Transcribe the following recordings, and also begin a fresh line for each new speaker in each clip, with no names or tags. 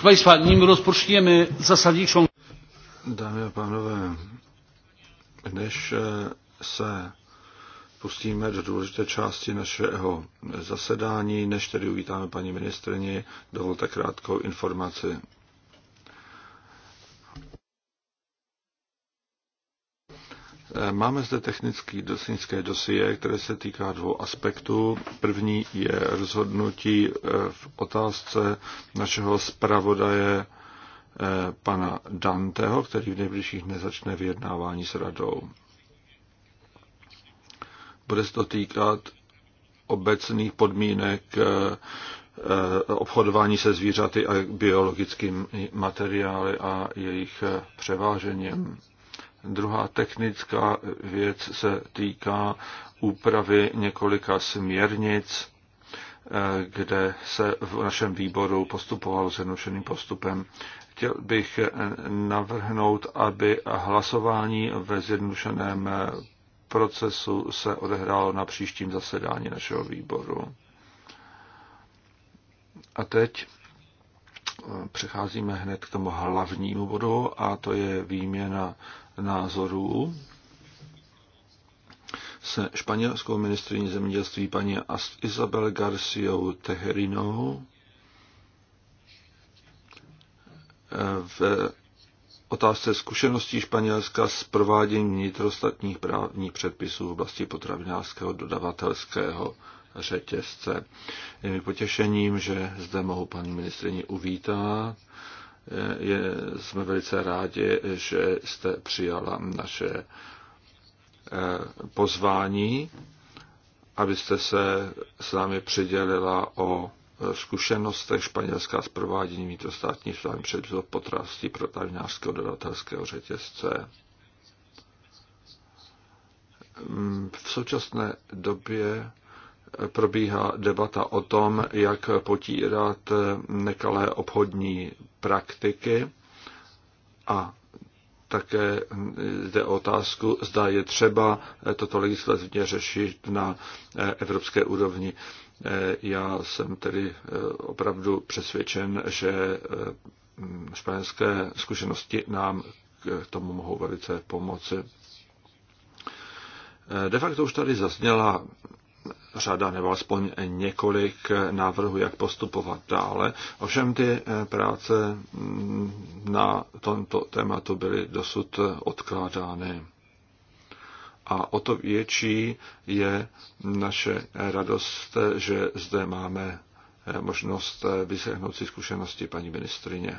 Proszę Państwa, nim rozpoczniemy zasadniczą... Dámy a pánové, než eh, se pustíme do důležité části našeho zasedání, než tedy uvítáme paní ministrině, dovolte krátkou informaci. Máme zde technické dosnické dosie, které se týká dvou aspektů. První je rozhodnutí eh, v otázce našeho zpravodaje eh, pana Danteho, který v nejbližších dnech začne vyjednávání s radou. Bude se to týkat obecných podmínek eh, obchodování se zvířaty a biologickým materiály a jejich převážením. Druhá technická věc se týká úpravy několika směrnic, eh, kde se v našem výboru postupovalo zjednodušeným postupem. Chtěl bych navrhnout, aby hlasování ve zjednodušeném procesu se odehrálo na příštím zasedání našeho výboru. A teď eh, přecházíme hned k tomu hlavnímu bodu a to je výměna názorů se španělskou ministriní zemědělství paní Isabel Garciou Teherinou eh, v otázce zkušeností Španělska s prováděním vnitrostatních právních předpisů v oblasti potravinářského dodavatelského řetězce. Je mi potěšením, že zde mohu paní ministrině uvítat je, jsme velice rádi, že jste přijala naše eh, pozvání, abyste se s námi přidělila o eh, zkušenostech Španělská s prováděním vnitrostátní státních předpisů potrastí pro tajnářského dodatelského řetězce. Mm, v současné době probíhá debata o tom, jak potírat nekalé obchodní praktiky a také jde o otázku, zda je třeba toto legislativně řešit na evropské úrovni. Já jsem tedy opravdu přesvědčen, že španělské zkušenosti nám k tomu mohou velice pomoci. De facto už tady zazněla řada nebo aspoň několik návrhů, jak postupovat dále. Ovšem ty eh, práce mm, na tomto tématu byly dosud odkládány. A o to větší je naše radost, že zde máme eh, možnost eh, vyslechnout si zkušenosti paní ministrině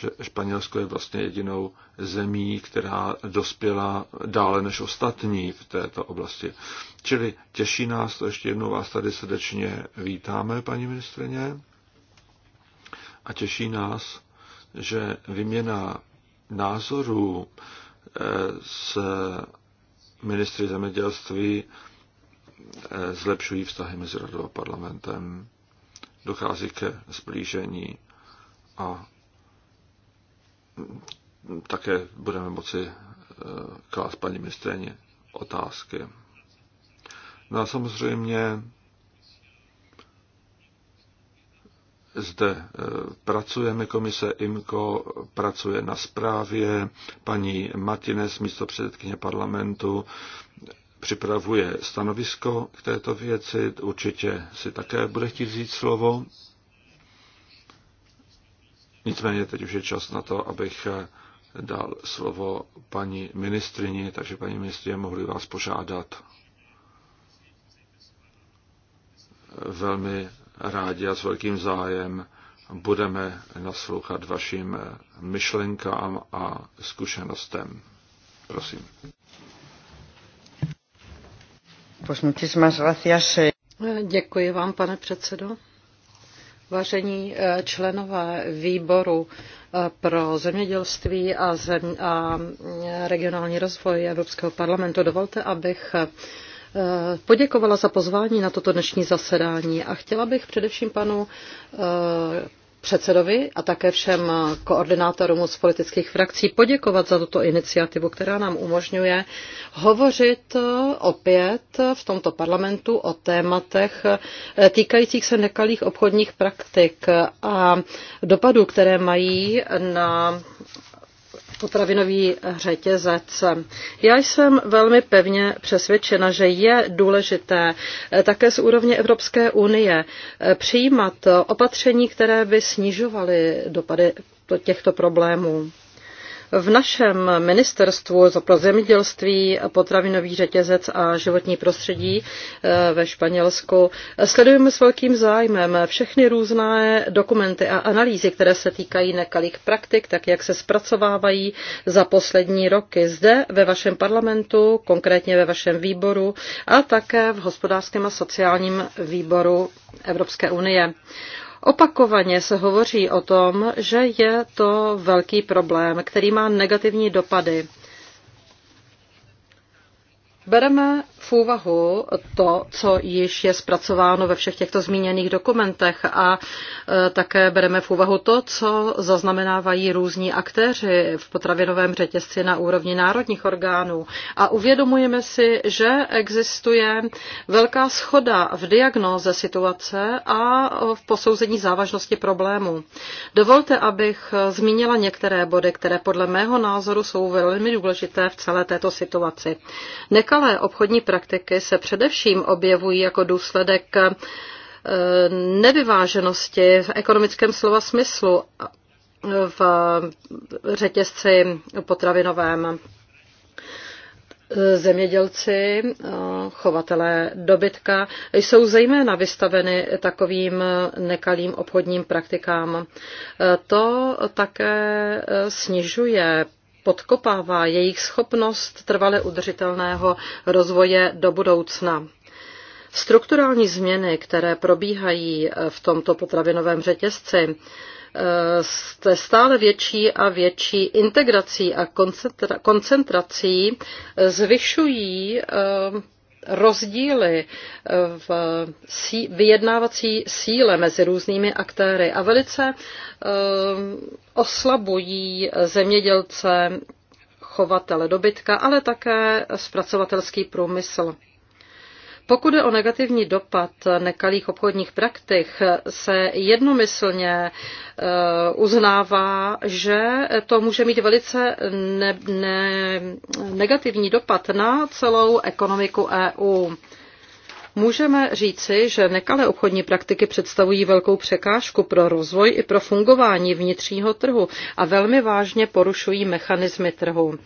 že Španělsko je vlastně jedinou zemí, která dospěla dále než ostatní v této oblasti. Čili těší nás to, ještě jednou vás tady srdečně vítáme, paní ministrině, a těší nás, že vyměna názorů eh, s ministry zemědělství eh, zlepšují vztahy mezi radou a parlamentem. Dochází ke zblížení a také budeme moci eh, klást paní ministrině otázky. No a samozřejmě zde eh, pracujeme, komise IMCO pracuje na zprávě, paní Matines, místo předsedkyně parlamentu, připravuje stanovisko k této věci, určitě si také bude chtít říct slovo Nicméně teď už je čas na to, abych eh, dal slovo paní ministrině, takže paní ministrině mohli vás požádat velmi rádi a s velkým zájem budeme naslouchat vašim eh, myšlenkám a zkušenostem.
Prosím. Eh. Děkuji vám, pane předsedo. Vážení eh, členové výboru eh, pro zemědělství a, zem, a eh, regionální rozvoj Evropského parlamentu, dovolte, abych poděkovala za pozvání na toto dnešní zasedání a chtěla bych především panu předsedovi a také všem koordinátorům z politických frakcí poděkovat za tuto iniciativu, která nám umožňuje hovořit opět v tomto parlamentu o tématech týkajících se nekalých obchodních praktik a dopadů, které mají na potravinový řetězec. Já jsem velmi pevně přesvědčena, že je důležité eh, také z úrovně Evropské unie eh, přijímat opatření, které by snižovaly dopady těchto problémů. V našem ministerstvu pro zemědělství, potravinový řetězec a životní prostředí eh, ve Španělsku sledujeme s velkým zájmem všechny různé dokumenty a analýzy, které se týkají nekalých praktik, tak jak se zpracovávají za poslední roky zde ve vašem parlamentu, konkrétně ve vašem výboru a také v hospodářském a sociálním výboru Evropské unie. Opakovaně se hovoří o tom, že je to velký problém, který má negativní dopady Bereme v úvahu to, co již je zpracováno ve všech těchto zmíněných dokumentech a e, také bereme v úvahu to, co zaznamenávají různí aktéři v potravinovém řetězci na úrovni národních orgánů. A uvědomujeme si, že existuje velká schoda v diagnoze situace a v posouzení závažnosti problému. Dovolte, abych zmínila některé body, které podle mého názoru jsou velmi důležité v celé této situaci. Nekal nekalé obchodní praktiky se především objevují jako důsledek eh, nevyváženosti v ekonomickém slova smyslu v řetězci potravinovém. Zemědělci, eh, chovatelé dobytka jsou zejména vystaveny takovým nekalým obchodním praktikám. Eh, to také snižuje podkopává jejich schopnost trvale udržitelného rozvoje do budoucna. Strukturální změny, které probíhají v tomto potravinovém řetězci, eh, se stále větší a větší integrací a koncentrací eh, zvyšují eh, rozdíly v vyjednávací síle mezi různými aktéry a velice eh, oslabují zemědělce, chovatele dobytka, ale také zpracovatelský průmysl. Pokud je o negativní dopad nekalých obchodních praktik, se jednomyslně eh, uznává, že to může mít velice ne, ne, negativní dopad na celou ekonomiku EU. Můžeme říci, že nekalé obchodní praktiky představují velkou překážku pro rozvoj i pro fungování vnitřního trhu a velmi vážně porušují mechanismy trhu.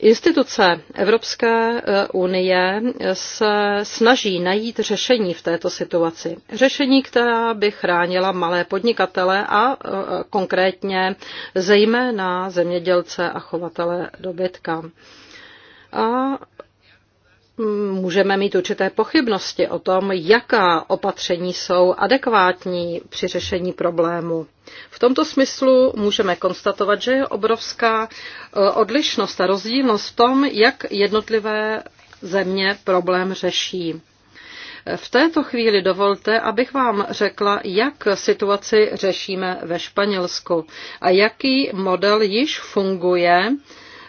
Instituce Evropské eh, unie se snaží najít řešení v této situaci. Řešení, která by chránila malé podnikatele a eh, konkrétně zejména zemědělce a chovatele dobytka. A Mm, můžeme mít určité pochybnosti o tom, jaká opatření jsou adekvátní při řešení problému. V tomto smyslu můžeme konstatovat, že je obrovská e, odlišnost a rozdílnost v tom, jak jednotlivé země problém řeší. V této chvíli dovolte, abych vám řekla, jak situaci řešíme ve Španělsku a jaký model již funguje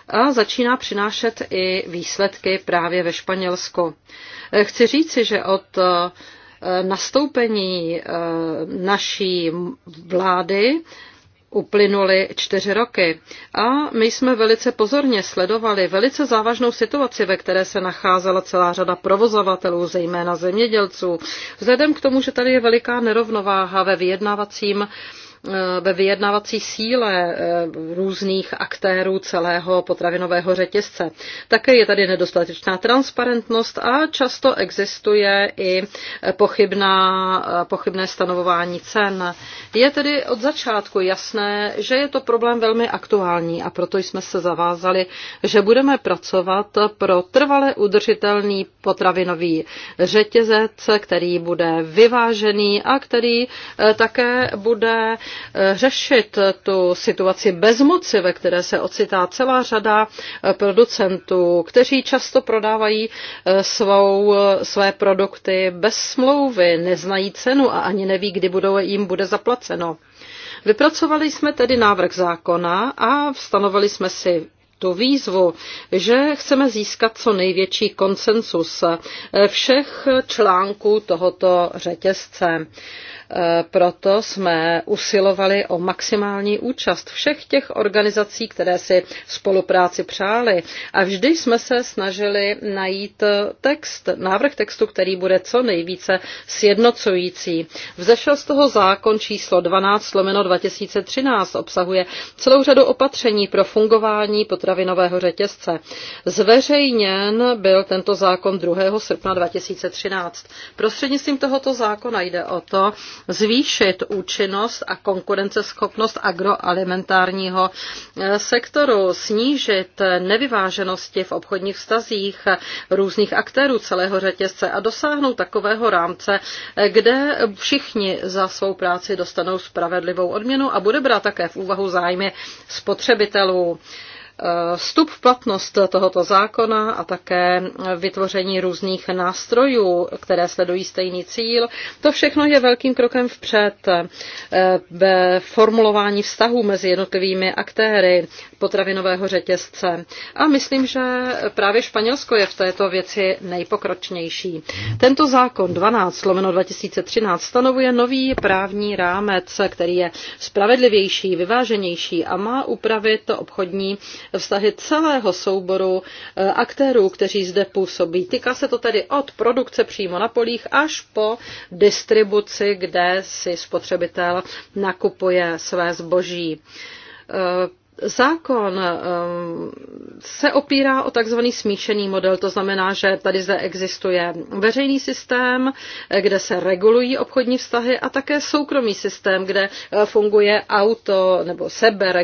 a začíná přinášet i výsledky právě ve Španělsku. Eh, chci říci, že od eh, nastoupení eh, naší vlády Uplynuly čtyři roky a my jsme velice pozorně sledovali velice závažnou situaci, ve které se nacházela celá řada provozovatelů, zejména zemědělců. Vzhledem k tomu, že tady je veliká nerovnováha ve vyjednávacím Eh, ve vyjednavací síle eh, různých aktérů celého potravinového řetězce. Také je tady nedostatečná transparentnost a často existuje i pochybná, eh, pochybné stanovování cen. Je tedy od začátku jasné, že je to problém velmi aktuální a proto jsme se zavázali, že budeme pracovat pro trvale udržitelný potravinový řetězec, který bude vyvážený a který také bude Eh, řešit tu situaci bezmoci, ve které se ocitá celá řada eh, producentů, kteří často prodávají eh, svou, své produkty bez smlouvy, neznají cenu a ani neví, kdy budou, jim bude zaplaceno. Vypracovali jsme tedy návrh zákona a stanovili jsme si tu výzvu, že chceme získat co největší konsensus všech článků tohoto řetězce. E, proto jsme usilovali o maximální účast všech těch organizací, které si spolupráci přáli. A vždy jsme se snažili najít text, návrh textu, který bude co nejvíce sjednocující. Vzešel z toho zákon číslo 12 lomeno 2013 obsahuje celou řadu opatření pro fungování potravinového řetězce. Zveřejněn byl tento zákon 2. srpna 2013. Prostřednictvím tohoto zákona jde o to, zvýšit účinnost a konkurenceschopnost agroalimentárního eh, sektoru, snížit nevyváženosti v obchodních vztazích různých aktérů celého řetězce a dosáhnout takového rámce, eh, kde všichni za svou práci dostanou spravedlivou odměnu a bude brát také v úvahu zájmy spotřebitelů vstup v platnost tohoto zákona a také vytvoření různých nástrojů, které sledují stejný cíl, to všechno je velkým krokem vpřed eh, ve formulování vztahů mezi jednotlivými aktéry, potravinového řetězce. A myslím, že právě Španělsko je v této věci nejpokročnější. Tento zákon 12 lomeno 2013 stanovuje nový právní rámec, který je spravedlivější, vyváženější a má upravit obchodní vztahy celého souboru eh, aktérů, kteří zde působí. Týká se to tedy od produkce přímo na polích až po distribuci, kde si spotřebitel nakupuje své zboží eh, Zákon eh, se opírá o takzvaný smíšený model, to znamená, že tady zde existuje veřejný systém, eh, kde se regulují obchodní vztahy a také soukromý systém, kde eh, funguje auto nebo seberegulace.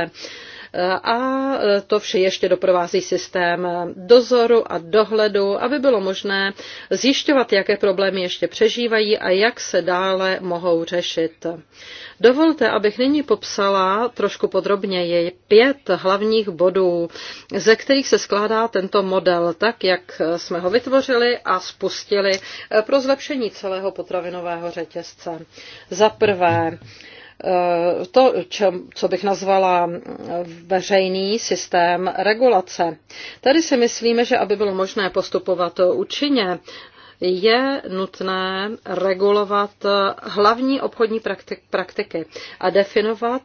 regulace a to vše ještě doprovází systém dozoru a dohledu, aby bylo možné zjišťovat, jaké problémy ještě přežívají a jak se dále mohou řešit. Dovolte, abych nyní popsala trošku podrobněji pět hlavních bodů, ze kterých se skládá tento model, tak jak jsme ho vytvořili a spustili pro zlepšení celého potravinového řetězce. Za prvé, Eh, to, co bych nazvala veřejný systém regulace. Tady si myslíme, že aby bylo možné postupovat účinně, je nutné regulovat hlavní obchodní praktiky a definovat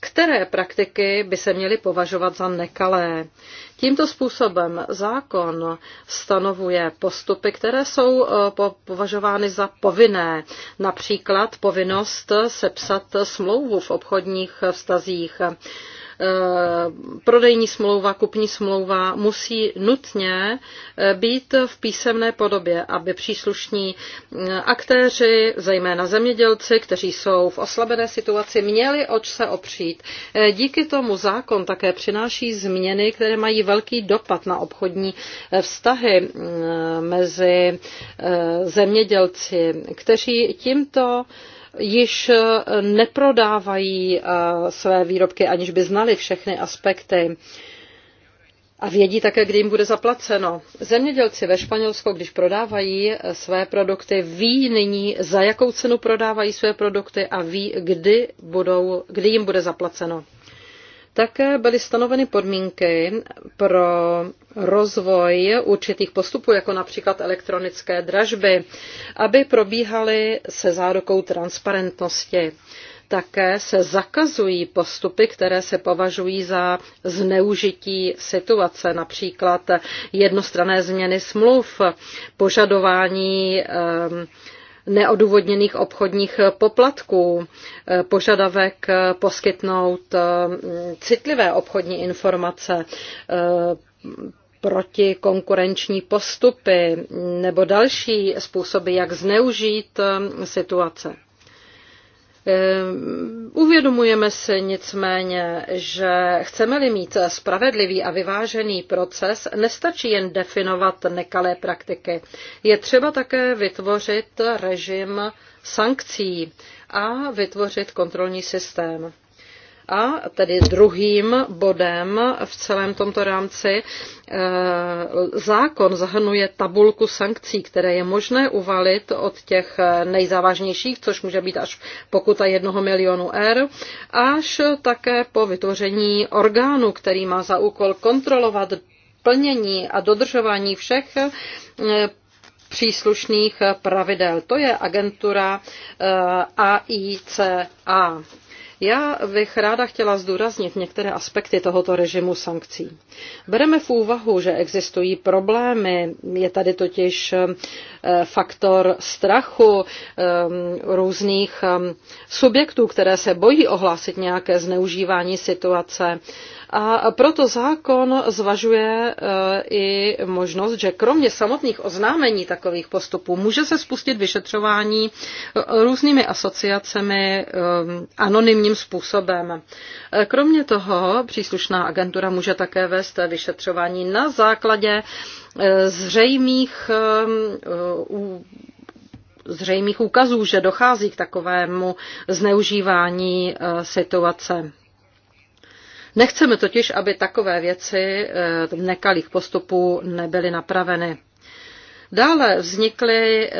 které praktiky by se měly považovat za nekalé. Tímto způsobem zákon stanovuje postupy, které jsou eh, považovány za povinné, například povinnost sepsat smlouvu v obchodních vztazích. Eh, prodejní smlouva, kupní smlouva musí nutně eh, být v písemné podobě, aby příslušní eh, aktéři, zejména zemědělci, kteří jsou v oslabené situaci, měli oč se opřít. Díky tomu zákon také přináší změny, které mají velký dopad na obchodní vztahy mezi zemědělci, kteří tímto již eh, neprodávají eh, své výrobky, aniž by znali všechny aspekty. A vědí také, kdy jim bude zaplaceno. Zemědělci ve Španělsku, když prodávají eh, své produkty, ví nyní, za jakou cenu prodávají své produkty a ví, kdy, budou, kdy jim bude zaplaceno. Také byly stanoveny podmínky pro rozvoj určitých postupů, jako například elektronické dražby, aby probíhaly se zárukou transparentnosti. Také se zakazují postupy, které se považují za zneužití situace, například jednostrané změny smluv, požadování ehm, neodůvodněných obchodních poplatků, eh, požadavek eh, poskytnout eh, citlivé obchodní informace, proti konkurenční postupy nebo další způsoby, jak zneužít situace. Ehm, uvědomujeme si nicméně, že chceme-li mít spravedlivý a vyvážený proces, nestačí jen definovat nekalé praktiky. Je třeba také vytvořit režim sankcí a vytvořit kontrolní systém. A tedy druhým bodem v celém tomto rámci eh, zákon zahrnuje tabulku sankcí, které je možné uvalit od těch eh, nejzávažnějších, což může být až pokuta jednoho milionu R, až také po vytvoření orgánu, který má za úkol kontrolovat plnění a dodržování všech eh, příslušných pravidel. To je agentura AICA. Já bych ráda chtěla zdůraznit některé aspekty tohoto režimu sankcí. Bereme v úvahu, že existují problémy, je tady totiž Eh, faktor strachu ehm, různých ehm, subjektů, které se bojí ohlásit nějaké zneužívání situace. A proto zákon zvažuje eh, i možnost, že kromě samotných oznámení takových postupů může se spustit vyšetřování eh, různými asociacemi ehm, anonymním způsobem. Kromě toho příslušná agentura může také vést vyšetřování na základě Eh, zřejmých eh, zřejmých úkazů, že dochází k takovému zneužívání eh, situace. Nechceme totiž, aby takové věci nekalých postupů nebyly napraveny. Dále vznikly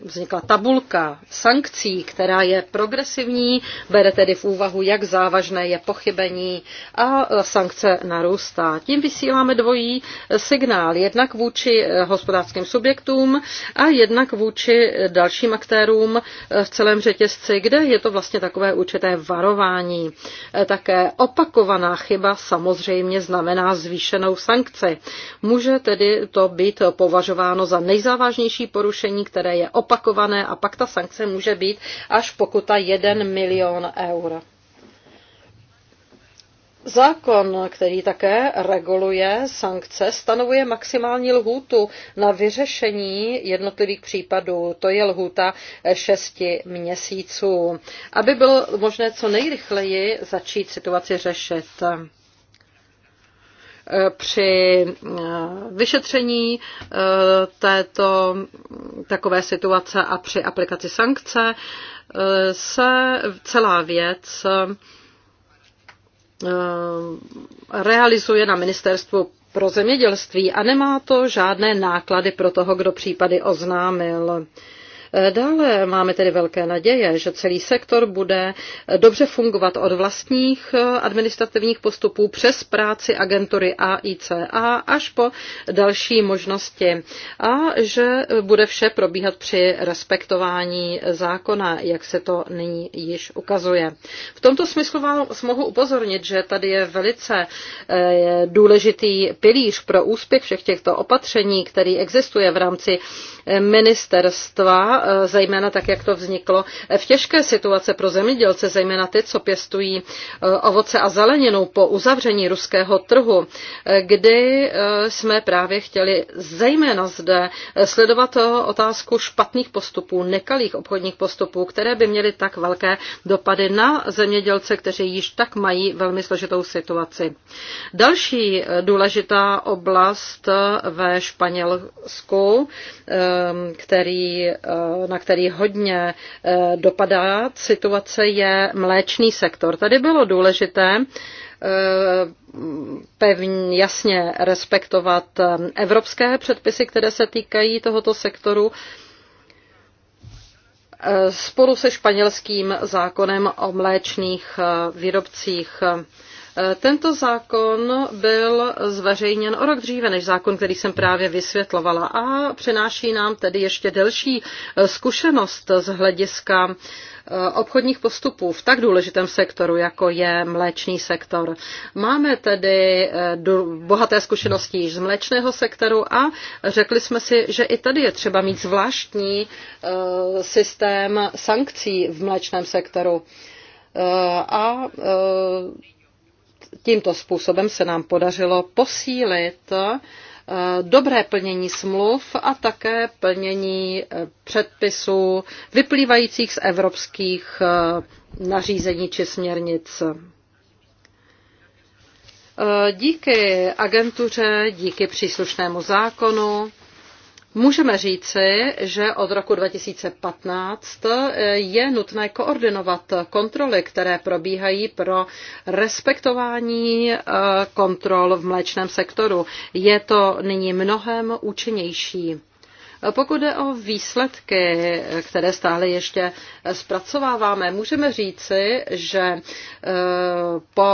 vznikla tabulka sankcí, která je progresivní, bere tedy v úvahu, jak závažné je pochybení a e, sankce narůstá. Tím vysíláme dvojí e, signál, jednak vůči e, hospodářským subjektům a jednak vůči dalším aktérům v celém řetězci, kde je to vlastně takové určité varování. Také opakovaná chyba samozřejmě znamená zvýšenou sankci. Může tedy to být považováno za nejzávažnější porušení, které je opakované a pak ta sankce může být až pokuta 1 milion eur. Zákon, který také reguluje sankce, stanovuje maximální lhůtu na vyřešení jednotlivých případů. To je lhůta 6 měsíců, aby bylo možné co nejrychleji začít situaci řešit. Eh, při eh, vyšetření eh, této takové situace a při aplikaci sankce se celá věc realizuje na ministerstvu pro zemědělství a nemá to žádné náklady pro toho, kdo případy oznámil. Dále máme tedy velké naděje, že celý sektor bude dobře fungovat od vlastních administrativních postupů přes práci agentury AICA až po další možnosti a že bude vše probíhat při respektování zákona, jak se to nyní již ukazuje. V tomto smyslu vám mohu upozornit, že tady je velice eh, důležitý pilíř pro úspěch všech těchto opatření, který existuje v rámci ministerstva Eh, zejména tak, jak to vzniklo eh, v těžké situace pro zemědělce, zejména ty, co pěstují eh, ovoce a zeleninu po uzavření ruského trhu, kdy jsme právě chtěli zejména zde sledovat otázku špatných postupů, nekalých obchodních postupů, které by měly tak velké dopady na zemědělce, kteří již tak mají velmi složitou situaci. Další důležitá oblast ve Španělsku, který na který hodně eh, dopadá situace, je mléčný sektor. Tady bylo důležité eh, pevně, jasně respektovat eh, evropské předpisy, které se týkají tohoto sektoru, spolu se španělským zákonem o mléčných výrobcích. Eh, tento zákon byl zveřejněn o rok dříve než zákon, který jsem právě vysvětlovala a přenáší nám tedy ještě delší eh, zkušenost z hlediska eh, obchodních postupů v tak důležitém sektoru, jako je mléčný sektor. Máme tedy bohaté zkušenosti již z mléčného sektoru a řekli jsme si, že i tady je třeba mít zvláštní systém sankcí v mléčném sektoru. A tímto způsobem se nám podařilo posílit eh, dobré plnění smluv a také plnění eh, předpisů vyplývajících z evropských eh, nařízení či směrnic. Díky agentuře, díky příslušnému zákonu Můžeme říci, že od roku 2015 eh, je nutné koordinovat kontroly, které probíhají pro respektování eh, kontrol v mléčném sektoru. Je to nyní mnohem účinnější. Eh, pokud jde o výsledky, které stále ještě zpracováváme, můžeme říci, že po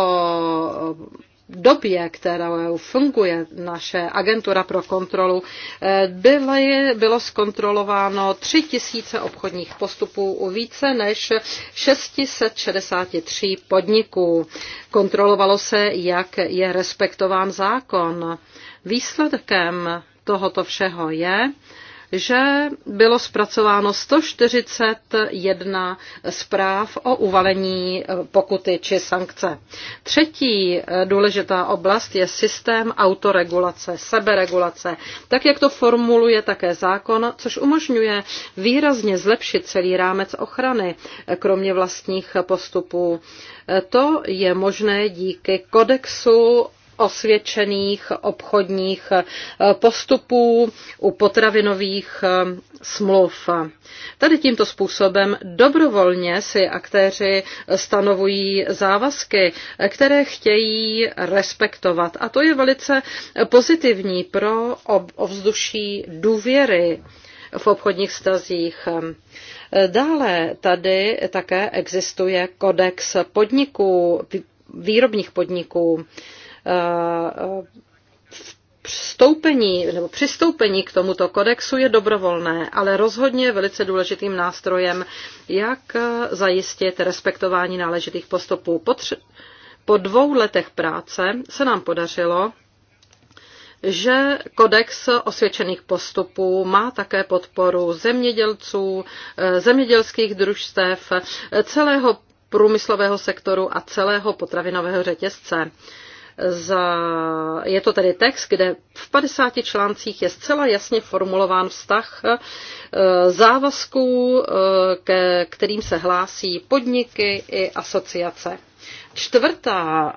době, kterou funguje naše agentura pro kontrolu, eh, byly, bylo zkontrolováno 3000 obchodních postupů u více než 663 podniků. Kontrolovalo se, jak je respektován zákon. Výsledkem tohoto všeho je, že bylo zpracováno 141 zpráv o uvalení eh, pokuty či sankce. Třetí eh, důležitá oblast je systém autoregulace, seberegulace, tak jak to formuluje také zákon, což umožňuje výrazně zlepšit celý rámec ochrany, eh, kromě vlastních postupů. To je možné díky kodexu osvědčených obchodních eh, postupů u potravinových eh, smluv. Tady tímto způsobem dobrovolně si aktéři stanovují závazky, které chtějí respektovat. A to je velice pozitivní pro ovzduší důvěry v obchodních stazích. Dále tady také existuje kodex podniků, výrobních podniků vstoupení nebo přistoupení k tomuto kodexu je dobrovolné, ale rozhodně je velice důležitým nástrojem, jak zajistit respektování náležitých postupů. Po, tři, po dvou letech práce se nám podařilo že kodex osvědčených postupů má také podporu zemědělců, eh, zemědělských družstev, eh, celého průmyslového sektoru a celého potravinového řetězce za, je to tedy text, kde v 50 článcích je zcela jasně formulován vztah eh, závazků, eh, ke kterým se hlásí podniky i asociace. Čtvrtá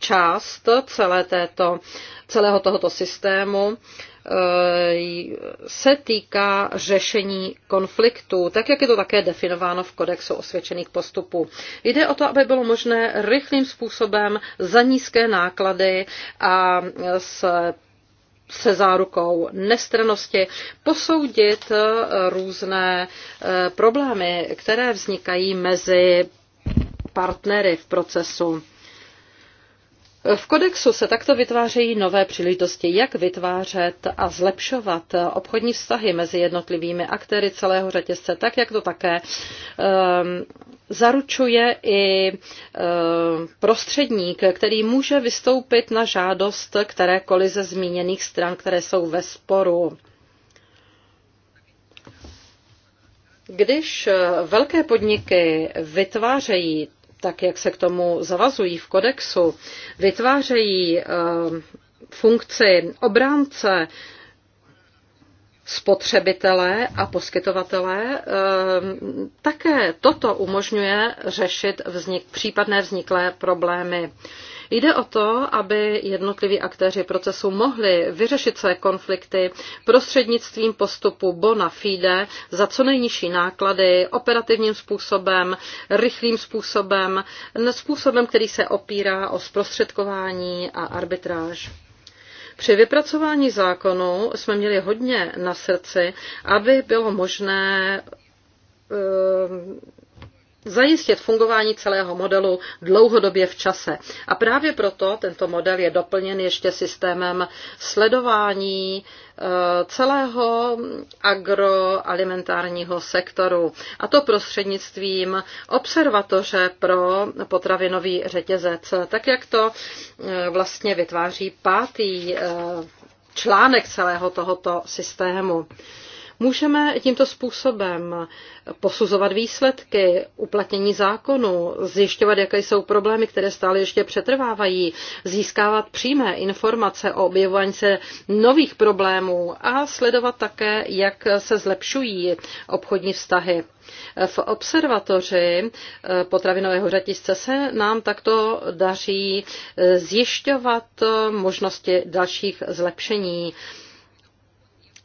část celé této, celého tohoto systému Eh, se týká řešení konfliktu, tak jak je to také definováno v kodexu osvědčených postupů. Jde o to, aby bylo možné rychlým způsobem za nízké náklady a s se zárukou nestranosti posoudit eh, různé eh, problémy, které vznikají mezi partnery v procesu v kodexu se takto vytvářejí nové příležitosti, jak vytvářet a zlepšovat obchodní vztahy mezi jednotlivými aktéry celého řetězce, tak jak to také um, zaručuje i ehm, prostředník, který může vystoupit na žádost kterékoliv ze zmíněných stran, které jsou ve sporu. Když eh, velké podniky vytvářejí tak jak se k tomu zavazují v kodexu, vytvářejí eh, funkci obránce spotřebitelé a poskytovatelé eh, také toto umožňuje řešit vznik, případné vzniklé problémy. Jde o to, aby jednotliví aktéři procesu mohli vyřešit své konflikty prostřednictvím postupu bona fide za co nejnižší náklady, operativním způsobem, rychlým způsobem, způsobem, který se opírá o zprostředkování a arbitráž. Při vypracování zákonu jsme měli hodně na srdci, aby bylo možné zajistit fungování celého modelu dlouhodobě v čase. A právě proto tento model je doplněn ještě systémem sledování eh, celého agroalimentárního sektoru. A to prostřednictvím observatoře pro potravinový řetězec, tak jak to eh, vlastně vytváří pátý eh, článek celého tohoto systému. Můžeme tímto způsobem posuzovat výsledky, uplatnění zákonu, zjišťovat, jaké jsou problémy, které stále ještě přetrvávají, získávat přímé informace o objevování se nových problémů a sledovat také, jak se zlepšují obchodní vztahy. V observatoři potravinového řetězce se nám takto daří zjišťovat možnosti dalších zlepšení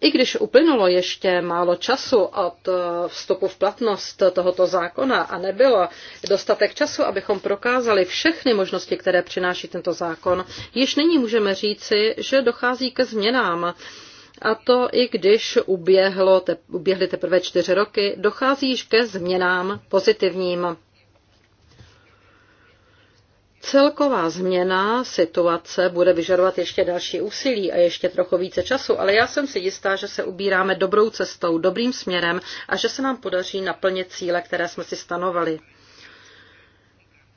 i když uplynulo ještě málo času od eh, vstupu v platnost tohoto zákona a nebylo dostatek času, abychom prokázali všechny možnosti, které přináší tento zákon, již nyní můžeme říci, že dochází ke změnám. A to i když uběhlo, te, uběhly teprve čtyři roky, dochází již ke změnám pozitivním. Celková změna situace bude vyžadovat ještě další úsilí a ještě trochu více času, ale já jsem si jistá, že se ubíráme dobrou cestou, dobrým směrem a že se nám podaří naplnit cíle, které jsme si stanovali.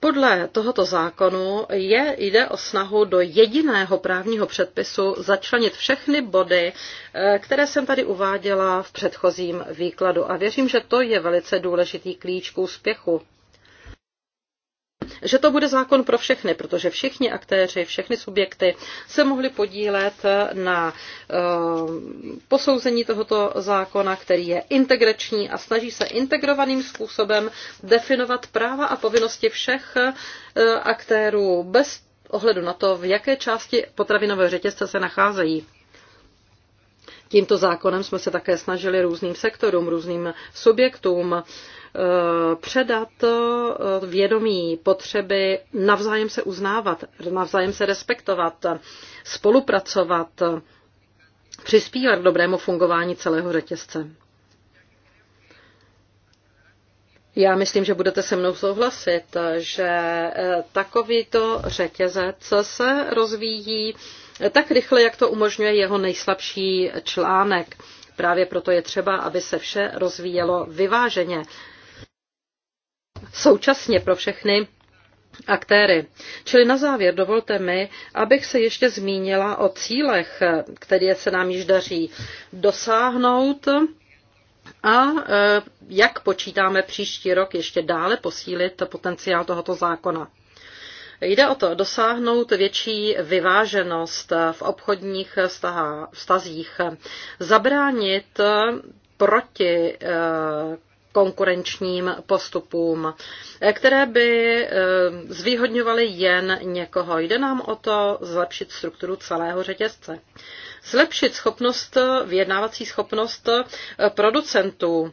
Podle tohoto zákonu je, jde o snahu do jediného právního předpisu začlenit všechny body, eh, které jsem tady uváděla v předchozím výkladu. A věřím, že to je velice důležitý klíč k úspěchu že to bude zákon pro všechny, protože všichni aktéři, všechny subjekty se mohli podílet na eh, posouzení tohoto zákona, který je integrační a snaží se integrovaným způsobem definovat práva a povinnosti všech eh, aktérů bez ohledu na to, v jaké části potravinového řetězce se nacházejí. Tímto zákonem jsme se také snažili různým sektorům, různým subjektům Eh, předat eh, vědomí potřeby navzájem se uznávat, navzájem se respektovat, spolupracovat, přispívat k dobrému fungování celého řetězce. Já myslím, že budete se mnou souhlasit, že eh, takovýto řetězec se rozvíjí tak rychle, jak to umožňuje jeho nejslabší článek. Právě proto je třeba, aby se vše rozvíjelo vyváženě, současně pro všechny aktéry. Čili na závěr dovolte mi, abych se ještě zmínila o cílech, které se nám již daří dosáhnout a e, jak počítáme příští rok ještě dále posílit potenciál tohoto zákona. Jde o to dosáhnout větší vyváženost v obchodních vztazích, zabránit proti e, konkurenčním postupům, které by eh, zvýhodňovaly jen někoho. Jde nám o to zlepšit strukturu celého řetězce. Zlepšit schopnost, vyjednávací schopnost eh, producentů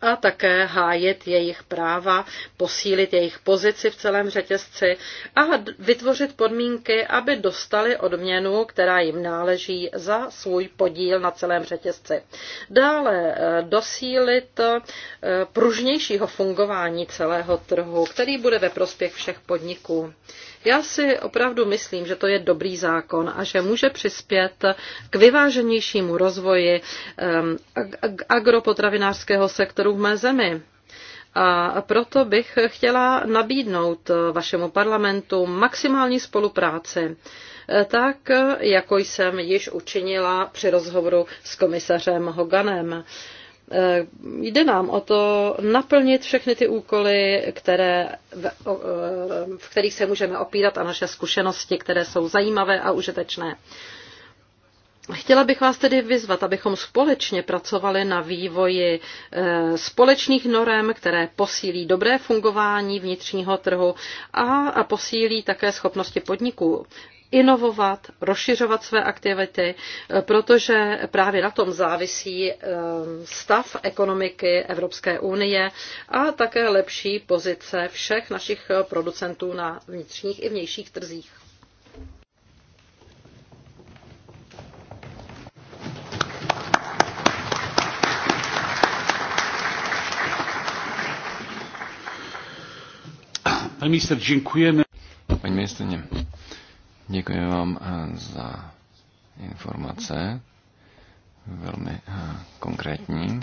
a také hájit jejich práva, posílit jejich pozici v celém řetězci a vytvořit podmínky, aby dostali odměnu, která jim náleží za svůj podíl na celém řetězci. Dále eh, dosílit eh, pružnějšího fungování celého trhu, který bude ve prospěch všech podniků. Já si opravdu myslím, že to je dobrý zákon a že může přispět k vyváženějšímu rozvoji agropotravinářského sektoru v mé zemi. A proto bych chtěla nabídnout vašemu parlamentu maximální spolupráci, eh, tak jako jsem již učinila při rozhovoru s komisařem Hoganem. Eh, jde nám o to naplnit všechny ty úkoly, které, eh, v kterých se můžeme opírat a naše zkušenosti, které jsou zajímavé a užitečné. Chtěla bych vás tedy vyzvat, abychom společně pracovali na vývoji eh, společných norem, které posílí dobré fungování vnitřního trhu a posílí také schopnosti podniků inovovat, rozšiřovat své aktivity, eh, protože právě na tom závisí eh, stav ekonomiky Evropské unie a také lepší pozice všech našich eh, producentů na vnitřních i vnějších trzích.
Pani minister, děkujeme. Paní nie. Děkuji vám eh, za informace, velmi eh, konkrétní.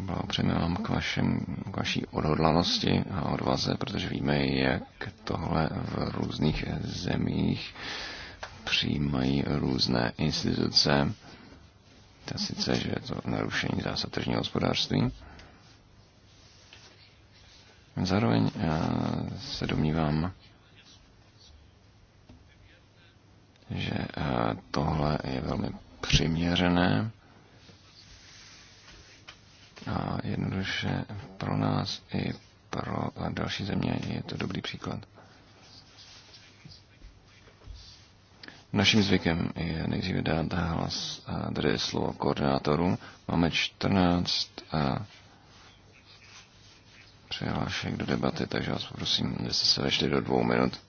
Blahopřejeme vám k, vašem, k vaší odhodlanosti a odvaze, protože víme, jak tohle v různých zemích přijímají různé instituce. To sice, že je to narušení zásad tržního hospodářství. Zároveň eh, se domnívám, že eh, tohle je velmi přiměřené a jednoduše pro nás i pro další země je to dobrý příklad. Naším zvykem je nejdříve dát hlas, eh, tedy je slovo koordinátoru. Máme 14 eh, přihlášek do debaty, takže vás prosím, abyste se vešli do dvou minut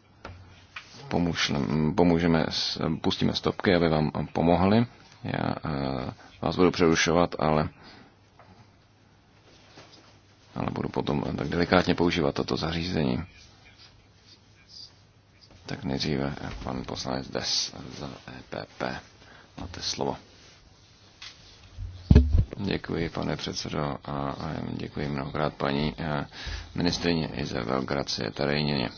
pomůžeme, pustíme stopky, aby vám pomohli. Já eh, vás budu přerušovat, ale ale budu potom tak delikátně používat toto zařízení. Tak nejdříve pan poslanec Des za EPP. Máte slovo. Děkuji, pane předsedo, a děkuji mnohokrát paní eh, ministrině Izabel Gracie Tarejněně.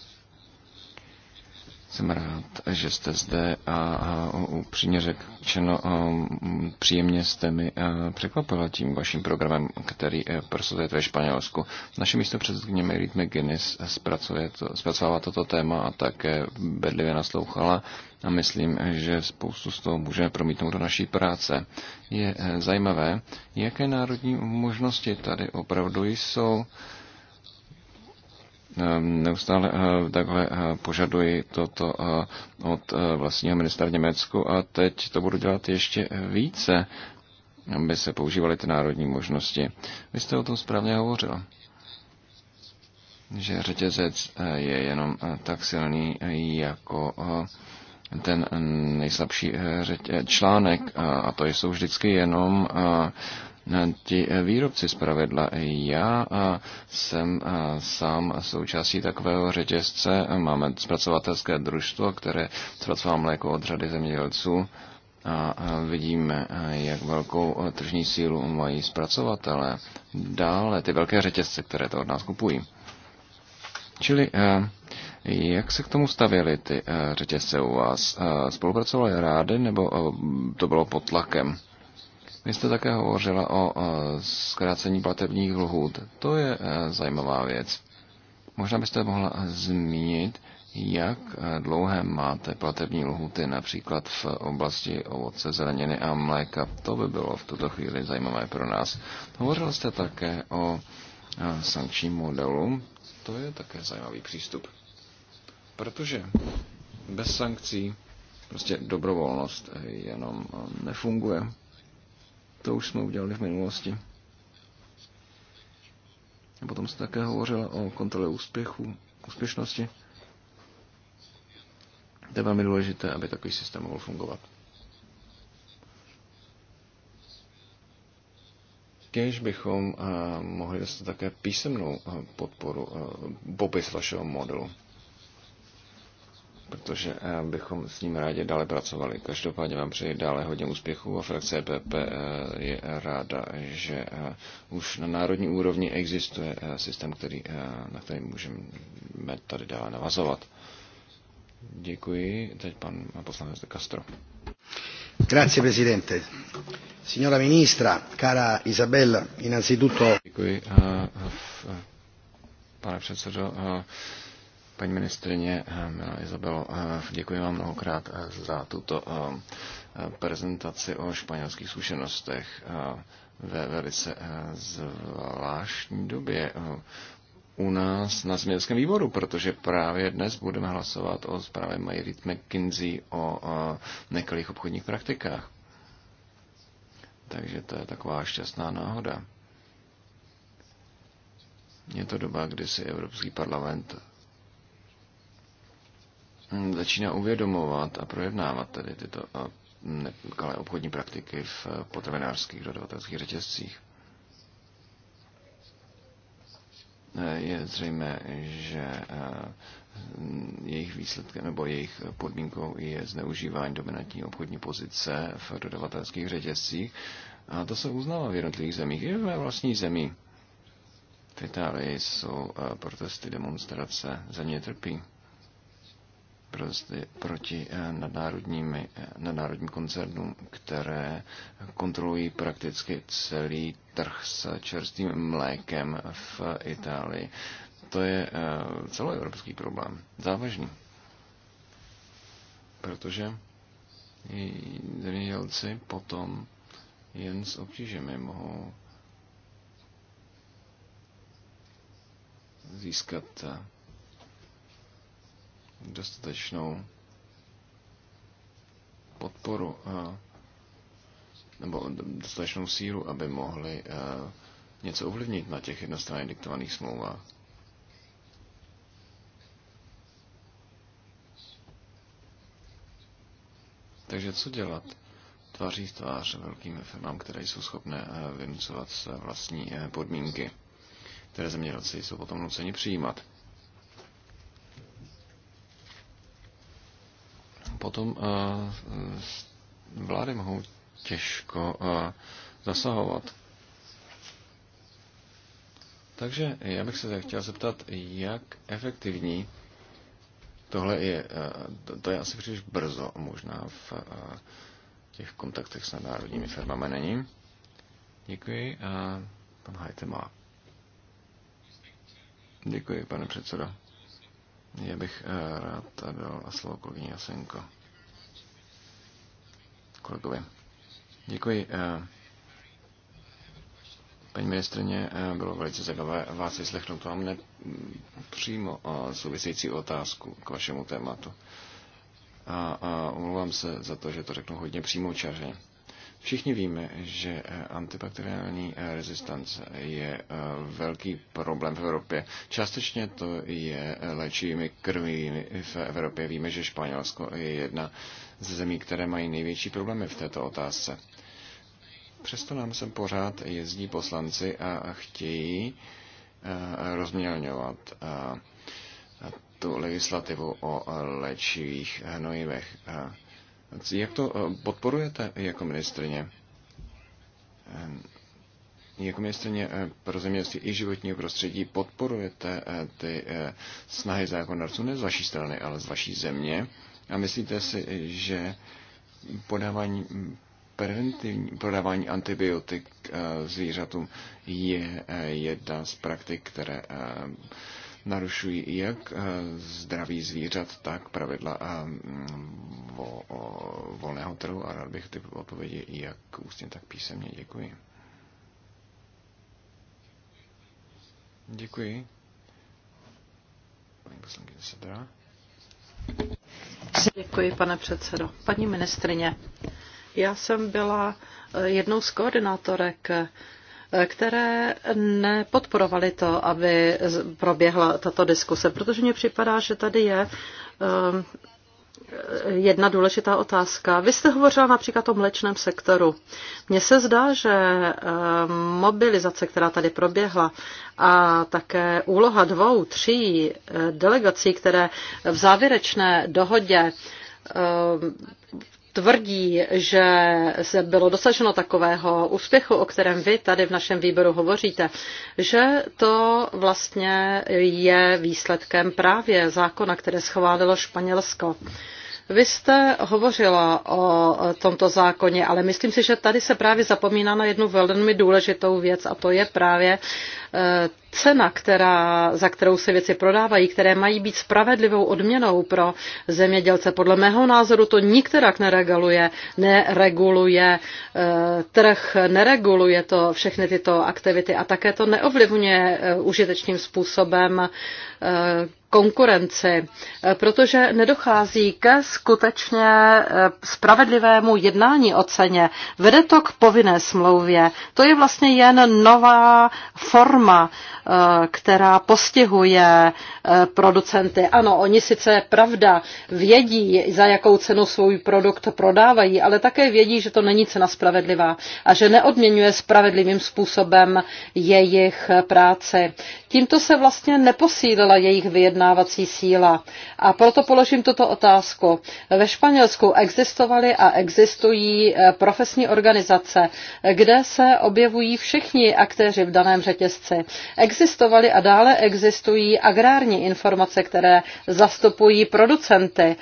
Jsem rád, že jste zde a upřímně řekčeno, příjemně jste mi překvapila tím vaším programem, který e, prosazujete ve Španělsku. Naše místo předsedkyně Merit McGuinness to, zpracovává toto téma a také bedlivě naslouchala a myslím, že spoustu z toho můžeme promítnout do naší práce. Je e, zajímavé, jaké národní možnosti tady opravdu jsou Ehm, neustále eh, takhle eh, požaduji toto eh, od vlastního ministra v Německu a teď to budu dělat ještě více, aby se používaly ty národní možnosti. Vy jste o tom správně hovořila že řetězec je jenom tak silný jako ten nejslabší článek a to jsou vždycky jenom ti výrobci pravidla. Já jsem sám součástí takového řetězce. Máme zpracovatelské družstvo, které zpracovává mléko od řady zemědělců a vidíme, jak velkou tržní sílu mají zpracovatele. Dále ty velké řetězce, které to od nás kupují. Čili eh, jak se k tomu stavěly ty eh, řetězce u vás? Eh, spolupracovali rády nebo to bylo pod tlakem? Vy jste také hovořila o zkrácení platebních lhůt. To je e, zajímavá věc. Možná byste mohla zmínit, jak e, dlouhé máte platební lhuty například v oblasti ovoce, zeleniny a mléka. To by bylo v tuto chvíli zajímavé pro nás. Hovořil jste také o e, sankčním modelu. To je také zajímavý přístup. Protože bez sankcí prostě dobrovolnost jenom nefunguje. To už jsme udělali v minulosti. A potom se také hovořila o kontrole úspěchu, úspěšnosti. To je velmi důležité, aby takový systém mohl fungovat. Kéž bychom eh, mohli dostat také písemnou eh, podporu, eh, popis vašeho modelu protože eh, bychom s ním rádi dále pracovali. Každopádně vám přeji dále hodně úspěchů a frakce EPP eh, je ráda, že eh, už na národní úrovni existuje systém, který, na který můžeme tady dále navazovat. Děkuji. Teď pan poslanec de Castro.
Grazie Presidente. Signora Ministra,
cara Isabella, innanzitutto... Děkuji, pane předsedo. Paní ministrině, eh, milá Izabelo, eh, děkuji vám mnohokrát eh, za tuto prezentaci o španělských zkušenostech ve velice zvláštní době u nás na zemědělském výboru, protože právě dnes budeme hlasovat o zprávě Mayrit McKinsey o nekalých obchodních praktikách. Takže to je taková šťastná náhoda. Je to doba, kdy si Evropský parlament Hm, začíná uvědomovat a projednávat tedy tyto nekalé obchodní praktiky v e, potravinářských dodavatelských řetězcích. E, je zřejmé, že e, jejich výsledkem nebo jejich podmínkou je zneužívání dominantní obchodní pozice v dodavatelských řetězcích. A to se uznává v jednotlivých zemích. I v mé vlastní zemi v Itálii jsou protesty, demonstrace, země trpí proti eh, nadnárodním, eh, nadnárodním koncernům, které kontrolují prakticky celý trh s čerstvým mlékem v Itálii. To je eh, celoevropský problém, závažný. Protože zemědělci potom jen s obtížemi mohou získat dostatečnou podporu eh, nebo dostatečnou sílu, aby mohli eh, něco ovlivnit na těch jednostranně diktovaných smlouvách. Takže co dělat? Tváří v tvář velkým firmám, které jsou schopné eh, vynucovat své vlastní podmínky, které zemědělci jsou potom nuceni přijímat. potom eh, vlády mohou těžko eh, zasahovat. Takže já bych se chtěl zeptat, jak efektivní tohle je. Eh, to je asi příliš brzo, možná v těch kontaktech s národními firmami není. Děkuji a pan Hajte má. Děkuji, pane předsedo. Já bych eh, rád dal slovo kolegyně Jasenko. Kolegovi. Děkuji. Eh, paní ministrině, eh, bylo velice zajímavé vás vyslechnout. Mám ne, přímo související otázku k vašemu tématu. A, a omlouvám se za to, že to řeknu hodně přímo čaře. Všichni víme, že eh, antibakteriální eh, rezistence je eh, velký problém v Evropě. Částečně to je léčivými krvivými v Evropě. Víme, že Španělsko je jedna ze zemí, které mají největší problémy v této otázce. Přesto nám sem pořád jezdí poslanci a chtějí rozmělňovat tu legislativu o léčivých hnojivech. Jak to eh, podporujete jako ministrině? Eh, jako ministrině eh, pro zemědělství i životního prostředí podporujete ty snahy zákonodárců ne z vaší strany, ale z vaší země. A myslíte si, že podávání preventivní podávání antibiotik zvířatům je jedna z praktik, které narušují jak eh, zdraví zvířat, tak pravidla a eh, vo, o volného trhu a rád bych ty odpovědi jak ústně, tak písemně. Děkuji. Děkuji. Paní poslankyně Sedra. Děkuji, pane
předsedo. Paní ministrině, já jsem byla eh, jednou z koordinátorek které nepodporovaly to, aby proběhla tato diskuse, protože mně připadá, že tady je ehm, jedna důležitá otázka. Vy jste hovořila například o mlečném sektoru. Mně se zdá, že ehm, mobilizace, která tady proběhla a také úloha dvou, tří eh, delegací, které v závěrečné dohodě ehm, tvrdí, že se bylo dosaženo takového úspěchu, o kterém vy tady v našem výboru hovoříte, že to vlastně je výsledkem právě zákona, které schválilo Španělsko. Vy jste hovořila o tomto zákoně, ale myslím si, že tady se právě zapomíná na jednu velmi důležitou věc a to je právě eh, cena, která, za kterou se věci prodávají, které mají být spravedlivou odměnou pro zemědělce. Podle mého názoru to nikterak nereguluje, nereguluje eh, trh, nereguluje to všechny tyto aktivity a také to neovlivňuje eh, užitečným způsobem konkurenci, eh, protože nedochází ke skutečně eh, spravedlivému jednání o ceně. Vede to k povinné smlouvě. To je vlastně jen nová forma, eh, která postihuje producenty. Ano, oni sice pravda vědí, za jakou cenu svůj produkt prodávají, ale také vědí, že to není cena spravedlivá a že neodměňuje spravedlivým způsobem jejich práci. Tímto se vlastně neposílila jejich vyjednání vyjednávací síla. A proto položím tuto otázku. Ve Španělsku existovaly a existují eh, profesní organizace, kde se objevují všichni aktéři v daném řetězci. Existovaly a dále existují agrární informace, které zastupují producenty.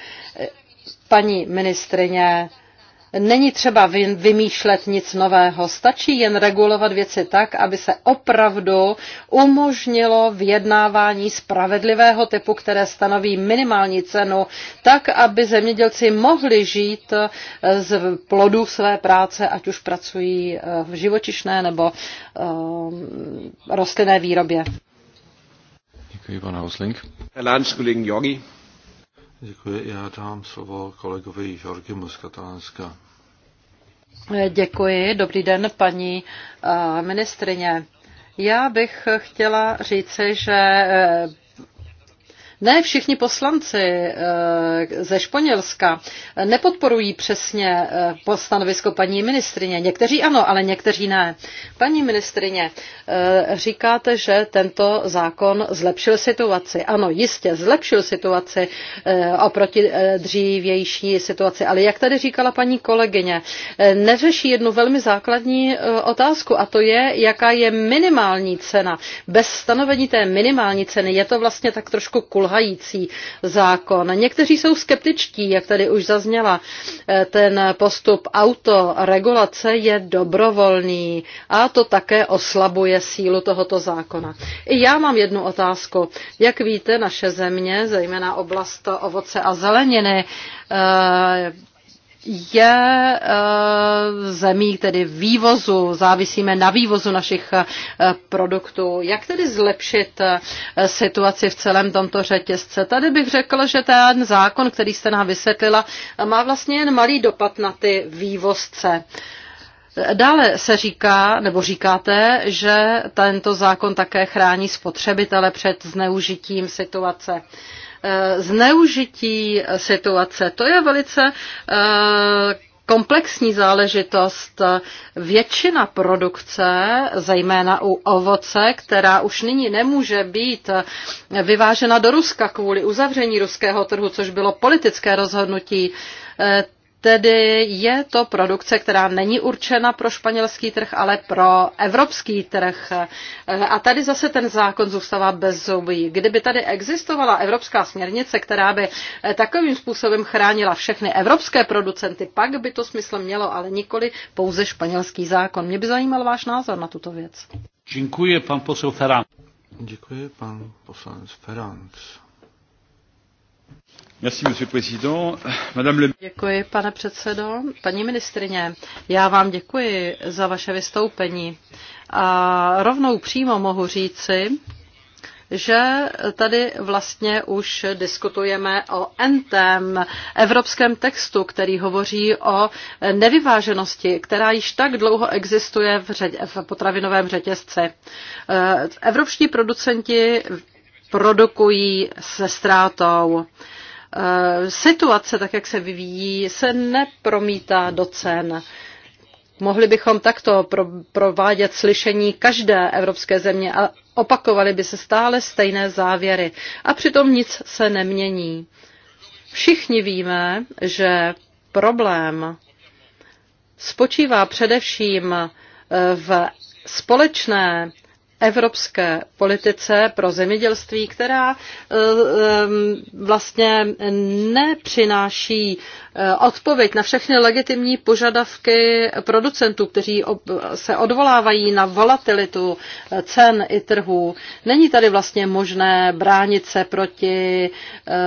Paní ministrině, Není třeba vymýšlet nic nového, stačí jen regulovat věci tak, aby se opravdu umožnilo vyjednávání spravedlivého typu, které stanoví minimální cenu, tak, aby zemědělci mohli žít eh, z plodů své práce, ať už pracují eh, v živočišné nebo eh, rostlinné výrobě.
Děkuji, pana Hosling.
Herr Landskolegen Jogi. Děkuji. Já dám slovo kolegovi Jorgimu z Katalánska.
Děkuji. Dobrý den, paní eh, ministrině. Já bych chtěla říci, že eh, ne všichni poslanci eh, ze Španělska nepodporují přesně eh, stanovisko paní ministrině. Někteří ano, ale někteří ne. Paní ministrině, eh, říkáte, že tento zákon zlepšil situaci. Ano, jistě, zlepšil situaci oproti dřívější situaci. Ale jak tady říkala paní kolegyně, neřeší jednu velmi základní otázku a to je, jaká je minimální cena. Bez stanovení té minimální ceny je to vlastně tak trošku kulha kulhající zákon. Někteří jsou skeptičtí, jak tady už zazněla. Eh, ten postup autoregulace je dobrovolný a to také oslabuje sílu tohoto zákona. I já mám jednu otázku. Jak víte, naše země, zejména oblast ovoce a zeleniny, eh, je eh, zemí tedy vývozu, závisíme na vývozu našich eh, produktů. Jak tedy zlepšit eh, situaci v celém tomto řetězce? Tady bych řekla, že ten zákon, který jste nám vysvětlila, má vlastně jen malý dopad na ty vývozce. Dále se říká, nebo říkáte, že tento zákon také chrání spotřebitele před zneužitím situace. Uh, Eh, zneužití situace. To je velice eh, komplexní záležitost. Většina produkce, zejména u ovoce, která už nyní nemůže být vyvážena do Ruska kvůli uzavření ruského trhu, což bylo politické rozhodnutí, eh, Tedy je to produkce, která není určena pro španělský trh, ale pro evropský trh. A tady zase ten zákon zůstává bez zuby. Kdyby tady existovala evropská směrnice, která by takovým způsobem chránila všechny evropské producenty, pak by to smysl mělo, ale nikoli pouze španělský zákon. Mě by zajímal váš názor na tuto věc.
Děkuji, pan poslanec Ferranc. Děkuji, pan poslanec Ferranc.
Děkuji, pane předsedo. Paní ministrině, já vám děkuji za vaše vystoupení. A rovnou přímo mohu říci, že tady vlastně už diskutujeme o entém evropském textu, který hovoří o nevyváženosti, která již tak dlouho existuje v, řadě, v potravinovém řetězci. E, evropští producenti produkují se ztrátou. Eh, situace, tak jak se vyvíjí, se nepromítá do cen. Mohli bychom takto pro, provádět slyšení každé evropské země a opakovaly by se stále stejné závěry. A přitom nic se nemění. Všichni víme, že problém spočívá především eh, v společné evropské politice pro zemědělství, která eh, eh, vlastně nepřináší eh, odpověď na všechny legitimní požadavky producentů, kteří se odvolávají na volatilitu cen i trhů. Není tady vlastně možné bránit se proti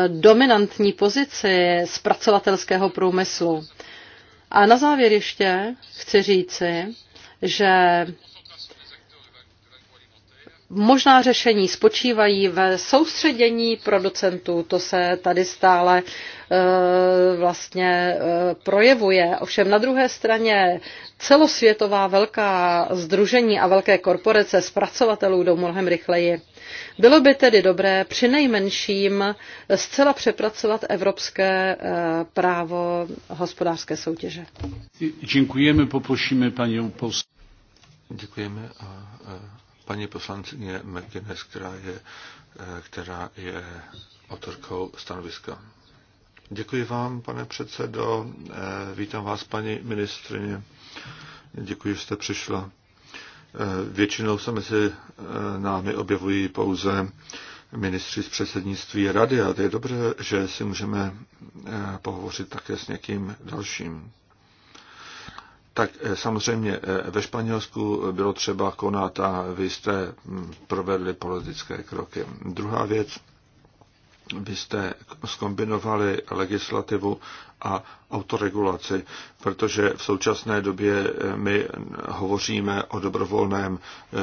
dominantní pozici zpracovatelského průmyslu. A na závěr ještě chci říci, že možná řešení spočívají ve soustředění producentů. To se tady stále eh, vlastně eh, projevuje. Ovšem na druhé straně celosvětová velká združení a velké korporace zpracovatelů jdou mnohem rychleji. Bylo by tedy dobré při nejmenším zcela přepracovat evropské eh, právo hospodářské soutěže.
Děkujeme, poprosíme paní Děkujeme a, a paní poslankyně McGuinness, která je, eh, která je autorkou stanoviska. Děkuji vám, pane předsedo. Eh, vítám vás, paní ministrině. Děkuji, že jste přišla. Eh, většinou se mezi námi objevují pouze ministři z předsednictví rady a to je dobře, že si můžeme pohovořit také s někým dalším tak eh, samozřejmě eh, ve Španělsku bylo třeba konat a vy jste hm, provedli politické kroky. Druhá věc, vy jste skombinovali legislativu a autoregulaci, protože v současné době eh, my hovoříme o dobrovolném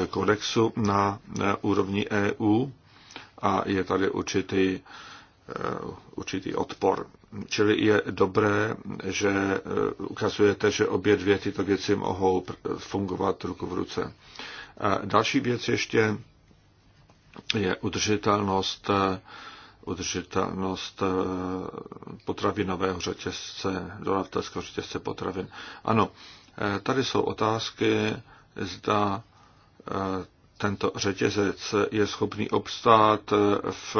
kodexu na úrovni EU a je tady určitý, určitý odpor. Čili je dobré, že e, ukazujete, že obě dvě tyto věci mohou fungovat ruku v ruce. A další věc ještě je udržitelnost, e, udržitelnost e, potravinového řetězce, dodavatelského řetězce potravin. Ano, tady jsou otázky, zda tento řetězec je schopný obstát v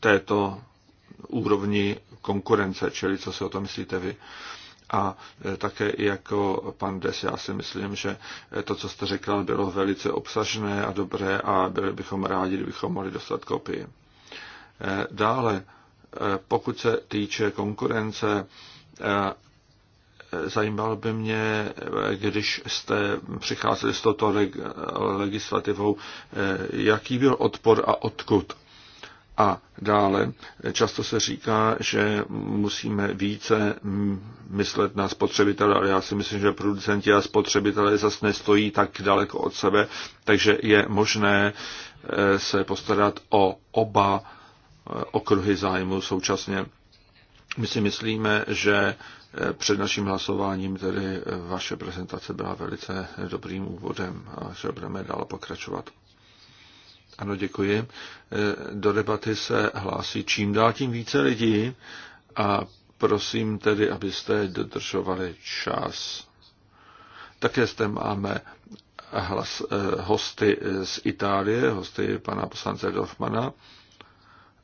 této úrovni konkurence, čili co si o to myslíte vy. A e, také i jako pan Des, já si myslím, že e, to, co jste říkal, bylo velice obsažné a dobré a byli bychom rádi, kdybychom mohli dostat kopii. E, dále, pokud se týče konkurence, zajímal by mě, když jste přicházeli s touto legislativou, jaký byl odpor a odkud? A dále často se říká, že musíme více myslet na spotřebitele, ale já si myslím, že producenti a spotřebitelé zase nestojí tak daleko od sebe, takže je možné eh, se postarat o oba eh, okruhy zájmu současně. My si myslíme, že eh, před naším hlasováním tedy vaše prezentace byla velice dobrým úvodem a že budeme dál pokračovat. Ano, děkuji. Eh, do debaty se hlásí čím dál tím více lidí a prosím tedy, abyste dodržovali čas. Také zde máme hlas, eh, hosty z Itálie, hosty pana poslance Dorfmana.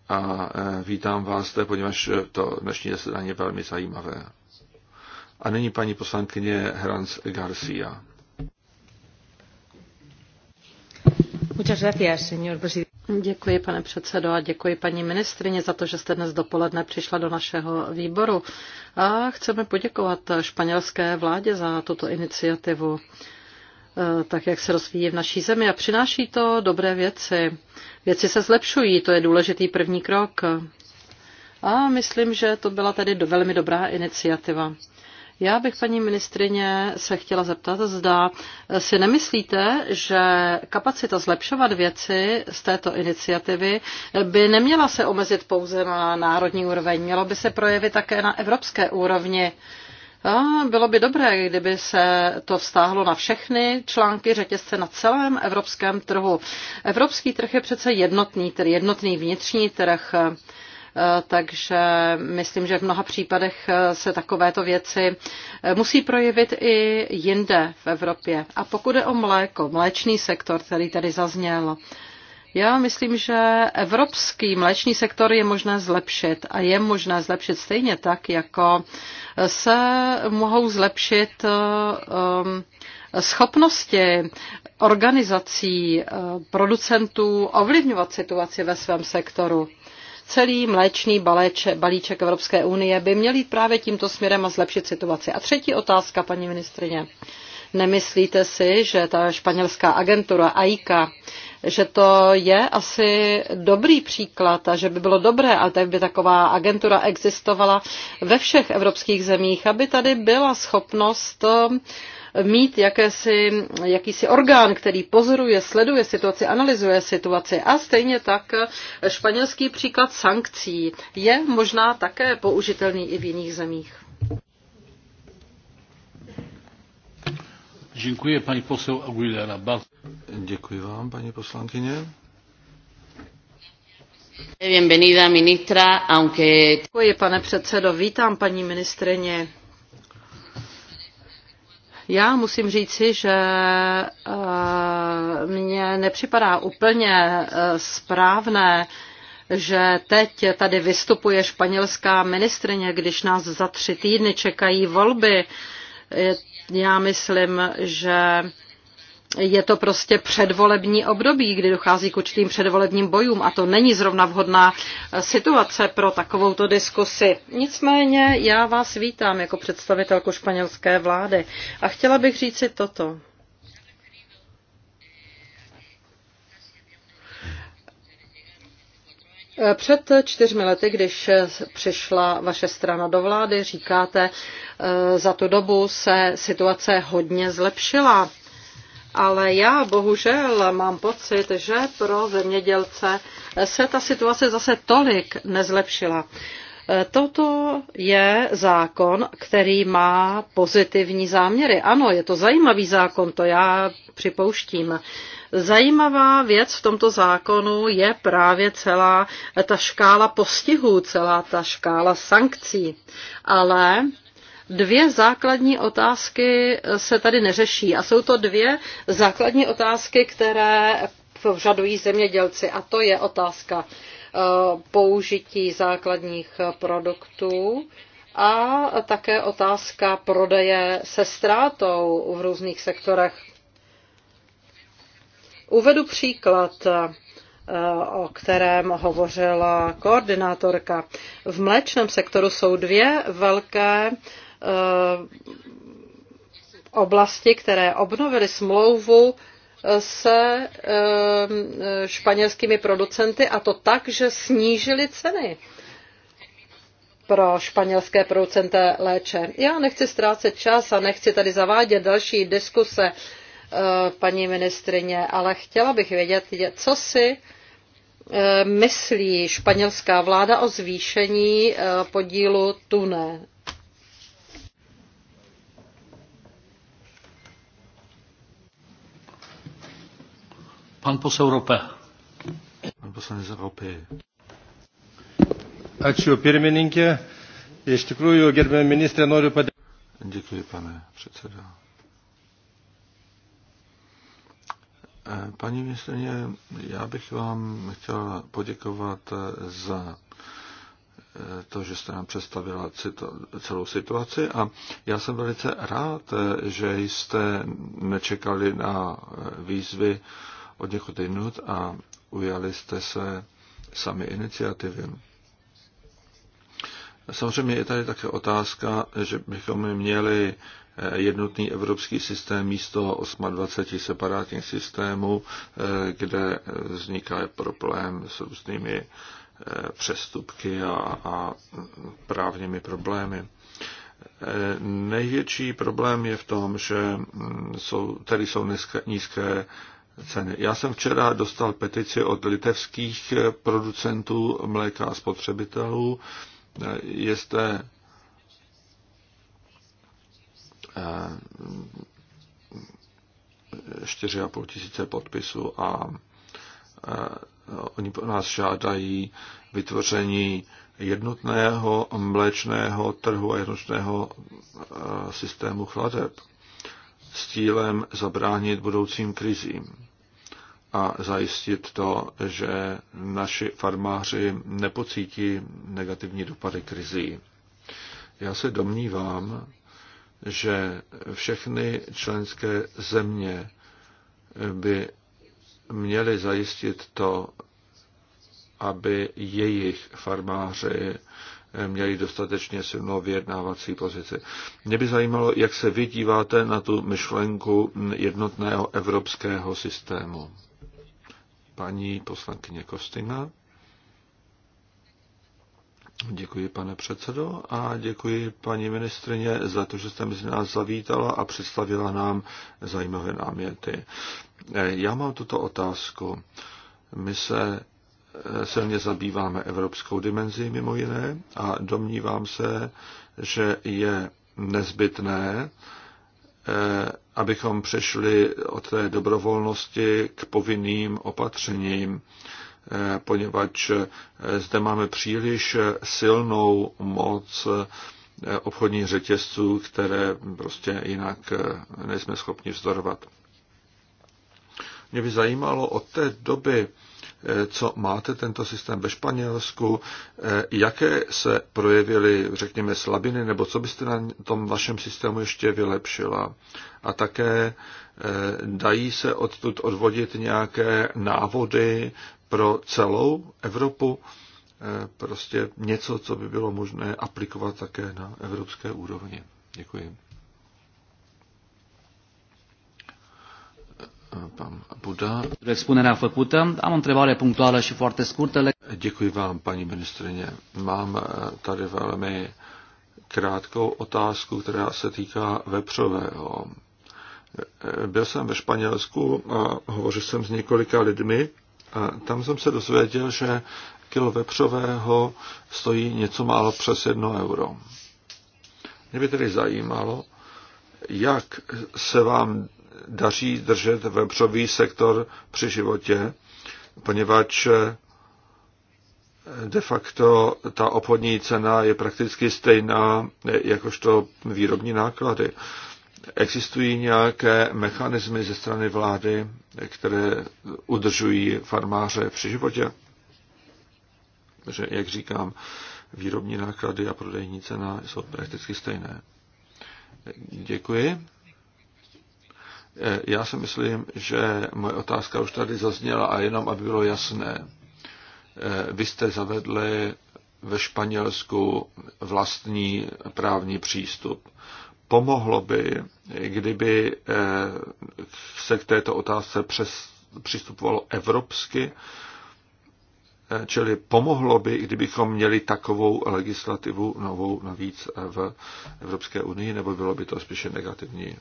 A eh, vítám vás zde, poněvadž to dnešní zasedání je velmi zajímavé. A nyní paní poslankyně Hrans Garcia.
Děkuji, pane předsedo, a děkuji paní ministrině za to, že jste dnes dopoledne přišla do našeho výboru. A chceme poděkovat španělské vládě za tuto iniciativu, eh, tak jak se rozvíjí v naší zemi. A přináší to dobré věci. Věci se zlepšují, to je důležitý první krok. A myslím, že to byla tedy velmi dobrá iniciativa. Já bych, paní ministrině, se chtěla zeptat, zda si nemyslíte, že kapacita zlepšovat věci z této iniciativy by neměla se omezit pouze na národní úroveň, mělo by se projevit také na evropské úrovni. A bylo by dobré, kdyby se to vztáhlo na všechny články řetězce na celém evropském trhu. Evropský trh je přece jednotný, tedy jednotný vnitřní trh. Eh, takže myslím, že v mnoha případech eh, se takovéto věci eh, musí projevit i jinde v Evropě. A pokud je o mléko, mléčný sektor, který tady zazněl, já myslím, že evropský mléčný sektor je možné zlepšit a je možné zlepšit stejně tak, jako se mohou zlepšit ehm, schopnosti organizací, producentů ovlivňovat situaci ve svém sektoru. Celý mléčný baléče, balíček Evropské unie by měl jít právě tímto směrem a zlepšit situaci. A třetí otázka, paní ministrině. Nemyslíte si, že ta španělská agentura Aika, že to je asi dobrý příklad a že by bylo dobré, ale tak by taková agentura existovala ve všech evropských zemích, aby tady byla schopnost uh, mít jakési, jakýsi orgán, který pozoruje, sleduje situaci, analyzuje situaci. A stejně tak španělský příklad sankcí je možná také použitelný i v jiných zemích.
Děkuji, paní posel Aguilera. Děkuji vám, paní poslankyně.
Bienvenida, ministra, aunque... Děkuji, pane předsedo. Vítám paní ministrině já musím říci, že eh, mně nepřipadá úplně eh, správné, že teď tady vystupuje španělská ministrině, když nás za tři týdny čekají volby. Já myslím, že je to prostě předvolební období, kdy dochází k určitým předvolebním bojům a to není zrovna vhodná eh, situace pro takovouto diskusi. Nicméně já vás vítám jako představitelku španělské vlády a chtěla bych říci toto. Eh, před čtyřmi lety, když přišla vaše strana do vlády, říkáte, eh, za tu dobu se situace hodně zlepšila ale já bohužel mám pocit, že pro zemědělce se ta situace zase tolik nezlepšila. Toto je zákon, který má pozitivní záměry. Ano, je to zajímavý zákon, to já připouštím. Zajímavá věc v tomto zákonu je právě celá ta škála postihů, celá ta škála sankcí. Ale dvě základní otázky se tady neřeší a jsou to dvě základní otázky, které vžadují zemědělci a to je otázka eh, použití základních produktů a také otázka prodeje se ztrátou v různých sektorech. Uvedu příklad, eh, o kterém hovořila koordinátorka. V mléčném sektoru jsou dvě velké Eh, oblasti, které obnovily smlouvu eh, se eh, španělskými producenty a to tak, že snížili ceny pro španělské producenty léče. Já nechci ztrácet čas a nechci tady zavádět další diskuse, paní ministrině, ale chtěla bych vědět, co si myslí španělská vláda o zvýšení podílu tuné
Pan poslanec Rope. Pan poslanec Rope. Ačiū pirmininkė. Iš tikrųjų, gerbėme ministrė, noriu padėkoti. Děkuji, pane předsedo. E, paní ministrině, já bych vám chtěl poděkovat za e, to, že jste nám představila celou situaci a já jsem velice rád, e, že jste nečekali na výzvy od někud jinut a ujali jste se sami iniciativy. Samozřejmě je tady také otázka, že bychom měli eh, jednotný evropský systém místo 28 separátních systémů, eh, kde vzniká problém s různými eh, přestupky a, a právními problémy. Největší problém je v tom, že mm, jsou, tady jsou nízké, nízké ceny. Já jsem včera dostal petici od litevských producentů mléka a spotřebitelů. Je eh, čtyři a půl tisíce podpisů a eh, oni po nás žádají vytvoření jednotného mléčného trhu a jednotného eh, systému chladeb s cílem zabránit budoucím krizím a zajistit to, že naši farmáři nepocítí negativní dopady krizí. Já se domnívám, že všechny členské země by měly zajistit to, aby jejich farmáři měli dostatečně silnou vyjednávací pozici. Mě by zajímalo, jak se vy díváte na tu myšlenku jednotného evropského systému paní poslankyně Kostina. Děkuji, pane předsedo, a děkuji paní ministrině za to, že jste mezi nás zavítala a představila nám zajímavé náměty. Já mám tuto otázku. My se silně zabýváme evropskou dimenzí mimo jiné a domnívám se, že je nezbytné eh, abychom přešli od té dobrovolnosti k povinným opatřením, eh, poněvadž eh, zde máme příliš silnou moc eh, obchodních řetězců, které prostě jinak nejsme schopni vzdorovat. Mě by zajímalo od té doby, co máte tento systém ve Španělsku, eh, jaké se projevily, řekněme, slabiny, nebo co byste na tom vašem systému ještě vylepšila. A také eh, dají se odtud odvodit nějaké návody pro celou Evropu, eh, prostě něco, co by bylo možné aplikovat také na evropské úrovni. Děkuji. pan Buda. Děkuji vám, paní ministrině. Mám eh, tady velmi krátkou otázku, která se týká vepřového. Eh, byl jsem ve Španělsku a hovořil jsem s několika lidmi a tam jsem se dozvěděl, že kilo vepřového stojí něco málo přes jedno euro. Mě by tedy zajímalo, jak se vám daří držet vepřový sektor při životě, poněvadž de facto ta obchodní cena je prakticky stejná jakožto výrobní náklady. Existují nějaké mechanismy ze strany vlády, které udržují farmáře při životě? Že, jak říkám, výrobní náklady a prodejní cena jsou prakticky stejné. Děkuji. Eh, já si myslím, že moje otázka už tady zazněla a jenom, aby bylo jasné. Eh, vy jste zavedli ve Španělsku vlastní právní přístup. Pomohlo by, kdyby eh, se k této otázce přes, přistupovalo evropsky, čili pomohlo by, kdybychom měli takovou legislativu novou navíc v Evropské unii, nebo bylo by to spíše negativní?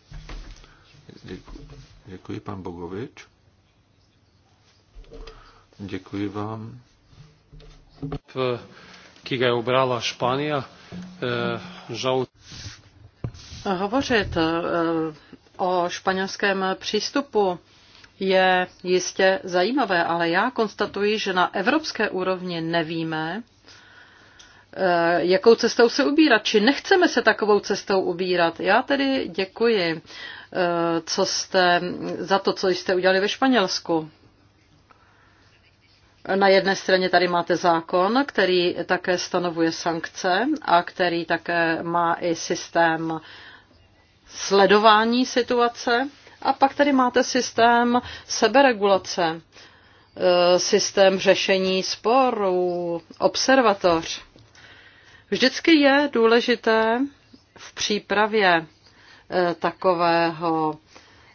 Děkuji, děkuji pan Bogovič. Děkuji vám. Ki ga je obrala Španija, eh, žal.
Hovořit eh, o španělském přístupu je jistě zajímavé, ale já konstatuji, že na evropské úrovni nevíme, Eh, jakou cestou se ubírat, či nechceme se takovou cestou ubírat. Já tedy děkuji eh, co jste, za to, co jste udělali ve Španělsku. Na jedné straně tady máte zákon, který také stanovuje sankce a který také má i systém sledování situace. A pak tady máte systém seberegulace, eh, systém řešení sporů, observatoř. Vždycky je důležité v přípravě eh, takového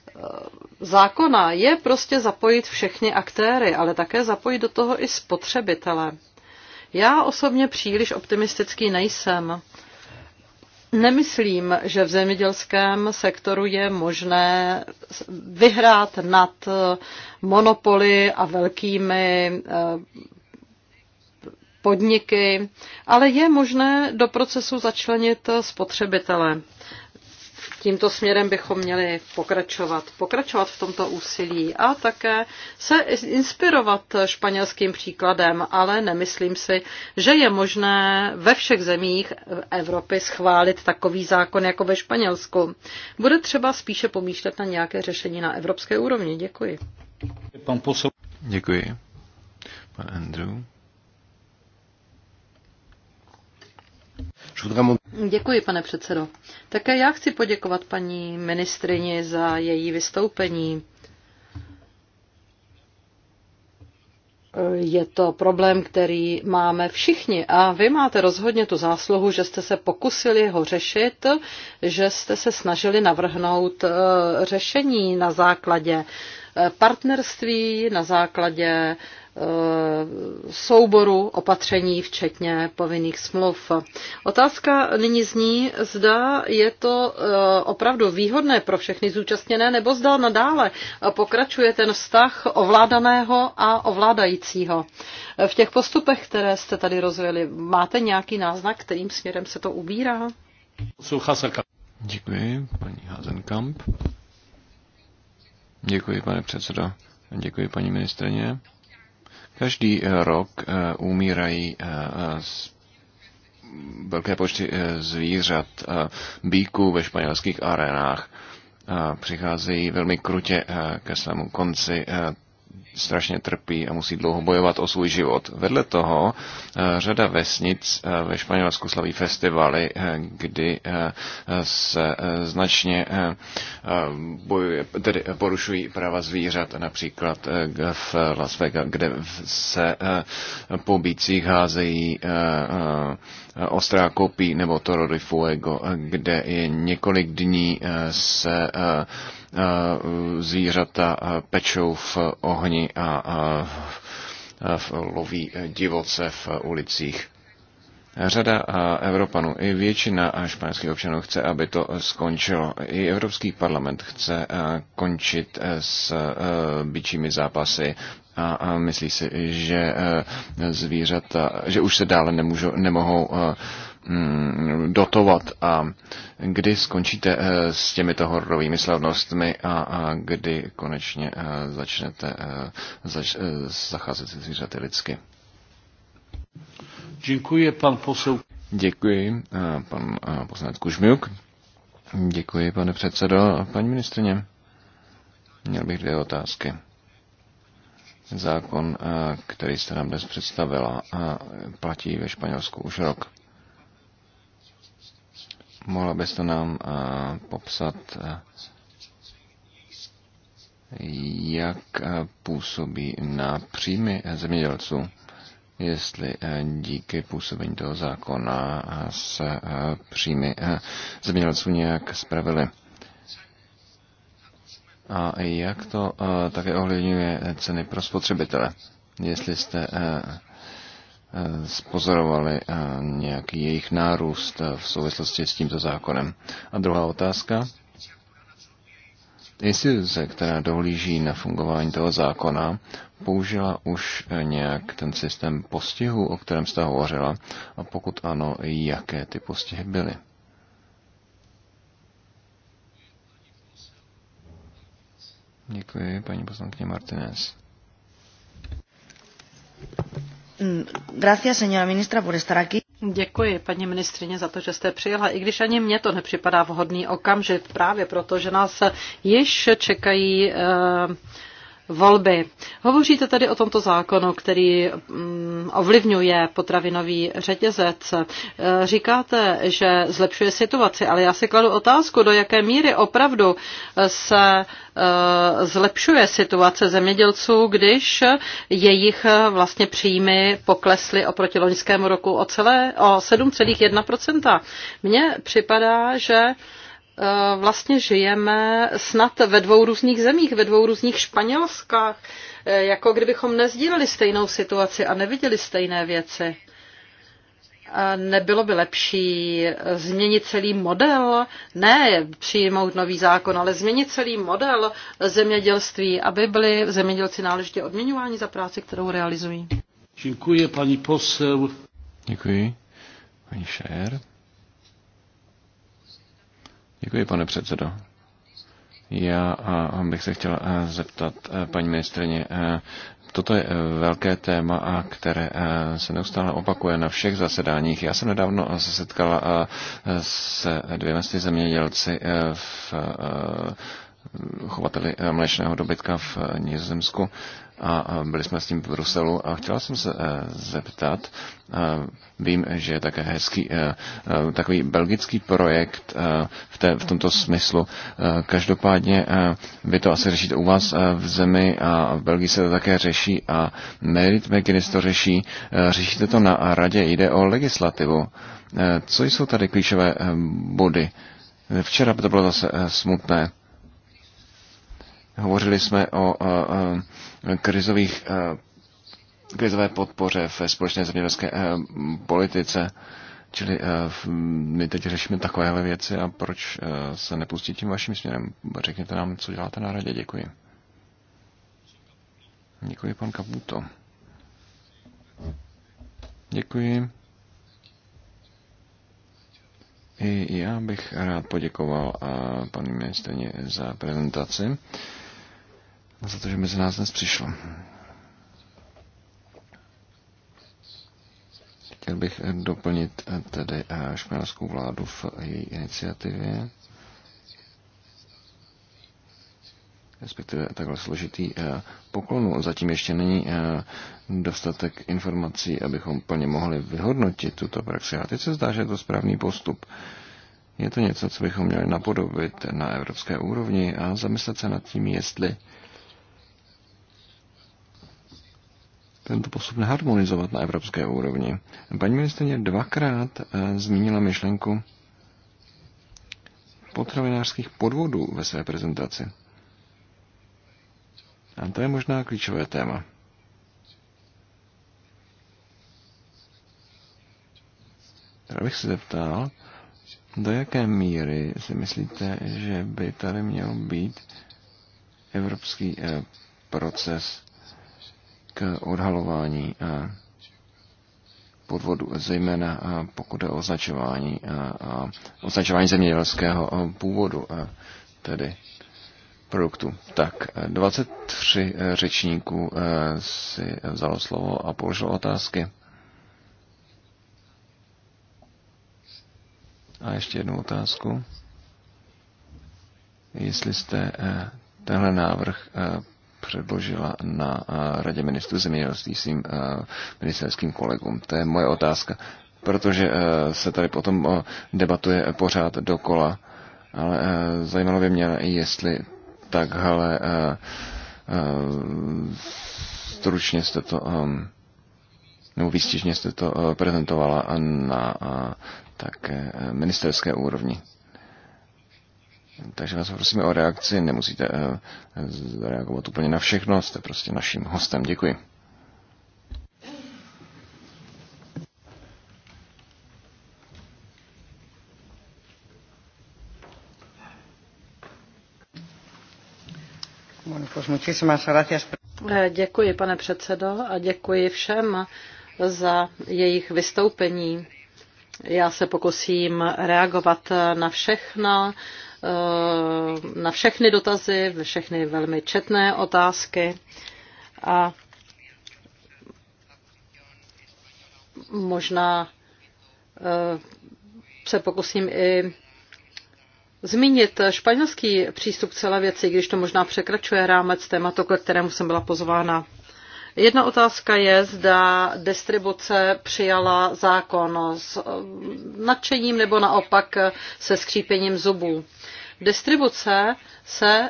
eh, zákona je prostě zapojit všechny aktéry, ale také zapojit do toho i spotřebitele. Já osobně příliš optimistický nejsem. Nemyslím, že v zemědělském sektoru je možné vyhrát nad eh, monopoly a velkými podniky, ale je možné do procesu začlenit spotřebitele. Tímto směrem bychom měli pokračovat, pokračovat v tomto úsilí a také se inspirovat španělským příkladem, ale nemyslím si, že je možné ve všech zemích Evropy schválit takový zákon jako ve Španělsku. Bude třeba spíše pomýšlet na nějaké řešení na evropské úrovni. Děkuji.
Pan Děkuji. Pan Andrew.
Děkuji, pane předsedo. Také já chci poděkovat paní ministrini za její vystoupení. Je to problém, který máme všichni a vy máte rozhodně tu zásluhu, že jste se pokusili ho řešit, že jste se snažili navrhnout eh, řešení na základě eh, partnerství, na základě Eh, souboru opatření, včetně povinných smluv. Otázka nyní zní, zda je to eh, opravdu výhodné pro všechny zúčastněné, nebo zda nadále pokračuje ten vztah ovládaného a ovládajícího. V těch postupech, které jste tady rozvěli, máte nějaký náznak, kterým směrem se to ubírá?
Děkuji, paní Hazenkamp. Děkuji, pane předsedo. Děkuji, paní ministrině. Každý eh, rok eh, umírají eh, velké počty zvířat, bíků ve španělských arenách přicházejí velmi krutě ke svému konci strašně trpí a musí dlouho bojovat o svůj život. Vedle toho eh, řada vesnic eh, ve Španělsku slaví festivaly, eh, kdy se značně bojuje, tedy porušují práva zvířat, například v Las Vegas, kde se po bících házejí ostrá kopí nebo Toro de Fuego, kde je několik dní se Eh, zvířata eh, pečou v ohni a loví divoce v ulicích. Řada eh, Evropanů i většina španělských občanů chce, aby to skončilo. I Evropský parlament chce končit s byčími zápasy a myslí si, že zvířata, že už se dále nemůžou, nemohou Mm, dotovat a kdy skončíte eh, s těmito hororovými slavnostmi a kdy konečně eh, začnete eh, zač- zacházet se zvířaty lidsky.
Děkuji, pan posel.
Děkuji, pan poslanec Kužmiuk. Děkuji, pane předsedo. Paní ministrině, měl bych dvě otázky zákon, který jste nám dnes představila, platí ve Španělsku už rok. Mohla byste nám eh, popsat, eh, jak eh, působí na příjmy zemědělců, jestli díky působení toho zákona se příjmy zemědělců nějak spravily. A jak to také ohledňuje ceny pro spotřebitele? Jestli jste Eh, spozorovali eh, nějaký jejich nárůst eh, v souvislosti s tímto zákonem. A druhá otázka. Instituce, která dohlíží na fungování toho zákona, použila už nějak ten systém postihu, o kterém jste hovořila, a pokud ano, jaké ty postihy byly? Děkuji, paní poslankyně Martinez.
Mm, gracias, señora ministra, por estar aquí. Děkuji, paní ministrině, za to, že jste přijela, i když ani mně to nepřipadá vhodný okamžik, právě proto, že nás již čekají uh, volby. Hovoříte tady o tomto zákonu, který mm, ovlivňuje potravinový řetězec. E, říkáte, že zlepšuje situaci, ale já si kladu otázku, do jaké míry opravdu se e, zlepšuje situace zemědělců, když jejich vlastně příjmy poklesly oproti loňskému roku o, celé, o 7,1%. Mně připadá, že Eh, vlastně žijeme snad ve dvou různých zemích, ve dvou různých Španělskách, eh, jako kdybychom nezdíleli stejnou situaci a neviděli stejné věci. Nebylo by lepší změnit celý model, ne přijmout nový zákon, ale změnit celý model zemědělství, aby byli zemědělci náležitě odměňováni za práci, kterou realizují. Děkuji,
paní posel.
Děkuji, paní Šer. Děkuji, pane předsedo. Já bych se chtěla zeptat paní ministrině, toto je e, velké téma, které se neustále opakuje na všech zasedáních. Já jsem nedávno se setkala s dvěma z zemědělci e, v chovateli e, mléčného dobytka v Nizozemsku, a byli jsme s tím v Bruselu a chtěla jsem se eh, zeptat, vím, že je také hezký eh, eh, takový belgický projekt v, té, v tomto smyslu. Každopádně vy to asi řešíte u vás v zemi a v Belgii se to také řeší a Merit McGuinness to řeší. Řešíte to na radě, jde o legislativu. Co jsou tady klíčové body? Včera by to bylo zase smutné. Hovořili jsme o krizových, eh, krizové podpoře ve společné zemědělské eh, politice. Čili eh, my teď řešíme takovéhle věci a proč se nepustit tím vaším směrem? Řekněte nám, co děláte na radě. Děkuji. Děkuji, pan Kabuto. Děkuji. I já bych rád poděkoval paní ministrně za prezentaci za to, že mezi nás dnes přišlo. Chtěl bych eh, doplnit eh, tedy eh, španělskou vládu v její iniciativě, respektive takhle složitý poklonu. Zatím ještě není dostatek informací, abychom plně mohli vyhodnotit tuto praxi. A teď se zdá, že je to správný postup. Je to něco, co bychom měli napodobit na evropské úrovni a zamyslet se nad tím, jestli tento postup neharmonizovat na evropské úrovni. Paní ministrině dvakrát eh, zmínila myšlenku potravinářských podvodů ve své prezentaci. A to je možná klíčové téma. Já bych se zeptal, do jaké míry si myslíte, že by tady měl být evropský eh, proces k odhalování eh, podvodu, zejména eh, pokud je označování, eh, označování zemědělského původu, tedy produktu. Tak, 23 řečníků si vzalo slovo a položilo otázky. A ještě jednu otázku. Jestli jste tenhle návrh předložila na eh, Radě ministrů zemědělství svým eh, ministerským kolegům? To je moje otázka, protože eh, se tady potom debatuje pořád dokola, ale zajímalo by mě, jestli takhle stručně jste to ehm, nebo výstižně jste to prezentovala na také ministerské úrovni. Takže vás prosíme o reakci, nemusíte eh, reagovat úplně na všechno, jste prostě naším hostem. Děkuji.
Eh, děkuji, pane předsedo, a děkuji všem za jejich vystoupení. Já se pokusím reagovat na všechna Eh, na všechny dotazy, všechny velmi četné otázky a možná eh, se pokusím i zmínit španělský přístup k celé věci, když to možná překračuje rámec tématu, ke kterému jsem byla pozvána. Jedna otázka je, zda distribuce přijala zákon s eh, nadšením nebo naopak se skřípěním zubů. Distribuce se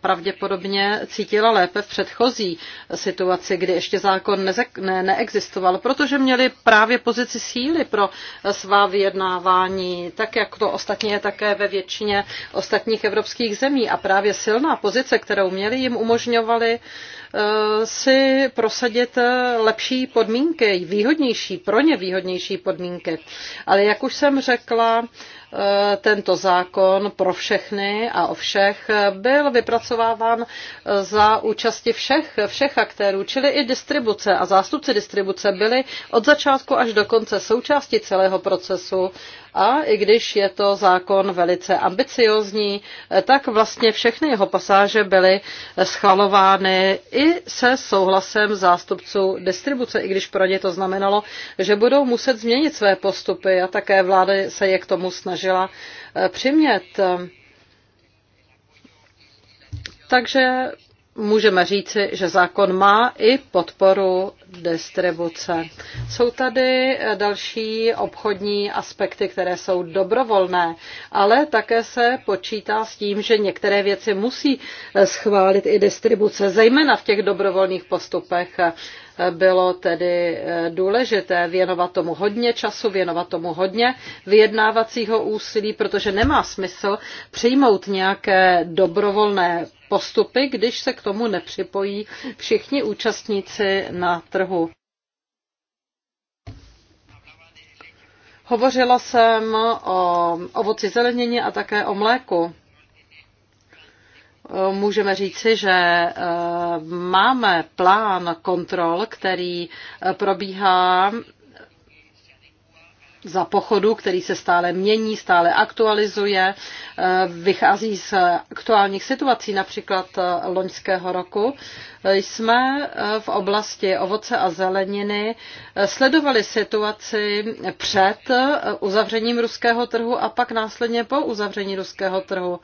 pravděpodobně cítila lépe v předchozí situaci, kdy ještě zákon ne- neexistoval, protože měli právě pozici síly pro svá vyjednávání, tak jak to ostatně je také ve většině ostatních evropských zemí. A právě silná pozice, kterou měli, jim umožňovali eh, si prosadit lepší podmínky, výhodnější, pro ně výhodnější podmínky. Ale jak už jsem řekla, Eh, tento zákon pro všechny a o všech byl vypracováván eh, za účasti všech, všech aktérů, čili i distribuce a zástupci distribuce byli od začátku až do konce součástí celého procesu a i když je to zákon velice ambiciozní, tak vlastně všechny jeho pasáže byly schvalovány i se souhlasem zástupců distribuce, i když pro ně to znamenalo, že budou muset změnit své postupy a také vláda se je k tomu snažila eh, přimět. Takže můžeme říci, že zákon má i podporu distribuce. Jsou tady další obchodní aspekty, které jsou dobrovolné, ale také se počítá s tím, že některé věci musí schválit i distribuce, zejména v těch dobrovolných postupech. Bylo tedy důležité věnovat tomu hodně času, věnovat tomu hodně vyjednávacího úsilí, protože nemá smysl přijmout nějaké dobrovolné postupy, když se k tomu nepřipojí všichni účastníci na trhu. Hovořila jsem o ovoci zelenině a také o mléku. Můžeme říci, že e, máme plán kontrol, který e, probíhá za pochodu, který se stále mění, stále aktualizuje, eh, vychází z aktuálních situací, například eh, loňského roku, eh, jsme v oblasti ovoce a zeleniny sledovali situaci před uzavřením ruského trhu a pak následně po uzavření ruského trhu.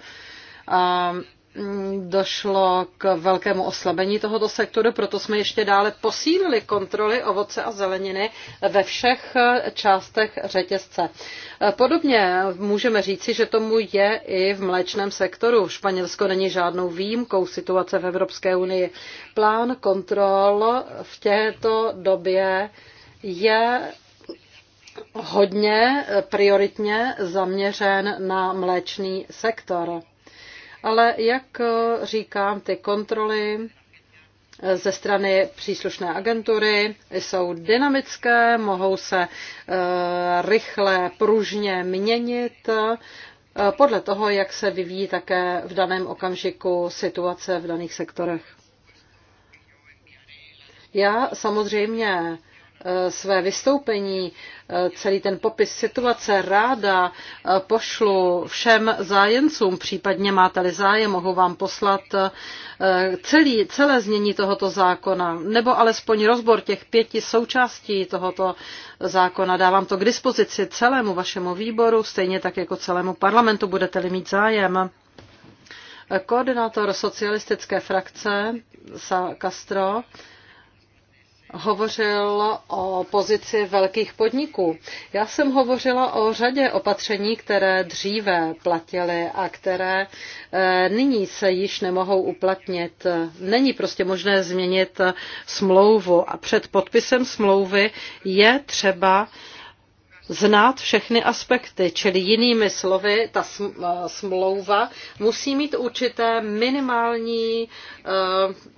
A Mm, došlo k velkému oslabení tohoto sektoru, proto jsme ještě dále posílili kontroly ovoce a zeleniny ve všech eh, částech řetězce. Eh, podobně můžeme říci, že tomu je i v mléčném sektoru. Španělsko není žádnou výjimkou situace v Evropské unii. Plán kontrol v této době je hodně prioritně zaměřen na mléčný sektor ale jak eh, říkám, ty kontroly eh, ze strany příslušné agentury jsou dynamické, mohou se eh, rychle, pružně měnit podle toho, jak se vyvíjí také v daném okamžiku situace v daných sektorech. Já samozřejmě Eh, své vystoupení, eh, celý ten popis situace ráda eh, pošlu všem zájemcům, případně máte-li zájem, mohu vám poslat celý, celé znění tohoto zákona, nebo alespoň rozbor těch pěti součástí tohoto zákona. Dávám to k dispozici celému vašemu výboru, stejně tak jako celému parlamentu, budete-li mít zájem. Koordinátor socialistické frakce Sa Castro hovořil o pozici velkých podniků. Já jsem hovořila o řadě opatření, které dříve platily a které eh, nyní se již nemohou uplatnit. Není prostě možné změnit smlouvu a před podpisem smlouvy je třeba znát všechny aspekty, čili jinými slovy, ta eh, smlouva musí mít určité minimální eh,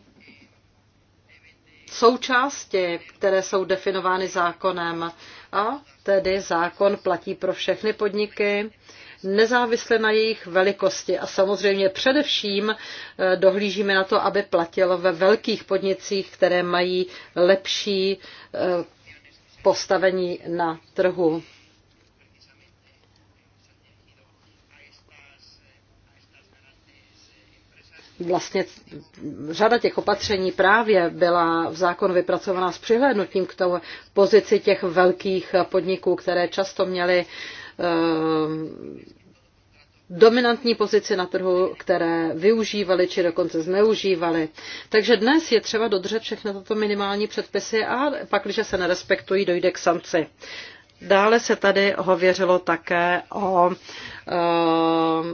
součásti, které jsou definovány zákonem. A tedy zákon platí pro všechny podniky, nezávisle na jejich velikosti. A samozřejmě především eh, dohlížíme na to, aby platilo ve velkých podnicích, které mají lepší eh, postavení na trhu. vlastně řada těch opatření právě byla v zákonu vypracovaná s přihlédnutím k tomu pozici těch velkých podniků, které často měly eh, dominantní pozici na trhu, které využívali či dokonce zneužívali. Takže dnes je třeba dodržet všechny tato minimální předpisy a pak, když se nerespektují, dojde k sankci. Dále se tady hověřilo také o ehm,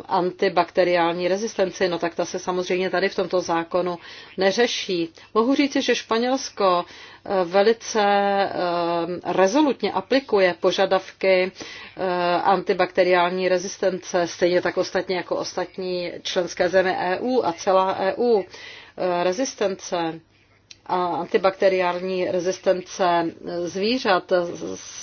antibakteriální rezistenci, no tak ta se samozřejmě tady v tomto zákonu neřeší. Mohu říci, že Španělsko eh, velice ehm, rezolutně aplikuje požadavky eh, antibakteriální rezistence, stejně tak ostatně jako ostatní členské země EU a celá EU. Eh, rezistence antibakteriální rezistence zvířat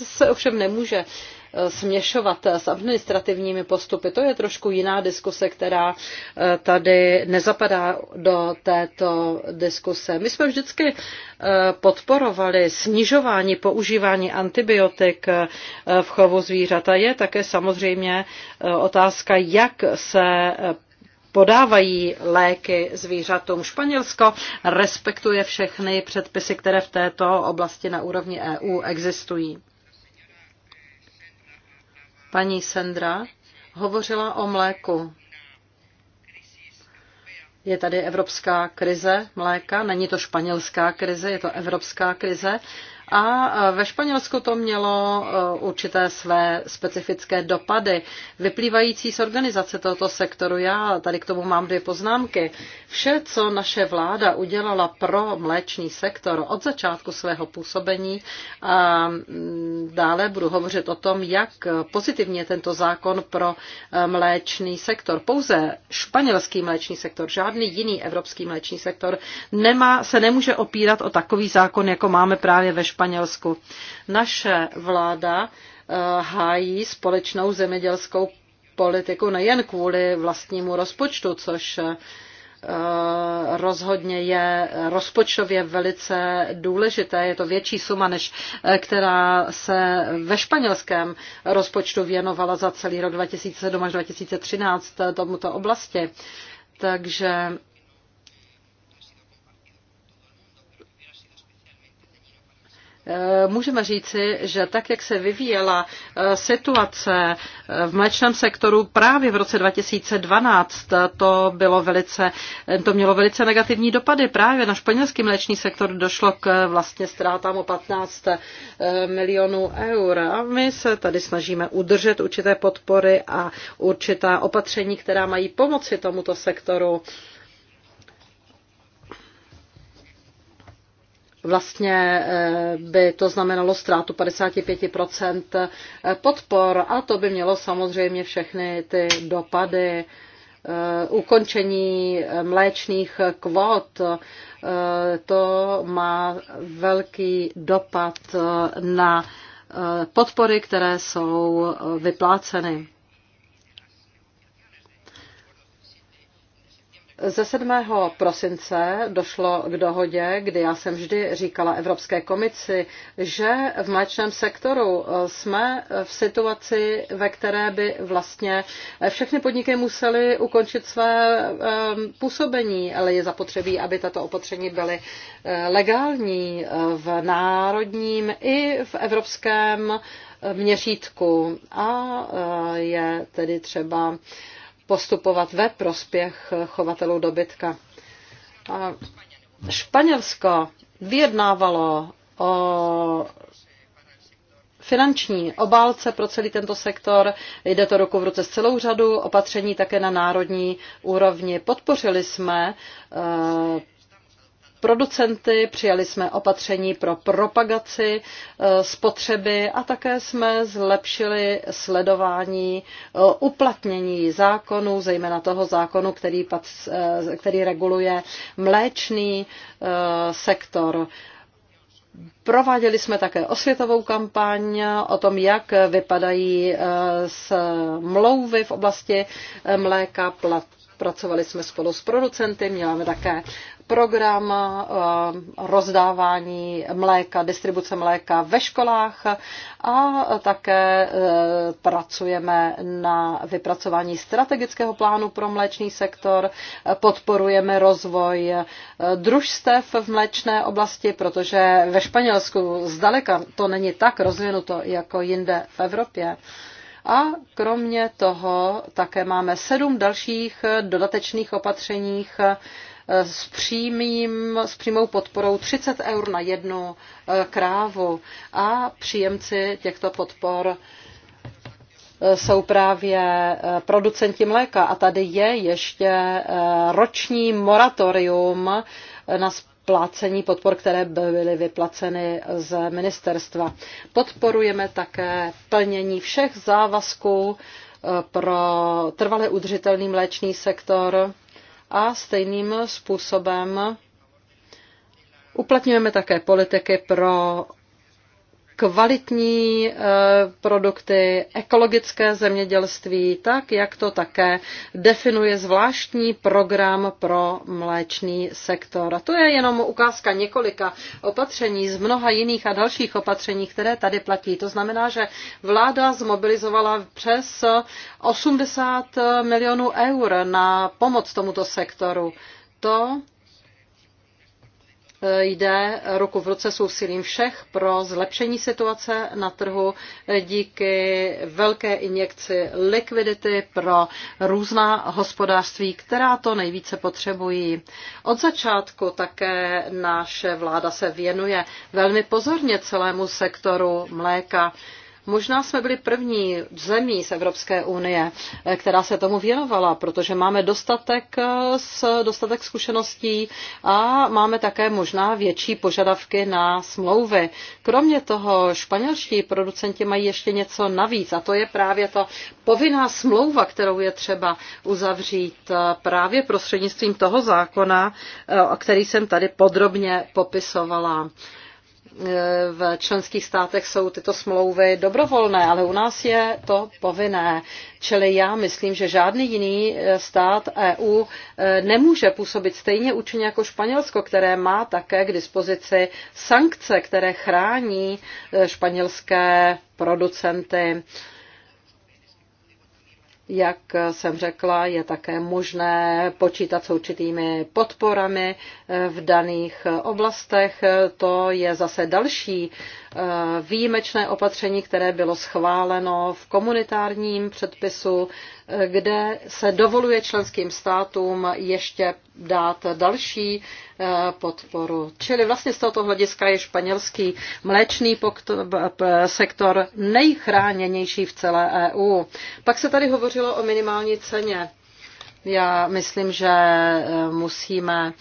se ovšem nemůže eh, směšovat s administrativními postupy. To je trošku jiná diskuse, která eh, tady nezapadá do této diskuse. My jsme vždycky eh, podporovali snižování používání antibiotik v chovu zvířata. Je také samozřejmě otázka, jak se podávají léky zvířatům. Španělsko respektuje všechny předpisy, které v této oblasti na úrovni EU existují. Paní Sandra hovořila o mléku. Je tady evropská krize mléka, není to španělská krize, je to evropská krize a e, ve Španělsku to mělo e, určité své specifické dopady, vyplývající z organizace tohoto sektoru. Já tady k tomu mám dvě poznámky. Vše, co naše vláda udělala pro mléčný sektor od začátku svého působení, a dále budu hovořit o tom, jak pozitivně tento zákon pro e, mléčný sektor. Pouze španělský mléčný sektor, žádný jiný evropský mléčný sektor nemá, se nemůže opírat o takový zákon, jako máme právě ve Španělsku Španělsku. Naše vláda eh, hájí společnou zemědělskou politiku nejen kvůli vlastnímu rozpočtu, což eh, rozhodně je rozpočtově velice důležité. Je to větší suma, než eh, která se ve španělském rozpočtu věnovala za celý rok 2007 až 2013 tomuto oblasti. Takže Eh, můžeme říci, že tak, jak se vyvíjela eh, situace eh, v mléčném sektoru právě v roce 2012, to, bylo velice, to mělo velice negativní dopady. Právě na španělský mléčný sektor došlo k vlastně ztrátám o 15 milionů eur. A my se tady snažíme udržet určité podpory a určitá opatření, která mají pomoci tomuto sektoru. vlastně eh, by to znamenalo ztrátu 55% eh, podpor a to by mělo samozřejmě všechny ty dopady eh, ukončení mléčných kvot, to má velký dopad na podpory, které jsou vypláceny. Ze 7. prosince došlo k dohodě, kdy já jsem vždy říkala Evropské komisi, že v mléčném sektoru eh, jsme v situaci, ve které by vlastně eh, všechny podniky musely ukončit své eh, působení, ale je zapotřebí, aby tato opatření byly legální v národním i v evropském měřítku. A je tedy třeba postupovat ve prospěch chovatelů dobytka. A Španělsko vyjednávalo o finanční obálce pro celý tento sektor. Jde to ruku v ruce s celou řadu opatření také na národní úrovni. Podpořili jsme eh, producenty, přijali jsme opatření pro propagaci eh, spotřeby a také jsme zlepšili sledování eh, uplatnění zákonů, zejména toho zákonu, který, eh, který reguluje mléčný sektor. Prováděli jsme také osvětovou kampaň o tom, jak vypadají smlouvy v oblasti mléka, Pracovali jsme spolu s producenty, měláme také program eh, rozdávání mléka, distribuce mléka ve školách a také eh, pracujeme na vypracování strategického plánu pro mléčný sektor, podporujeme rozvoj eh, družstev v mléčné oblasti, protože ve Španělsku zdaleka to není tak rozvinuto jako jinde v Evropě. A kromě toho také máme sedm dalších dodatečných opatřeních s, přímým, s přímou podporou 30 eur na jednu e, krávu a příjemci těchto podpor e, jsou právě e, producenti mléka a tady je ještě roční moratorium na splácení podpor, které byly vyplaceny z ministerstva. Podporujeme také plnění všech závazků pro trvale udržitelný mléčný sektor a stejným způsobem uplatňujeme také politiky pro kvalitní eh, produkty, ekologické zemědělství, tak jak to také definuje zvláštní program pro mléčný sektor. A to je jenom ukázka několika opatření z mnoha jiných a dalších opatření, které tady platí. To znamená, že vláda zmobilizovala přes 80 milionů eur na pomoc tomuto sektoru. To jde ruku v ruce s úsilím všech pro zlepšení situace na trhu díky velké injekci likvidity pro různá hospodářství, která to nejvíce potřebují. Od začátku také naše vláda se věnuje velmi pozorně celému sektoru mléka Možná jsme byli první zemí z Evropské unie, eh, která se tomu věnovala, protože máme dostatek, eh, dostatek zkušeností a máme také možná větší požadavky na smlouvy. Kromě toho španělští producenti mají ještě něco navíc a to je právě ta povinná smlouva, kterou je třeba uzavřít eh, právě prostřednictvím toho zákona, který jsem tady podrobně popisovala v členských státech jsou tyto smlouvy dobrovolné, ale u nás je to povinné. Čili já myslím, že žádný jiný eh, stát EU eh, nemůže působit stejně účinně jako Španělsko, které má také k dispozici sankce, které chrání eh, španělské producenty jak jsem řekla, je také možné počítat s určitými podporami eh, v daných eh, oblastech. To je zase další eh, výjimečné opatření, které bylo schváleno v komunitárním předpisu, kde se dovoluje členským státům ještě dát další eh, podporu. Čili vlastně z tohoto hlediska je španělský mléčný eh, sektor nejchráněnější v celé EU. Pak se tady hovořilo o minimální ceně. Já myslím, že eh, musíme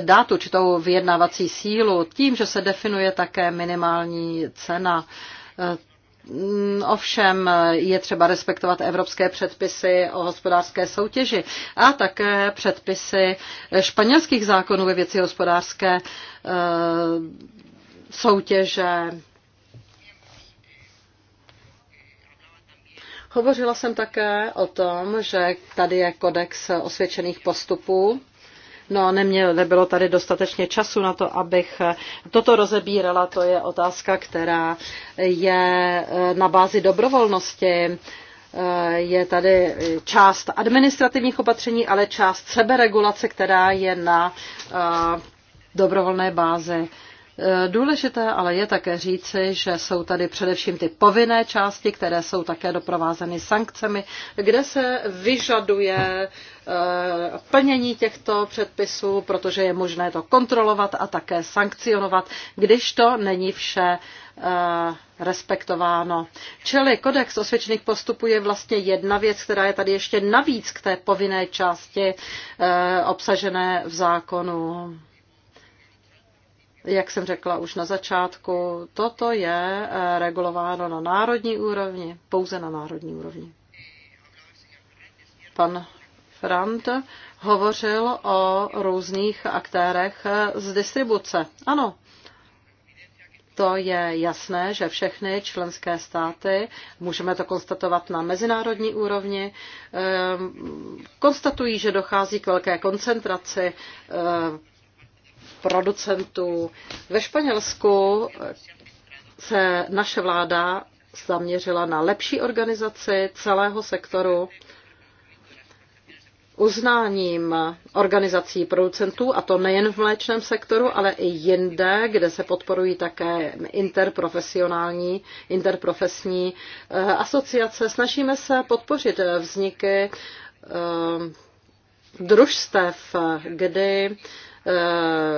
dát určitou vyjednávací sílu tím, že se definuje také minimální cena Mm, ovšem je třeba respektovat evropské předpisy o hospodářské soutěži a také předpisy španělských zákonů ve věci hospodářské eh, soutěže. Hovořila jsem také o tom, že tady je kodex osvědčených postupů No, neměl, nebylo tady dostatečně času na to, abych toto rozebírala. To je otázka, která je eh, na bázi dobrovolnosti eh, je tady část administrativních opatření, ale část seberegulace, která je na eh, dobrovolné bázi. Eh, důležité ale je také říci, že jsou tady především ty povinné části, které jsou také doprovázeny sankcemi, kde se vyžaduje eh, plnění těchto předpisů, protože je možné to kontrolovat a také sankcionovat, když to není vše eh, respektováno. Čili kodex osvědčených postupů je vlastně jedna věc, která je tady ještě navíc k té povinné části obsažené v zákonu. Jak jsem řekla už na začátku, toto je eh, regulováno na národní úrovni, pouze na národní úrovni. Pan Frant hovořil o různých aktérech eh, z distribuce. Ano, to je jasné, že všechny členské státy, můžeme to konstatovat na mezinárodní úrovni, eh, konstatují, že dochází k velké koncentraci producentů. Ve Španělsku se naše vláda zaměřila na lepší organizaci celého sektoru uznáním organizací producentů, a to nejen v mléčném sektoru, ale i jinde, kde se podporují také interprofesionální, interprofesní eh, asociace. Snažíme se podpořit vzniky eh, družstev, kdy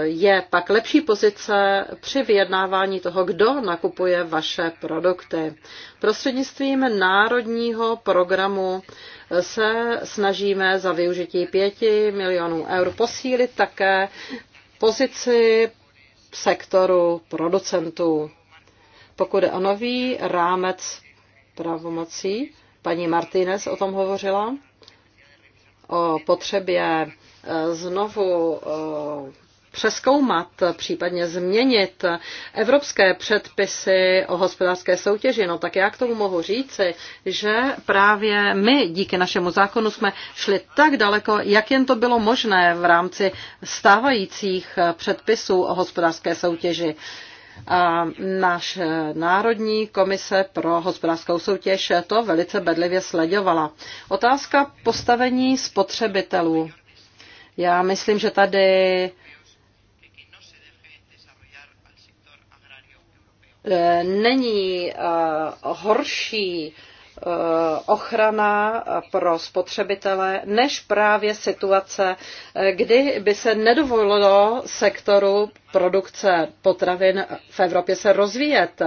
je pak lepší pozice při vyjednávání toho, kdo nakupuje vaše produkty. Prostřednictvím národního programu se snažíme za využití 5 milionů eur posílit také pozici sektoru producentů. Pokud je o nový rámec pravomocí, paní Martinez o tom hovořila, o potřebě znovu eh, přeskoumat, případně změnit evropské předpisy o hospodářské soutěži, no tak já k tomu mohu říci, že právě my díky našemu zákonu jsme šli tak daleko, jak jen to bylo možné v rámci stávajících předpisů o hospodářské soutěži. A náš Národní komise pro hospodářskou soutěž to velice bedlivě sledovala. Otázka postavení spotřebitelů. Já myslím, že tady není eh, horší eh, ochrana pro spotřebitele než právě situace, eh, kdy by se nedovolilo sektoru produkce potravin v Evropě se rozvíjet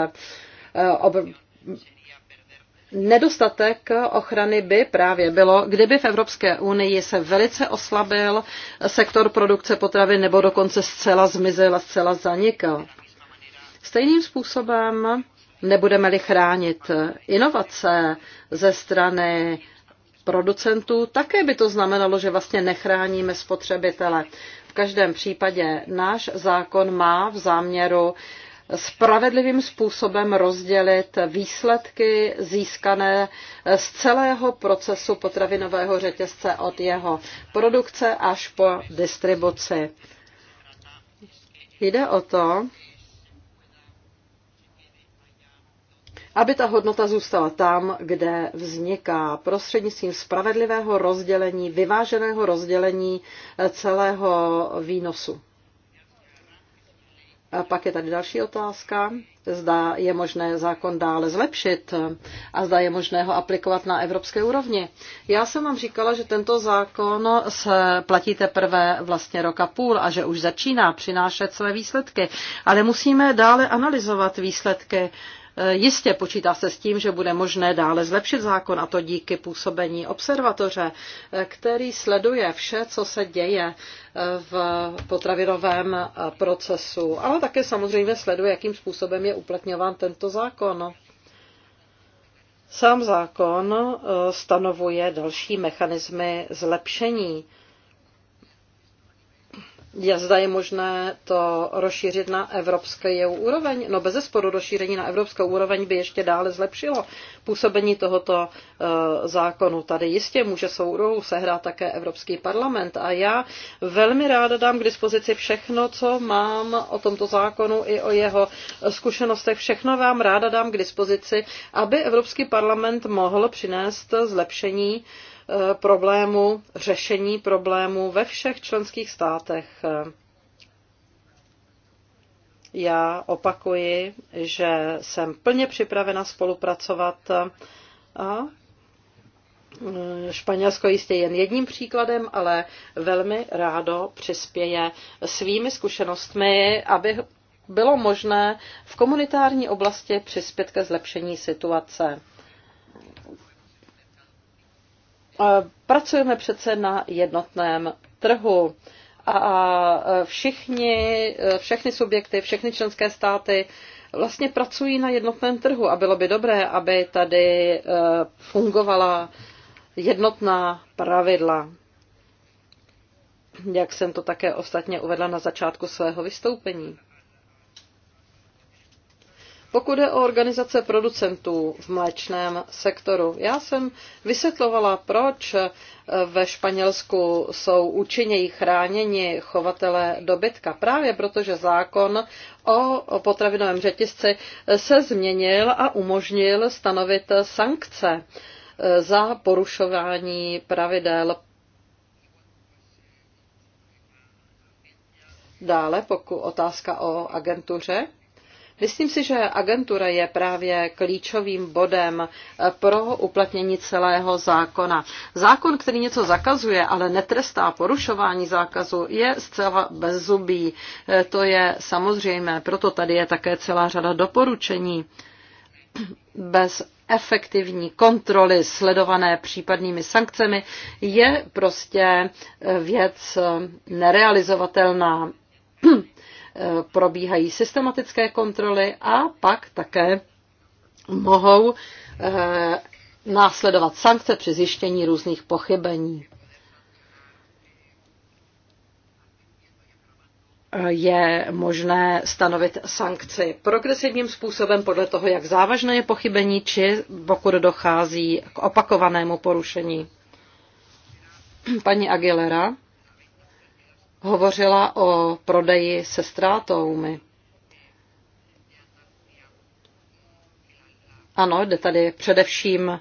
Nedostatek ochrany by právě bylo, kdyby v Evropské unii se velice oslabil sektor produkce potravy nebo dokonce zcela zmizel a zcela zanikl. Stejným způsobem nebudeme-li chránit inovace ze strany producentů, také by to znamenalo, že vlastně nechráníme spotřebitele. V každém případě náš zákon má v záměru spravedlivým způsobem rozdělit výsledky získané z celého procesu potravinového řetězce od jeho produkce až po distribuci. Jde o to, aby ta hodnota zůstala tam, kde vzniká prostřednictvím spravedlivého rozdělení, vyváženého rozdělení eh, celého výnosu. A pak je tady další otázka, zda je možné zákon dále zlepšit a zda je možné ho aplikovat na evropské úrovni. Já jsem vám říkala, že tento zákon se platí teprve vlastně roka půl a že už začíná přinášet své výsledky, ale musíme dále analyzovat výsledky Eh, jistě počítá se s tím, že bude možné dále zlepšit zákon a to díky působení observatoře, eh, který sleduje vše, co se děje eh, v potravinovém procesu, ale také samozřejmě sleduje, jakým způsobem je uplatňován tento zákon. Sám zákon stanovuje další mechanismy zlepšení je, zda je možné to rozšířit na evropské úroveň? No bez zesporu rozšíření na evropskou úroveň by ještě dále zlepšilo působení tohoto e, zákonu. Tady jistě může svou úlohu sehrát také Evropský parlament a já velmi ráda dám k dispozici všechno, co mám o tomto zákonu i o jeho zkušenostech. Všechno vám ráda dám k dispozici, aby Evropský parlament mohl přinést zlepšení e, problému, řešení problému ve všech členských státech. Já opakuji, že jsem plně připravena spolupracovat a e, Španělsko jistě jen jedním příkladem, ale velmi rádo přispěje svými zkušenostmi, aby bylo možné v komunitární oblasti přispět ke zlepšení situace. Pracujeme přece na jednotném trhu a všichni, všechny subjekty, všechny členské státy vlastně pracují na jednotném trhu a bylo by dobré, aby tady e, fungovala jednotná pravidla. Jak jsem to také ostatně uvedla na začátku svého vystoupení. Pokud je o organizace producentů v mléčném sektoru, já jsem vysvětlovala, proč eh, ve Španělsku jsou účinněji chráněni chovatele dobytka. Právě protože zákon o potravinovém řetězci eh, se změnil a umožnil stanovit sankce eh, za porušování pravidel Dále pokud otázka o agentuře. Myslím si, že agentura je právě klíčovým bodem eh, pro uplatnění celého zákona. Zákon, který něco zakazuje, ale netrestá porušování zákazu, je zcela bezzubý. Eh, to je samozřejmé, proto tady je také celá řada doporučení. Bez efektivní kontroly sledované případnými sankcemi je prostě eh, věc nerealizovatelná. probíhají systematické kontroly a pak také mohou eh, následovat sankce při zjištění různých pochybení. je možné stanovit sankci progresivním způsobem podle toho, jak závažné je pochybení, či pokud dochází k opakovanému porušení. Paní Aguilera hovořila o prodeji se ztrátou. Ano, jde tady především eh,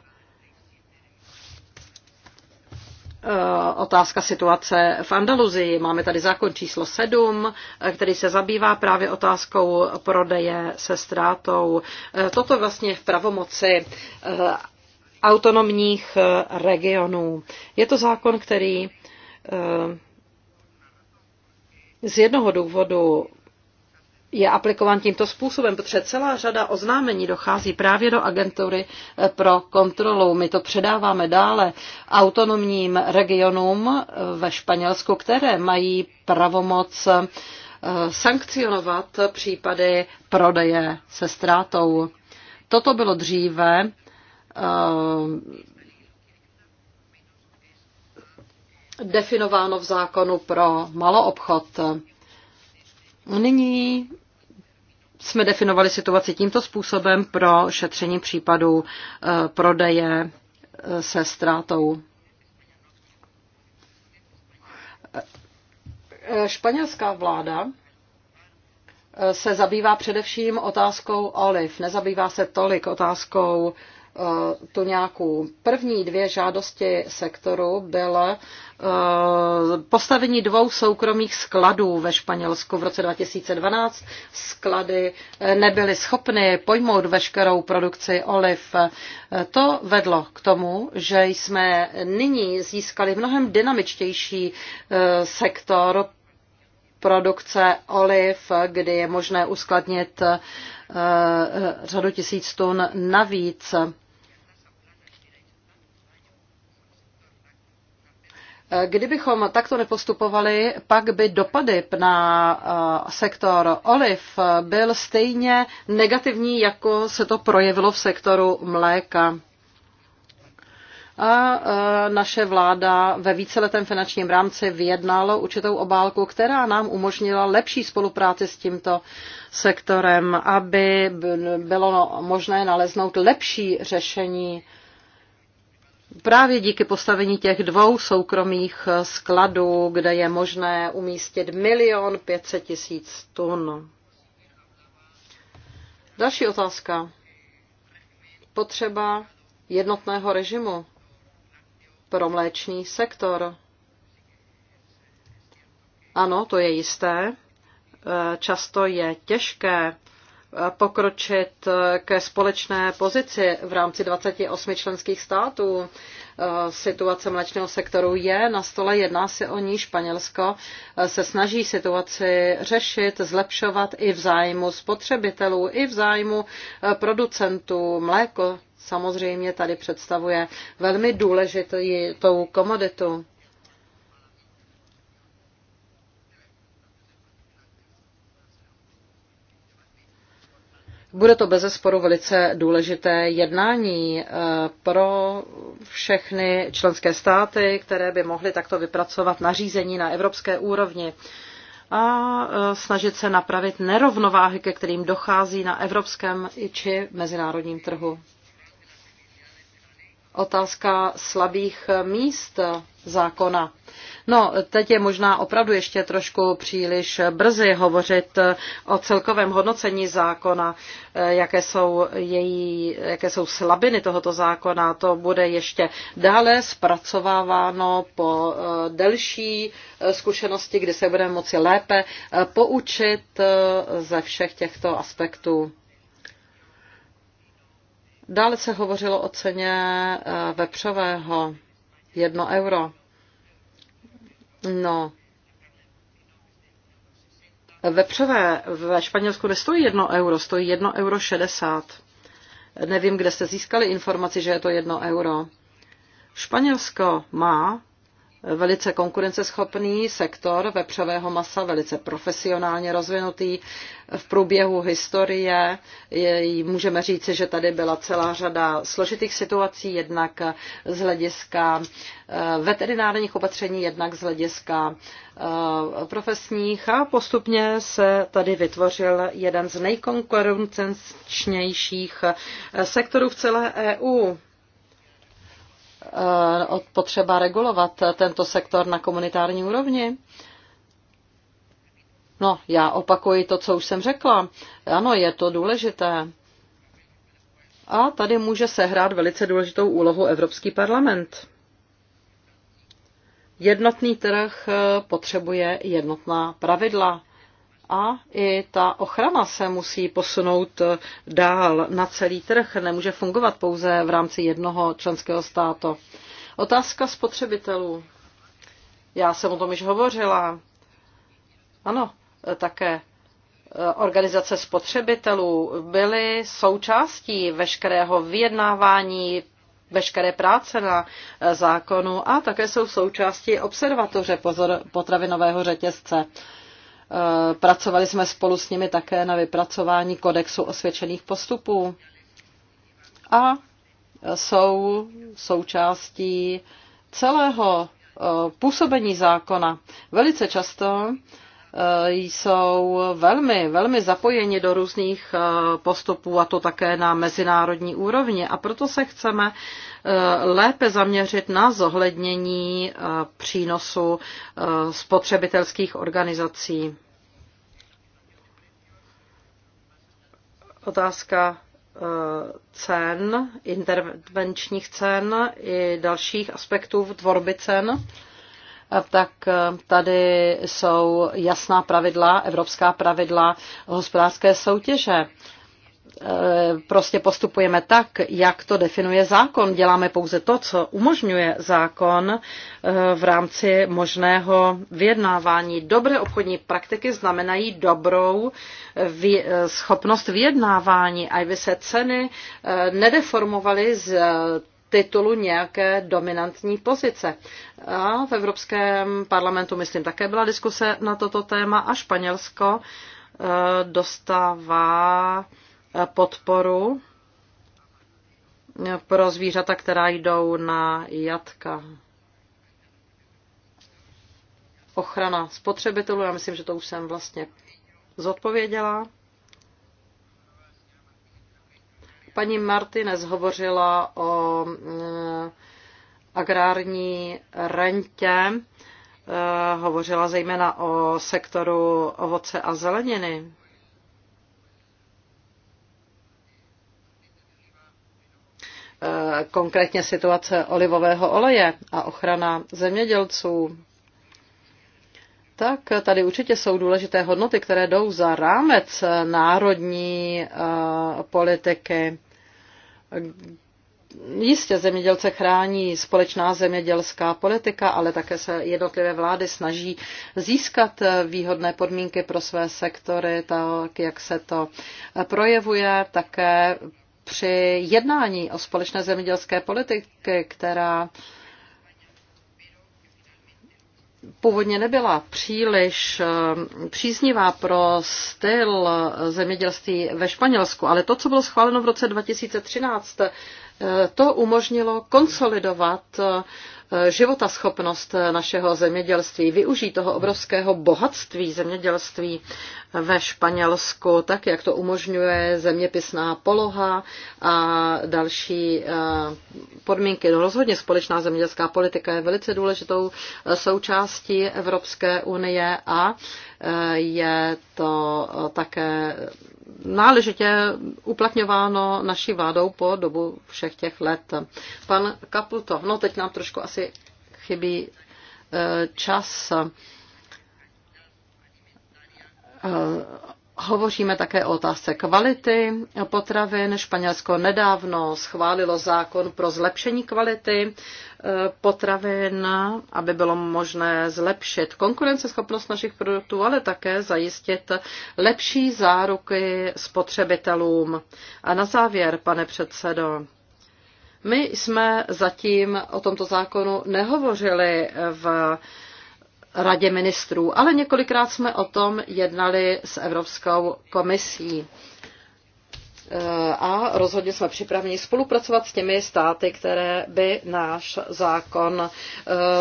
otázka situace v Andaluzii. Máme tady zákon číslo 7, eh, který se zabývá právě otázkou prodeje se ztrátou. Eh, toto vlastně v pravomoci autonomních regionů. Je to zákon, který z jednoho důvodu je aplikován tímto způsobem, protože celá řada oznámení dochází právě do agentury eh, pro kontrolu. My to předáváme dále autonomním regionům eh, ve Španělsku, které mají pravomoc eh, sankcionovat případy prodeje se ztrátou. Toto bylo dříve definováno v zákonu pro maloobchod. Nyní jsme definovali situaci tímto způsobem pro šetření případů eh, prodeje eh, se ztrátou. Eh, španělská vláda se zabývá především otázkou oliv, nezabývá se tolik otázkou Eh, tu nějakou první dvě žádosti sektoru byla eh, postavení dvou soukromých skladů ve Španělsku v roce 2012. Sklady eh, nebyly schopny pojmout veškerou produkci oliv. To vedlo k tomu, že jsme nyní získali mnohem dynamičtější sektor produkce oliv, kdy je možné uskladnit řadu tisíc tun navíc. Kdybychom takto nepostupovali, pak by dopady na eh, sektor oliv eh, byl stejně negativní, jako se to projevilo v sektoru mléka. A eh, naše vláda ve víceletém finančním rámci vyjednala určitou obálku, která nám umožnila lepší spolupráci s tímto sektorem, aby bylo možné naleznout lepší řešení Právě díky postavení těch dvou soukromých skladů, kde je možné umístit milion pětset tisíc tun. Další otázka. Potřeba jednotného režimu pro mléčný sektor. Ano, to je jisté. Často je těžké pokročit ke společné pozici v rámci 28 členských států. Situace mlečného sektoru je na stole, jedná se o ní. Španělsko se snaží situaci řešit, zlepšovat i v zájmu spotřebitelů, i v zájmu producentů mléko. Samozřejmě tady představuje velmi důležitou komoditu. Bude to bezesporu velice důležité jednání eh, pro všechny členské státy, které by mohly takto vypracovat nařízení na evropské úrovni a eh, snažit se napravit nerovnováhy, ke kterým dochází na evropském i či mezinárodním trhu otázka slabých míst zákona. No, teď je možná opravdu ještě trošku příliš brzy hovořit o celkovém hodnocení zákona, eh, jaké jsou, její, jaké jsou slabiny tohoto zákona. To bude ještě dále zpracováváno po eh, delší eh, zkušenosti, kdy se budeme moci lépe poučit ze všech těchto aspektů. Dále se hovořilo o ceně eh, vepřového. Jedno euro. No. Vepřové ve Španělsku nestojí jedno euro, stojí jedno euro šedesát. Nevím, kde jste získali informaci, že je to jedno euro. Španělsko má velice konkurenceschopný sektor vepřového masa, velice profesionálně rozvinutý v průběhu historie. Můžeme říci, že tady byla celá řada složitých situací, jednak z hlediska eh, veterinárních opatření, jednak z hlediska eh, profesních a postupně se tady vytvořil jeden z nejkonkurenčnějších eh, sektorů v celé EU Eh, potřeba regulovat tento sektor na komunitární úrovni? No, já opakuji to, co už jsem řekla. Ano, je to důležité. A tady může sehrát velice důležitou úlohu Evropský parlament. Jednotný trh eh, potřebuje jednotná pravidla a i ta ochrana se musí posunout dál na celý trh. Nemůže fungovat pouze v rámci jednoho členského státu. Otázka spotřebitelů. Já jsem o tom již hovořila. Ano, také eh, organizace spotřebitelů byly součástí veškerého vyjednávání, veškeré práce na eh, zákonu a také jsou součástí observatoře potravinového řetězce. Eh, pracovali jsme spolu s nimi také na vypracování kodexu osvědčených postupů a jsou součástí celého eh, působení zákona. Velice často Eh, jsou velmi, velmi zapojeni do různých eh, postupů a to také na mezinárodní úrovni. A proto se chceme eh, lépe zaměřit na zohlednění přínosu spotřebitelských organizací. Otázka cen, intervenčních cen i dalších aspektů tvorby cen tak eh, tady jsou jasná pravidla, evropská pravidla hospodářské soutěže eh, prostě postupujeme tak, jak to definuje zákon. Děláme pouze to, co umožňuje zákon eh, v rámci možného vyjednávání. Dobré obchodní praktiky znamenají dobrou schopnost vyjednávání, aby se ceny nedeformovaly z titulu nějaké dominantní pozice. A v Evropském parlamentu, myslím, také byla diskuse na toto téma a Španělsko eh, dostává eh, podporu eh, pro zvířata, která jdou na jatka. Ochrana spotřebitelů, já myslím, že to už jsem vlastně zodpověděla. Paní Martinez hovořila o eh, agrární rentě, eh, hovořila zejména o sektoru ovoce a zeleniny. Eh, konkrétně situace olivového oleje a ochrana zemědělců tak tady určitě jsou důležité hodnoty, které jdou za rámec národní eh, politiky. Jistě zemědělce chrání společná zemědělská politika, ale také se jednotlivé vlády snaží získat výhodné podmínky pro své sektory, tak jak se to projevuje, také při jednání o společné zemědělské politiky, která původně nebyla příliš eh, příznivá pro styl zemědělství ve Španělsku, ale to, co bylo schváleno v roce 2013, eh, to umožnilo konsolidovat eh, životaschopnost našeho zemědělství, využít toho obrovského bohatství zemědělství ve Španělsku, tak jak to umožňuje zeměpisná poloha a další eh, podmínky. No, rozhodně společná zemědělská politika je velice důležitou eh, součástí Evropské unie a eh, je to také náležitě uplatňováno naší vládou po dobu všech těch let. Pan Kaputo, no teď nám trošku asi komisi chybí e, čas. E, hovoříme také o otázce kvality potravin. Španělsko nedávno schválilo zákon pro zlepšení kvality e, potravin, aby bylo možné zlepšit konkurenceschopnost našich produktů, ale také zajistit lepší záruky spotřebitelům. A na závěr, pane předsedo, my jsme zatím o tomto zákonu nehovořili v radě ministrů, ale několikrát jsme o tom jednali s Evropskou komisí e, a rozhodně jsme připraveni spolupracovat s těmi státy, které by náš zákon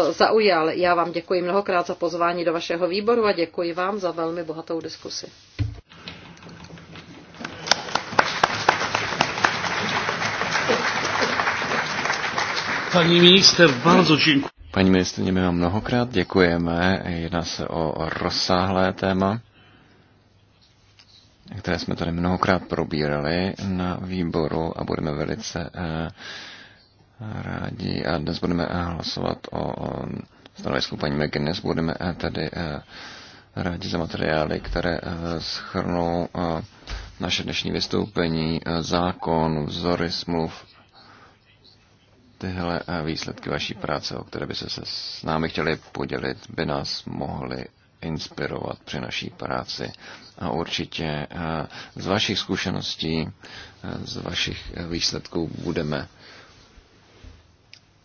e, zaujal. Já vám děkuji mnohokrát za pozvání do vašeho výboru a děkuji vám za velmi bohatou diskusi.
Paní minister, bardzo děkuji.
Paní ministrně, my vám mnohokrát děkujeme. Jedná se o rozsáhlé téma, které jsme tady mnohokrát probírali na výboru a budeme velice eh, rádi. A dnes budeme eh, hlasovat o stanovisku paní McGuinness. Budeme eh, tady rádi za materiály, které schrnou naše dnešní vystoupení, zákon, vzory smluv tyhle eh, výsledky vaší práce, o které by se, s námi chtěli podělit, by nás mohly inspirovat při naší práci. A určitě eh, z vašich zkušeností, eh, z vašich výsledků budeme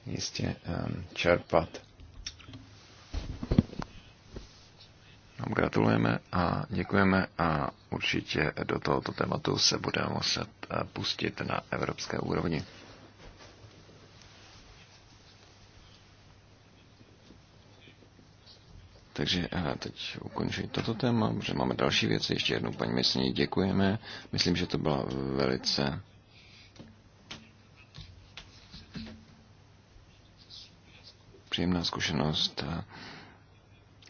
jistě čerpat. No, gratulujeme a děkujeme a určitě do tohoto tématu se budeme muset pustit na evropské úrovni. Takže eh, teď ukončuji toto téma, protože máme další věci. Ještě jednou paní Mesní děkujeme. Myslím, že to byla velice příjemná zkušenost eh,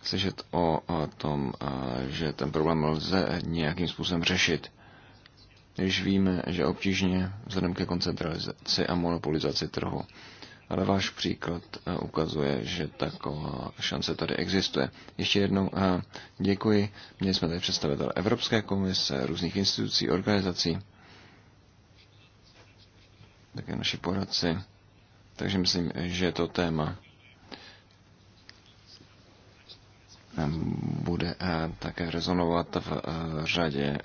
slyšet o tom, eh, že ten problém lze nějakým způsobem řešit. Když víme, že obtížně vzhledem ke koncentraci a monopolizaci trhu ale váš příklad eh, ukazuje, že taková šance tady existuje. Ještě jednou eh, děkuji. Měli jsme tady představitel Evropské komise, různých institucí, organizací, také naši poradci. Takže myslím, že to téma eh, bude také rezonovat v řadě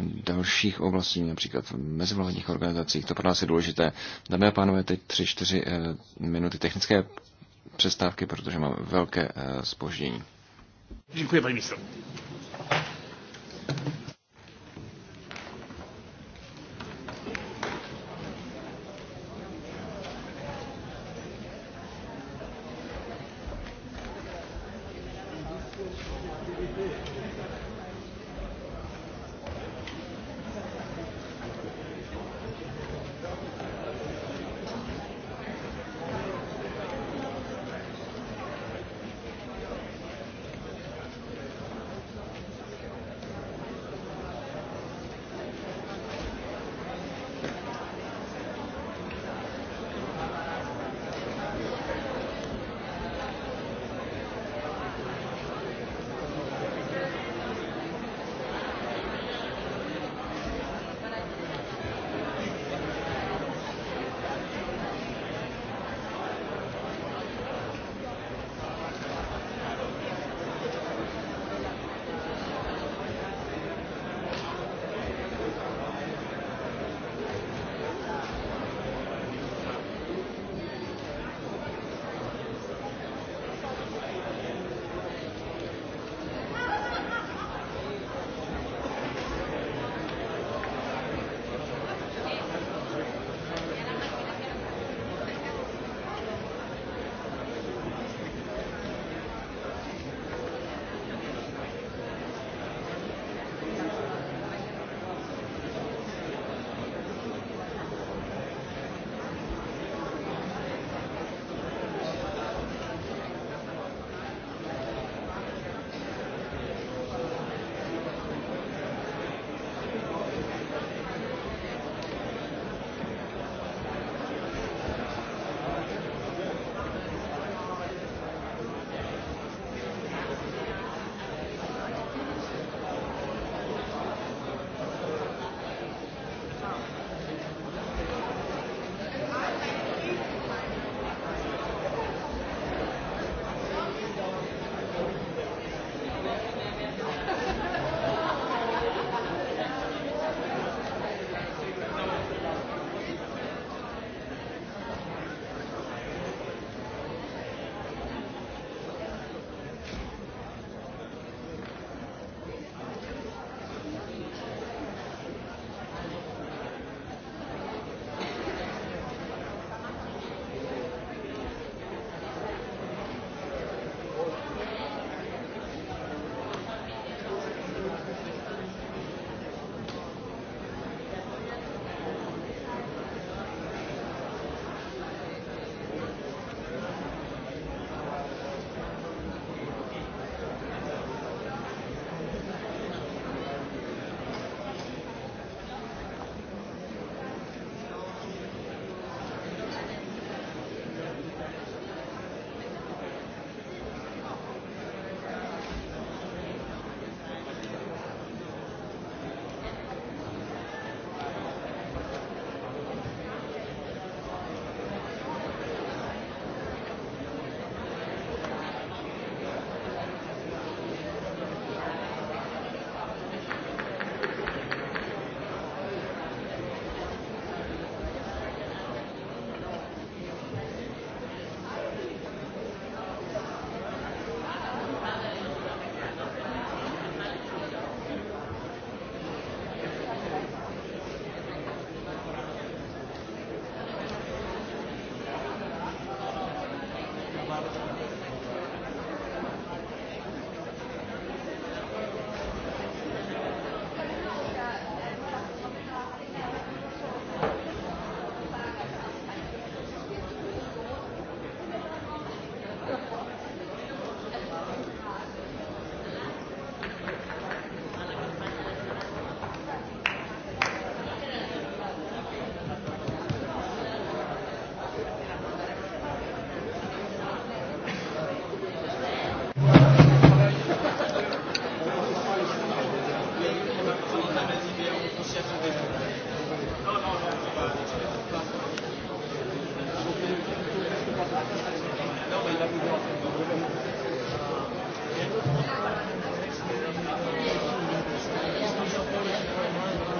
dalších oblastí, například v mezivládních organizacích. To pro nás je důležité. Dámy a pánové, teď 3-4 eh, minuty technické přestávky, protože mám velké spoždění.
Eh, Děkuji, paní místo.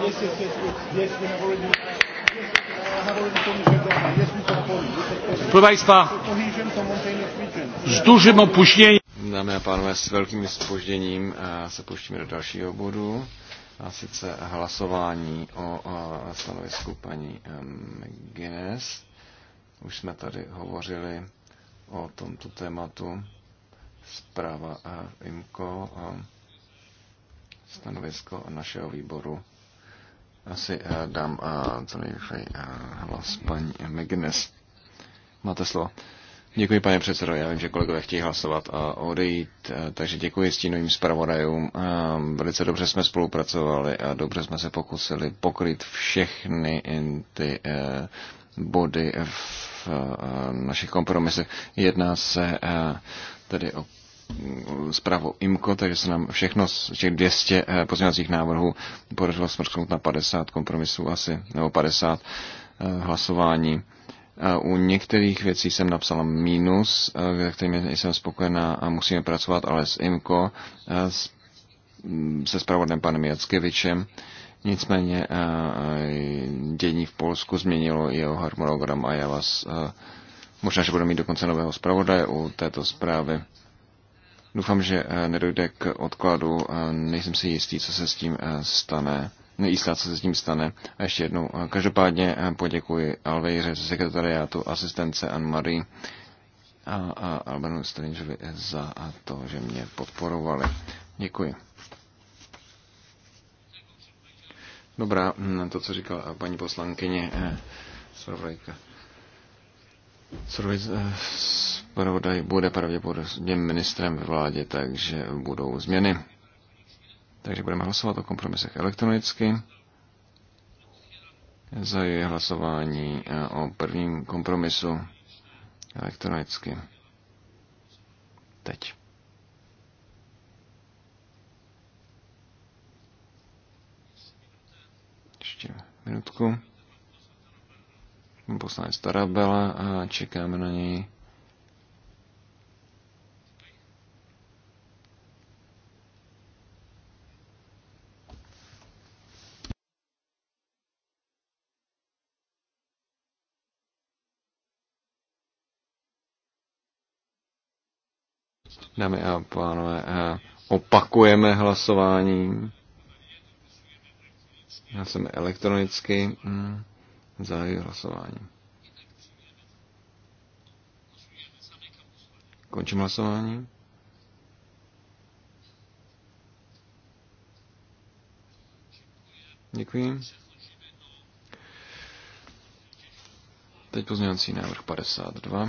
Yes, yes, yes, yes, we have already.
Dámy a pánové, s velkým spožděním eh, se pouštíme do dalšího bodu, a sice hlasování o eh, stanovisku paní eh, Guinness. Už jsme tady hovořili o tomto tématu. Zpráva IMCO, stanovisko našeho výboru asi eh, dám eh, co nejrychleji eh, hlas paní McGuinness. Máte slovo. Děkuji, pane předsedo. Já vím, že kolegové chtějí hlasovat a odejít, takže děkuji stínovým zpravodajům. Velice dobře jsme spolupracovali a dobře jsme se pokusili pokryt všechny ty body v našich kompromisech. Jedná se tedy o zprávu IMCO, takže se nám všechno z těch 200 eh, pozměňovacích návrhů podařilo smrknout na 50 kompromisů asi, nebo 50 eh, hlasování. U některých věcí jsem napsala mínus, se eh, jsem spokojená a musíme pracovat, ale s IMCO, se spravodem panem Jackevičem. Nicméně dění v Polsku změnilo jeho harmonogram a já vás možná, že budu mít dokonce nového zpravodaje u této zprávy. Doufám, že eh, nedojde k odkladu. Eh, nejsem si jistý, co se s tím eh, stane. Nejistá, co se s tím stane. A ještě jednou, každopádně poděkuji Alvejře ze sekretariátu asistence Anne-Marie a, a Albanu Strangeovi za to, že mě podporovali. Děkuji. Dobrá, hm, to, co říkala paní poslankyně Sorvejka. Sorvejka zpravodaj bude pravděpodobně ministrem ve vládě, takže budou změny. Takže budeme hlasovat o kompromisech elektronicky. Zahajuji hlasování eh, o prvním kompromisu elektronicky. Teď. Ještě minutku. Poslanec Tarabela a eh, čekáme na něj. Dámy a pánové, eh, opakujeme hlasování. Já jsem elektronicky hm, zahajuji hlasování. Končím hlasování. Děkuji. Teď pozměňovací návrh 52.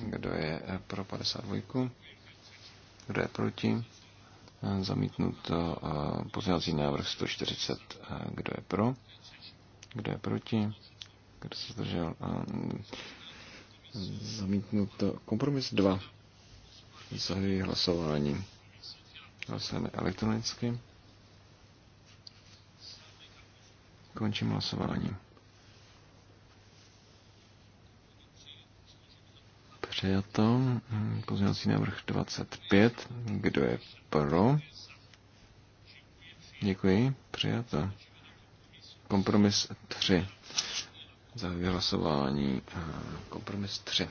Kdo je eh, pro 52? Kdo je proti? Eh, Zamítnut eh, pozměňovací návrh 140. Kdo je pro? Kdo je proti? Kdo se zdržel? Zamítnut kompromis 2. Zahajuji hlasování. Hlasujeme elektronicky. Končím hlasování. Přijato. Pozměňovací návrh 25. Kdo je pro? Děkuji. Přijato. Kompromis 3. Za vyhlasování Kompromis 3.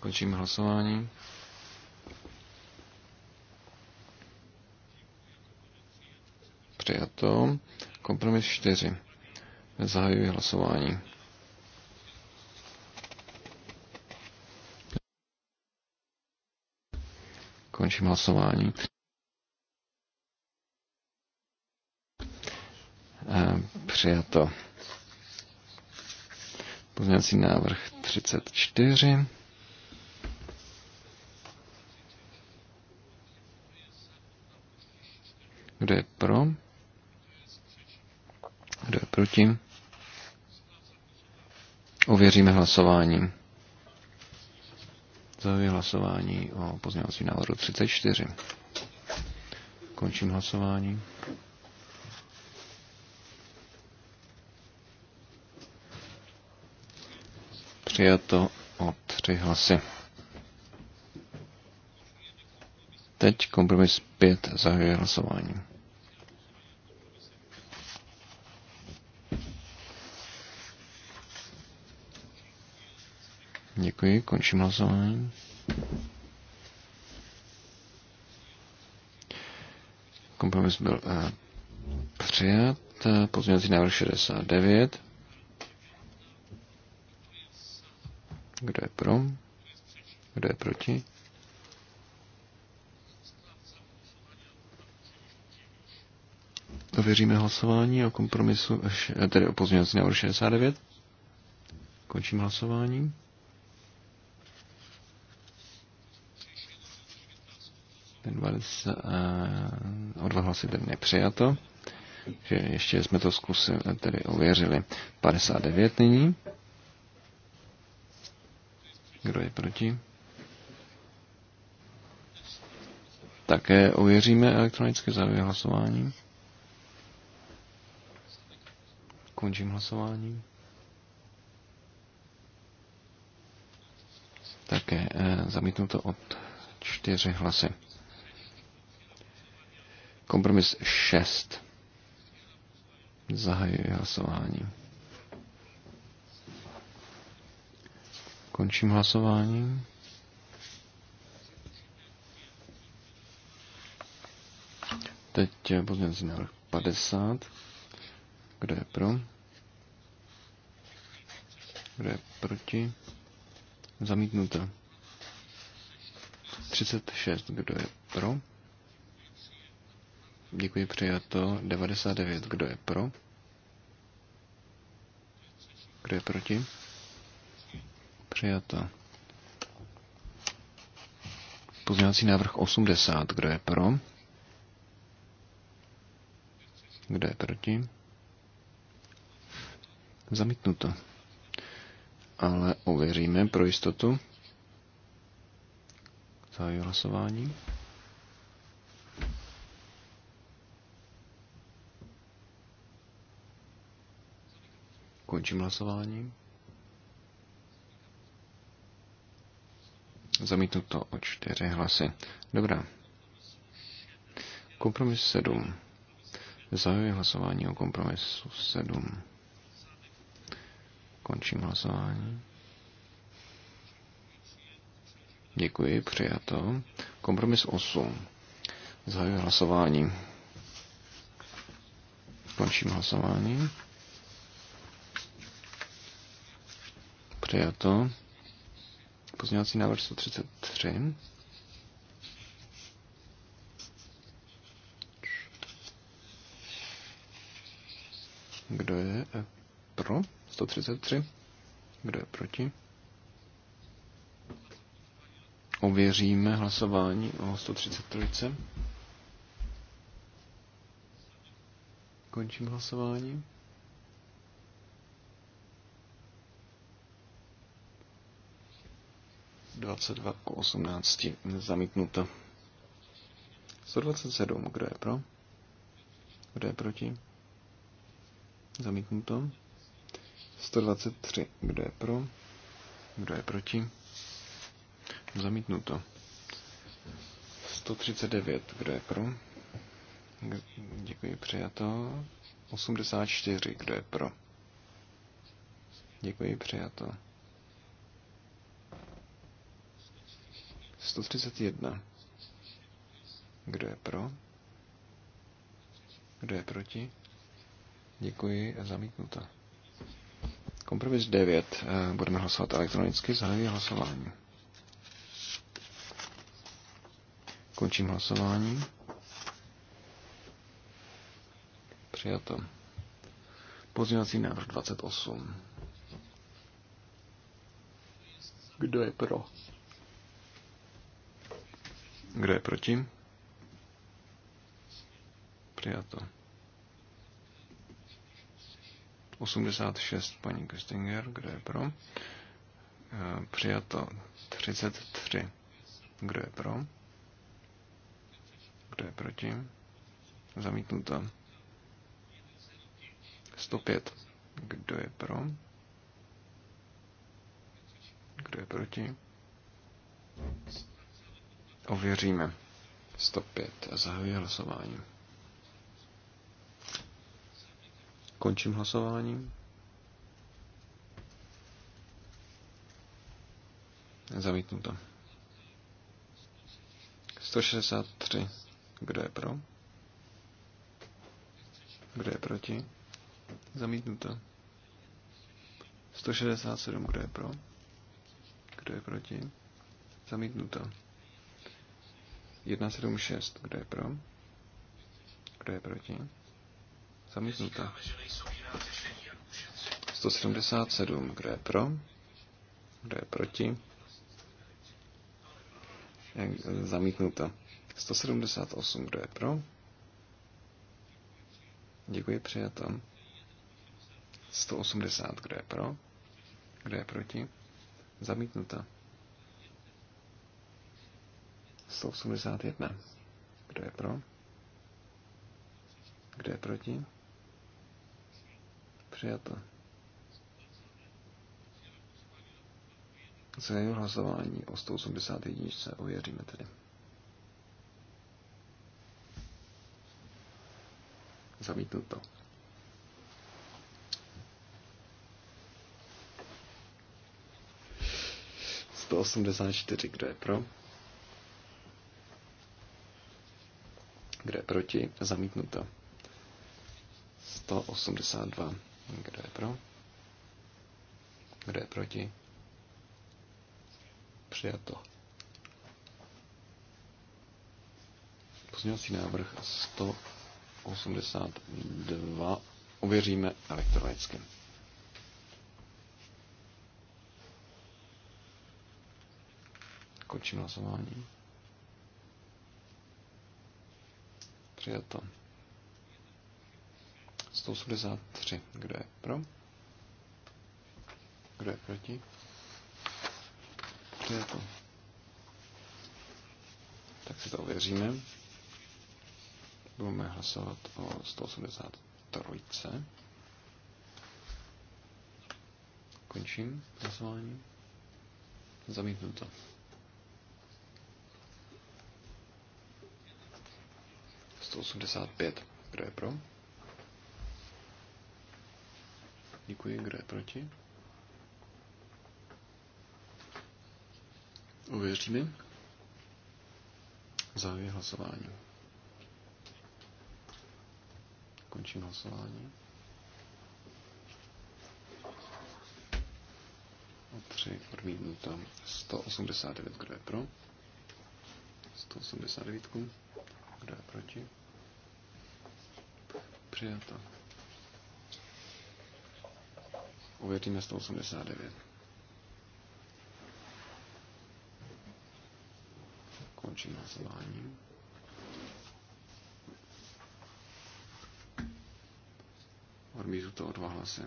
Končím hlasování. Přijato. Kompromis 4. Zahajuji hlasování. Končím hlasování. Eh, přijato. Pozměňovací návrh 34. Kdo je pro? Kdo je proti? Ověříme hlasování. Zahajuji hlasování o pozměňovací návrhu 34. Končím hlasování. Přijato o tři hlasy. Teď kompromis 5 zahajuje hlasování. Děkuji, končím hlasování. Kompromis byl eh, přijat. Pozměňovací návrh 69. Kdo je pro? Kdo je proti? Ověříme hlasování o kompromisu, eh, tedy o pozměňovací návrh 69. Končím hlasování. 20, o dva si tedy nepřijato, že ještě jsme to zkusili, tedy ověřili. 59 nyní. Kdo je proti? Také ověříme elektronické závěr hlasování. Končím hlasování. Také eh, zamítnuto od čtyři hlasy. Kompromis 6. Zahajuji hlasování. Končím hlasování. Teď pozměňovací návrh 50. Kdo je pro? Kdo je proti? Zamítnuto. 36. Kdo je pro? Děkuji, přijato 99. Kdo je pro? Kdo je proti? Přijato. Pozměňovací návrh 80. Kdo je pro? Kdo je proti? Zamítnuto. Ale ověříme pro jistotu. Zahajuji hlasování. Končím hlasování. Zamítnu to o čtyři hlasy. Dobrá. Kompromis 7. Zahajuji hlasování o kompromisu 7. Končím hlasování. Děkuji, přijato. Kompromis 8. Zahajuji hlasování. Končím hlasování. Přijato. Pozměňovací návrh 133. Kdo je eh, pro? 133. Kdo je proti? Ověříme hlasování o 133. Končím hlasování. 22 k 18 zamítnuto. 127, kdo je pro? Kdo je proti? Zamítnuto. 123, kdo je pro? Kdo je proti? Zamítnuto. 139, kdo je pro? Děkuji, přijato. 84, kdo je pro? Děkuji, přijato. 131. Kdo je pro? Kdo je proti? Děkuji, a zamítnuto. Kompromis 9. Eh, budeme hlasovat elektronicky, zahajuji hlasování. Končím hlasování. Přijato. Pozměňovací návrh 28.
Kdo je pro?
Kdo je proti? Přijato. 86 paní Köstinger, kdo je pro? Eh, přijato 33. Kdo je pro? Kdo je proti? Zamítnuto. 105. Kdo je pro? Kdo je proti? Ověříme. 105. a Zahajuji hlasování. Končím hlasování. to. 163. Kdo je pro? Kdo je proti? Zamítnu to. 167. Kdo je pro? Kdo je proti? Zamítnu to. 176. Kdo je pro? Kdo je proti? Zamítnuto. 177. Eh, Kdo je pro? Kdo je proti? Zamítnuto. 178. Kdo je pro? Děkuji, přijato. 180. Kdo je pro? Kdo je proti? Zamítnuto. 181. Kdo je pro? Kdo je proti? Přijato. Zajímavé hlasování o 181. Ověříme tedy. Zamítnuto. to. 184, kdo je pro? proti? Zamítnuto. 182. Kdo je pro? Kdo je proti? Přijato. Pozměňovací návrh 182 ověříme elektronicky. Končím hlasování. Přijato. 183. Kdo je pro? Kdo je proti? Přijato. Tak si to ověříme. Budeme hlasovat o 183. Končím hlasování. Zamítnuto. 185. Kdo je pro? Děkuji. Kdo je proti? Uvěříme. Závěr hlasování. Končím hlasování. O 3 odmítnuto. 189, kdo je pro? 189, kdo je proti? Přijato. Uvěříme 189. Končí hlasování. Odmítu to o dva hlasy.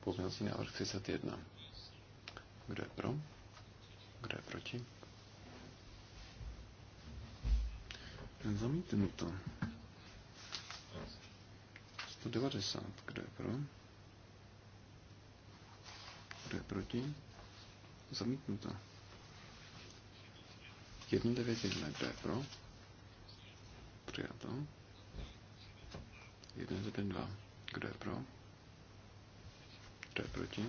Pozměnací návrh 31. Kdo je pro? Kdo je proti? Zamítnuto. to. 190. Kdo je pro? Kdo je proti? Zamítnuto. 191. Kdo je pro? Přijato. 192. Kdo je pro? Kdo je proti?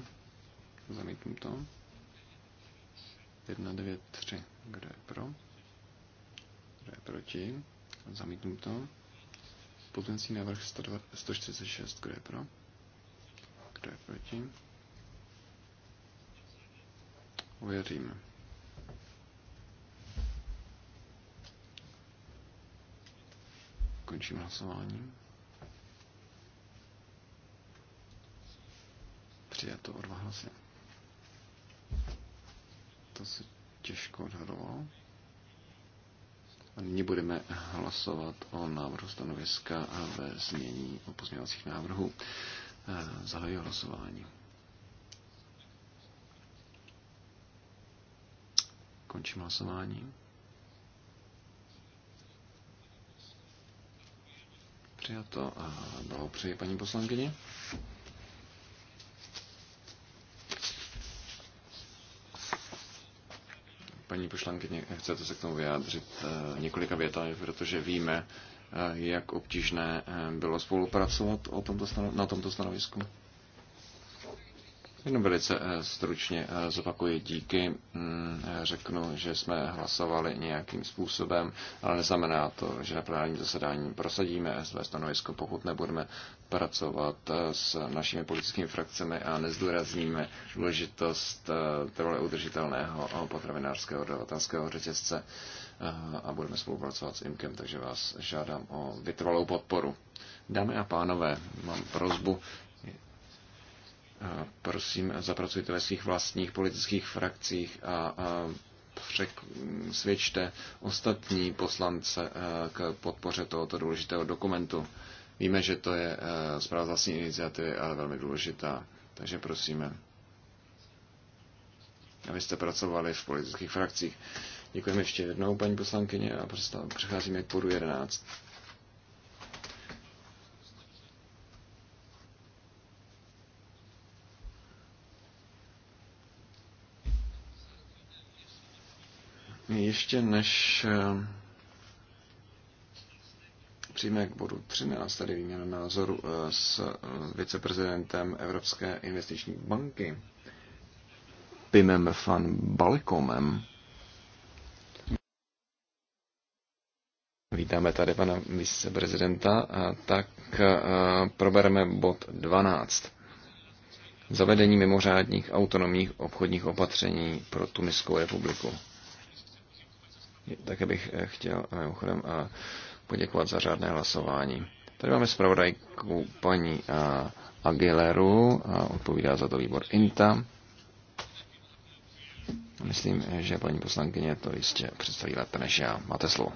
Zamítnuto. 193. Kdo je pro? Kdo je proti? Zamítnuto. Pozměňovací návrh 146, kdo je pro? Kdo je proti? Uvěříme. Končím hlasování. Přijato o dva hlasy. To se těžko odhadovalo. A nyní budeme hlasovat o návrhu stanoviska a ve změní o pozměňovacích návrhů. Eh, zahajuji hlasování. Končím hlasování. Přijato a blahopřeji paní poslankyni. Paní poslankyně, chcete se k tomu vyjádřit eh, několika větami, protože víme, eh, jak obtížné eh, bylo spolupracovat o tomto stano- na tomto stanovisku? Jenom velice eh, stručně eh, zopakuji díky. Mm, eh, řeknu, že jsme hlasovali nějakým způsobem, ale neznamená to, že na plenárním zasedání prosadíme své stanovisko, pokud nebudeme pracovat s našimi politickými frakcemi a nezdůrazníme důležitost trvale udržitelného potravinářského dodavatelského řetězce a budeme spolupracovat s IMKem, takže vás žádám o vytrvalou podporu. Dámy a pánové, mám prozbu, Prosím, zapracujte ve svých vlastních politických frakcích a přesvědčte ostatní poslance e, k podpoře tohoto důležitého dokumentu. Víme, že to je e, zpráva vlastní iniciativy, ale velmi důležitá, takže prosíme, abyste pracovali v politických frakcích. Děkujeme ještě jednou, paní poslankyně, a přecházíme k bodu 11. ještě než eh, přijme k bodu 13, tady výměna názoru eh, s eh, viceprezidentem Evropské investiční banky, Pimem van Balkomem. Vítáme tady pana viceprezidenta, tak probereme bod 12. Zavedení mimořádních autonomních obchodních opatření pro Tuniskou republiku. Také bych eh, chtěl eh, mimochodem eh, poděkovat za řádné hlasování. Tady máme zpravodajku paní Aguileru a odpovídá za to výbor INTA. Myslím, že paní poslankyně to jistě představí lépe než já. Máte slovo.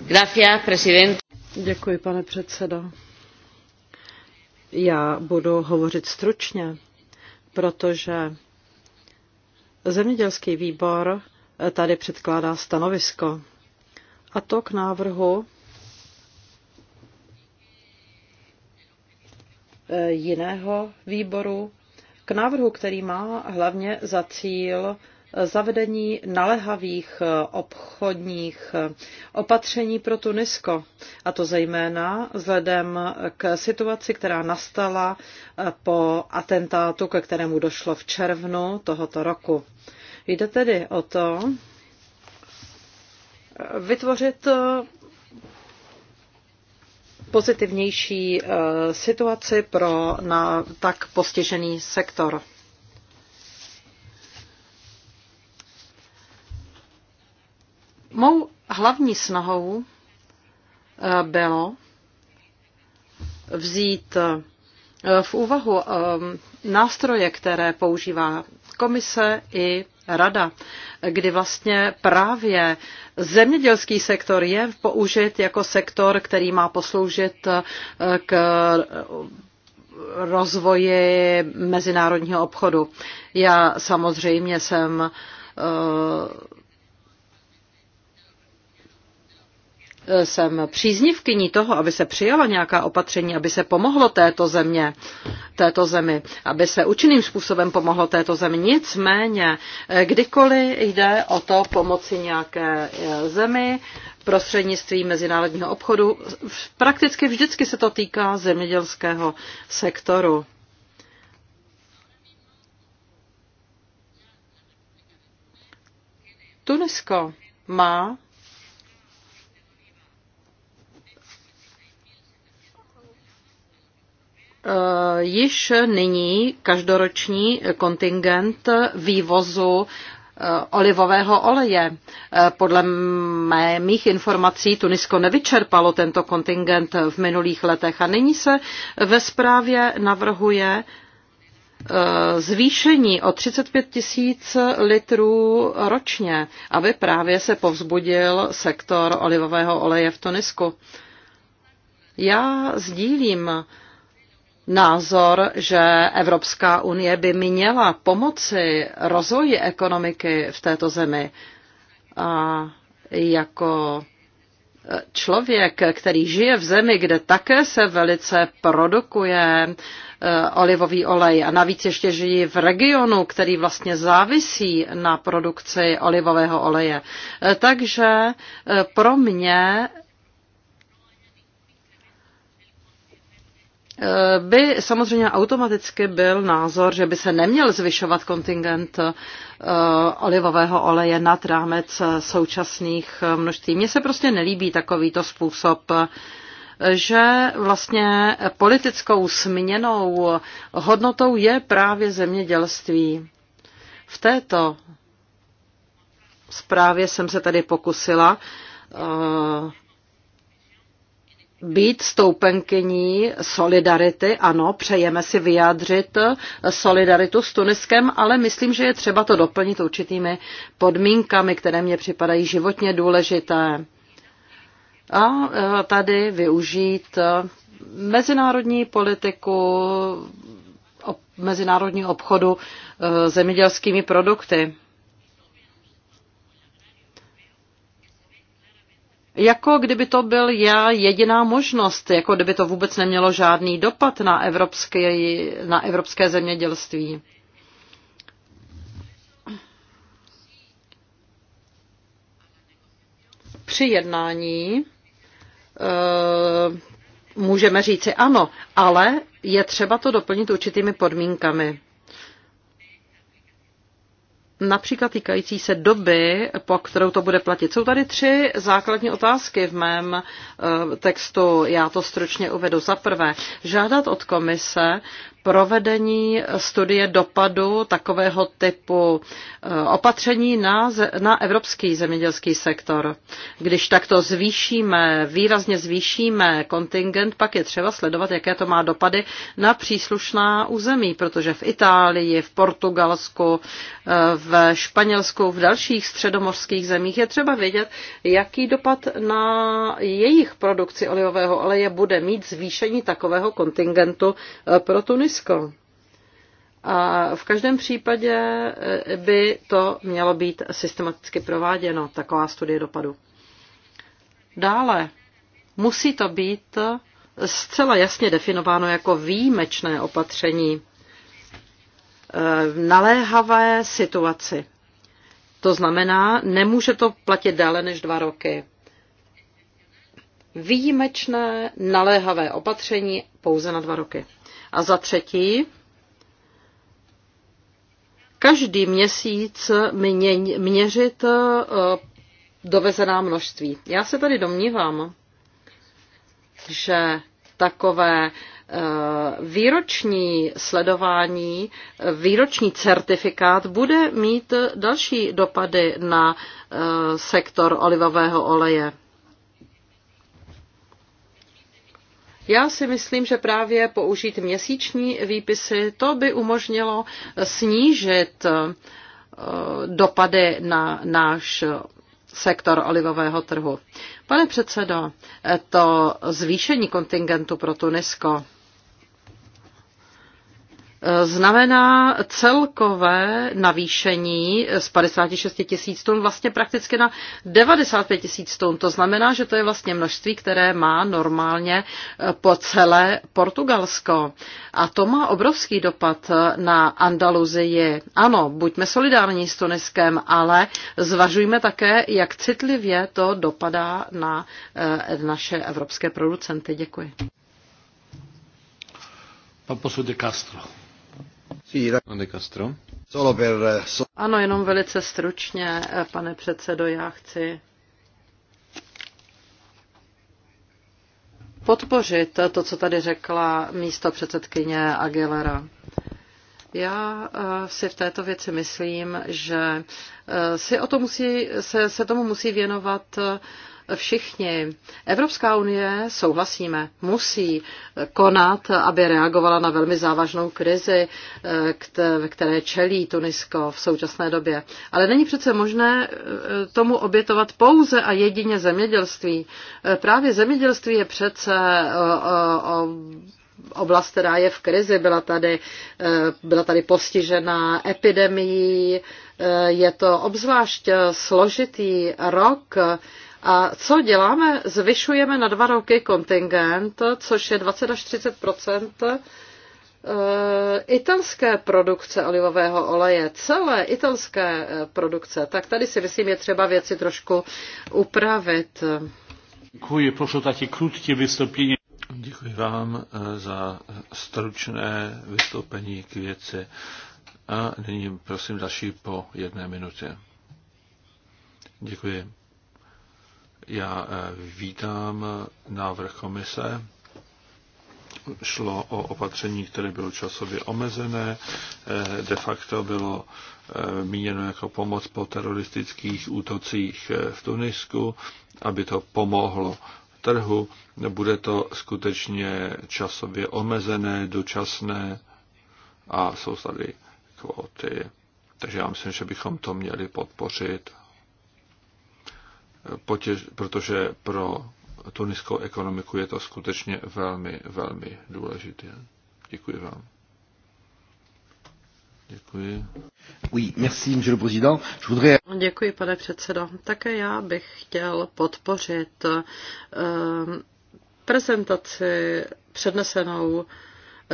Gracias, president. Děkuji, pane předsedo. Já budu hovořit stručně protože zemědělský výbor tady předkládá stanovisko. A to k návrhu eh, jiného výboru, k návrhu, který má hlavně za cíl zavedení nalehavých obchodních opatření pro Tunisko, a to zejména vzhledem k situaci, která nastala po atentátu, ke kterému došlo v červnu tohoto roku. Jde tedy o to vytvořit eh, pozitivnější eh, situaci pro na tak postižený sektor. Mou hlavní snahou eh, bylo vzít eh, v úvahu eh, nástroje, které používá komise i rada, kdy vlastně právě zemědělský sektor je použit jako sektor, který má posloužit k rozvoji mezinárodního obchodu. Já samozřejmě jsem jsem příznivkyní toho, aby se přijala nějaká opatření, aby se pomohlo této země, této zemi, aby se účinným způsobem pomohlo této zemi. Nicméně, eh, kdykoliv jde o to pomoci nějaké eh, zemi, prostřednictvím mezinárodního obchodu. Prakticky vždycky se to týká zemědělského sektoru. Tunisko má Eh, již nyní každoroční kontingent vývozu eh, olivového oleje. Eh, podle mé, mých informací Tunisko nevyčerpalo tento kontingent v minulých letech a nyní se ve zprávě navrhuje zvýšení o 35 tisíc litrů ročně, aby právě se povzbudil sektor olivového oleje v Tunisku. Já sdílím uh, názor, že Evropská unie by měla pomoci rozvoji ekonomiky v této zemi. A jako člověk, který žije v zemi, kde také se velice produkuje eh, olivový olej a navíc ještě žijí v regionu, který vlastně závisí na produkci olivového oleje. Eh, takže eh, pro mě Eh, by samozřejmě automaticky byl názor, že by se neměl zvyšovat kontingent eh, olivového oleje nad rámec eh, současných množství. Mně se prostě nelíbí takovýto způsob že vlastně politickou směnou hodnotou je právě zemědělství. V této zprávě jsem se tady pokusila být stoupenkyní solidarity. Ano, přejeme si vyjádřit solidaritu s Tuniskem, ale myslím, že je třeba to doplnit určitými podmínkami, které mě připadají životně důležité. A e, tady využít mezinárodní politiku, mezinárodní obchodu e, zemědělskými produkty. Jako kdyby to byl já jediná možnost, jako kdyby to vůbec nemělo žádný dopad na evropské, na evropské zemědělství. Při jednání eh, můžeme říci ano, ale je třeba to doplnit určitými podmínkami například týkající se doby, po kterou to bude platit. Jsou tady tři základní otázky v mém eh, textu, já to stručně uvedu. Za prvé, žádat od komise provedení studie dopadu takového typu eh, opatření na, na evropský zemědělský sektor. Když takto zvýšíme, výrazně zvýšíme kontingent, pak je třeba sledovat, jaké to má dopady na příslušná území, protože v Itálii, v Portugalsku, eh, v Španělsku, v dalších středomorských zemích je třeba vědět, jaký dopad na jejich produkci olivového oleje bude mít zvýšení takového kontingentu eh, pro Tunisku Tunisko. A v každém případě eh, by to mělo být systematicky prováděno, taková studie dopadu. Dále musí to být eh, zcela jasně definováno jako výjimečné opatření eh, v naléhavé situaci. To znamená, nemůže to platit déle než dva roky. Výjimečné naléhavé opatření pouze na dva roky. A za třetí, každý měsíc měřit eh, dovezená množství. Já se tady domnívám, že takové eh, výroční sledování, eh, výroční certifikát bude mít další dopady na sektor olivového oleje. Já si myslím, že právě použít měsíční výpisy, to by umožnilo snížit eh, dopady na náš sektor olivového trhu. Pane předsedo, to zvýšení kontingentu pro Tunisko znamená celkové navýšení z 56 tisíc tun vlastně prakticky na 95 tisíc tun. To znamená, že to je vlastně množství, které má normálně po celé Portugalsko. A to má obrovský dopad na Andaluzii. Ano, buďme solidární s Tuniskem, ale zvažujme také, jak citlivě to dopadá na eh, naše evropské producenty. Děkuji.
Pan posud Castro.
Eh,
ano, jenom velice stručně, eh, pane předsedo, já chci podpořit eh, to, co tady řekla místo předsedkyně Aguilera. Já si v této věci myslím, že si o to musí, se, se tomu musí věnovat všichni. Evropská unie, souhlasíme, musí konat, aby reagovala na velmi závažnou krizi, eh, které čelí Tunisko v současné době. Ale není přece možné eh, tomu obětovat pouze a jedině zemědělství. Eh, právě zemědělství je přece oblast, která je v krizi, byla tady, byla tady postižena epidemií, je to obzvlášť složitý rok, a co děláme? Zvyšujeme na dva roky kontingent, což je 20 až 30 eh, italské produkce olivového oleje, celé italské eh, produkce, tak tady si myslím, je třeba věci trošku upravit.
Děkuji, prošlo taky krutké vystoupení. Děkuji vám eh, za stručné vystoupení k věci. A nyní prosím další po jedné minutě. Děkuji. Já eh, vítám návrh komise. Šlo o opatření, které bylo časově omezené, eh, de facto bylo eh, míněno jako pomoc po teroristických útocích v Tunisku, aby to pomohlo trhu. Bude to skutečně časově omezené, dočasné a jsou tady kvóty. Takže já myslím, že bychom to měli podpořit potěž, protože pro tuniskou ekonomiku je to skutečně velmi, velmi důležité. Děkuji vám. Děkuji.
Oui, merci, monsieur le président. Je voudrais... Děkuji, pane předsedo. Také já bych chtěl podpořit uh, prezentaci přednesenou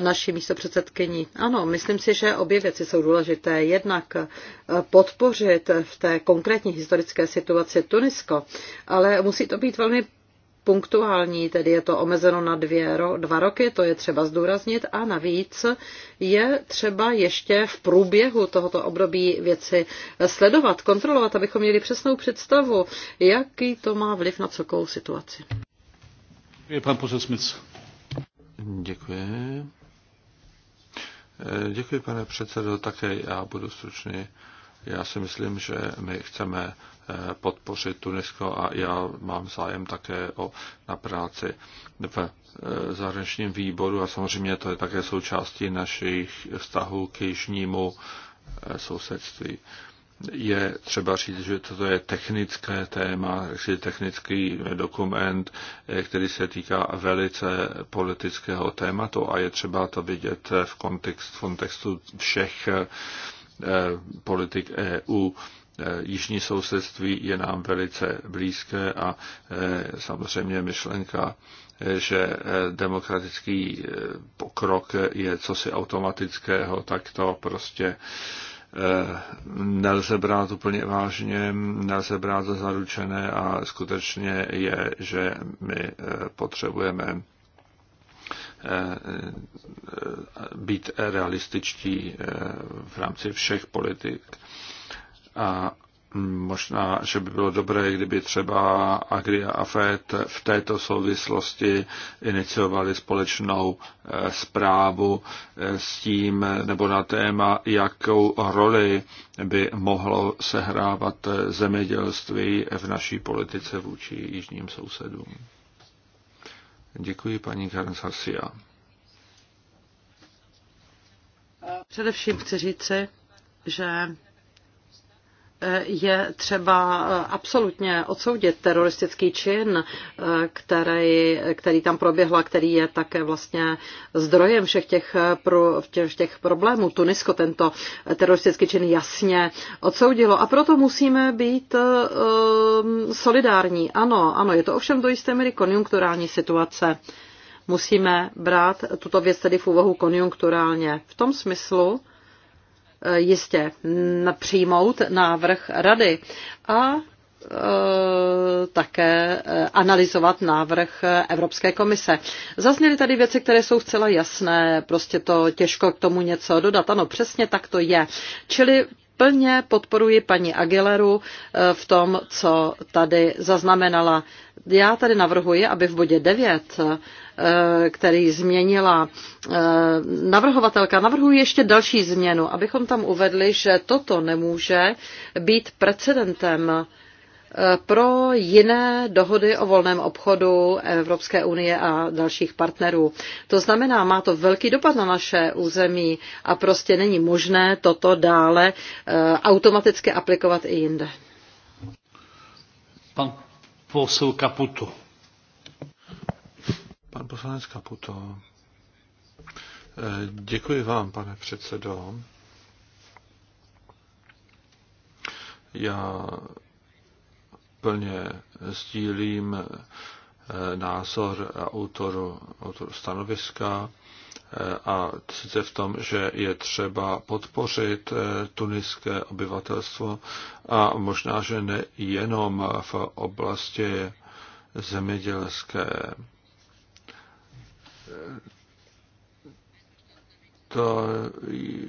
naší předsedkyní. Ano, myslím si, že obě věci jsou důležité. Jednak eh, podpořit v té konkrétní historické situaci Tunisko, ale musí to být velmi punktuální, tedy je to omezeno na dvě, dva roky, to je třeba zdůraznit a navíc je třeba ještě v průběhu tohoto období věci eh, sledovat, kontrolovat, abychom měli přesnou představu, jaký to má vliv na celkovou situaci.
Je pan Děkuji. Eh, děkuji, pane předsedo, také já budu stručný. Já si myslím, že my chceme eh, podpořit Tunisko a já mám zájem také o, na práci v eh, zahraničním výboru a samozřejmě to je také součástí našich vztahů k jižnímu sousedství je třeba říct, že toto je technické téma, technický dokument, eh, který se týká velice politického tématu a je třeba to vidět v, kontextu, v kontextu všech eh, politik EU. Eh, jižní sousedství je nám velice blízké a samozřejmě myšlenka, že demokratický pokrok je cosi automatického, tak to prostě Eh, nelze brát úplně vážně, nelze brát za zaručené a skutečně je, že my eh, potřebujeme eh, být realističtí v rámci všech politik. A Možná, že by bylo dobré, kdyby třeba Agri a FED v této souvislosti iniciovali společnou eh, zprávu eh, s tím nebo na téma, jakou roli by mohlo sehrávat eh, zemědělství v naší politice vůči jižním sousedům. Děkuji paní Karnsasia.
Především chci říci, že je třeba eh, absolutně odsoudit teroristický čin, eh, který, který tam proběhl a který je také vlastně zdrojem všech těch, eh, pro, těch, těch problémů. Tunisko tento teroristický čin jasně odsoudilo a proto musíme být um, solidární. Ano, ano, je to ovšem do jisté míry konjunkturální situace. Musíme brát tuto věc tedy v úvahu konjunkturálně. V tom smyslu, Eh, jistě přijmout návrh rady a eh, také eh, analyzovat návrh Evropské komise. Zazněly tady věci, které jsou zcela jasné, prostě to těžko k tomu něco dodat. Ano, přesně tak to je. Čili plně podporuji paní Aguileru eh, v tom, co tady zaznamenala. Já tady navrhuji, aby v bodě 9, eh, který změnila eh, navrhovatelka, navrhuji ještě další změnu, abychom tam uvedli, že toto nemůže být precedentem pro jiné dohody o volném obchodu Evropské unie a dalších partnerů. To znamená, má to velký dopad na naše území a prostě není možné toto dále eh, automaticky aplikovat i jinde.
Pan posel Kaputo. Pan poslanec Kaputo. Eh, děkuji vám, pane předsedo. Já plně sdílím eh, názor autoru, autoru stanoviska eh, a sice v tom, že je třeba podpořit eh, tuniské obyvatelstvo a možná, že nejenom v oblasti zemědělské to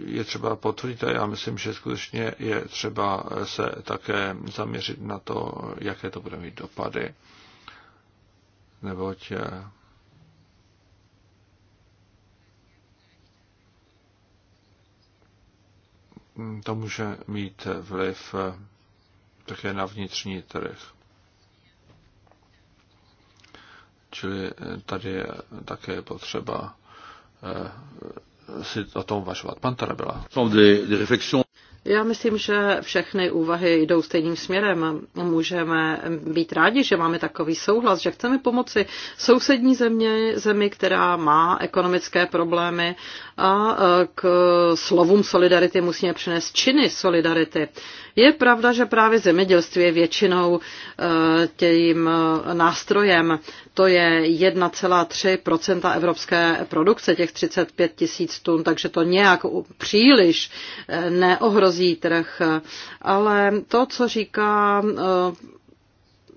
je třeba potvrdit a já myslím, že skutečně je třeba se také zaměřit na to, jaké to bude mít dopady. Neboť eh, to může mít vliv eh, také na vnitřní trh. Čili eh, tady je také potřeba si o tom uvažovat. Pan Tarabela.
Já myslím, že všechny úvahy jdou stejným směrem. Můžeme být rádi, že máme takový souhlas, že chceme pomoci sousední země, zemi, která má ekonomické problémy a e, k slovům solidarity musíme přinést činy solidarity. Je pravda, že právě zemědělství je většinou e, tím e, nástrojem. To je 1,3 evropské produkce, těch 35 tisíc tun, takže to nějak příliš neohrozí trh. Ale to, co říká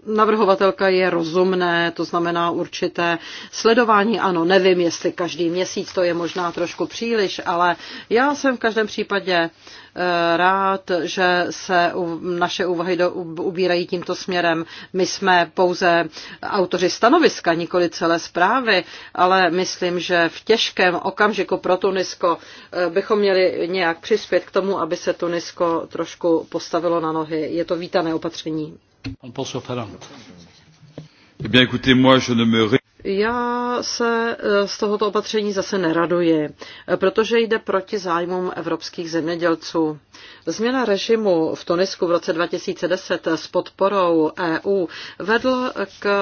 navrhovatelka je rozumné, to znamená určité sledování. Ano, nevím, jestli každý měsíc to je možná trošku příliš, ale já jsem v každém případě eh, rád, že se naše úvahy do, ubírají tímto směrem. My jsme pouze autoři stanoviska, nikoli celé zprávy, ale myslím, že v těžkém okamžiku pro Tunisko eh, bychom měli nějak přispět k tomu, aby se Tunisko trošku postavilo na nohy. Je to vítané opatření.
Eh bien, écoutez, moi, je ne me...
Já se e, z tohoto opatření zase neraduji, e, protože jde proti zájmům evropských zemědělců. Změna režimu v Tunisku v roce 2010 s podporou EU vedl k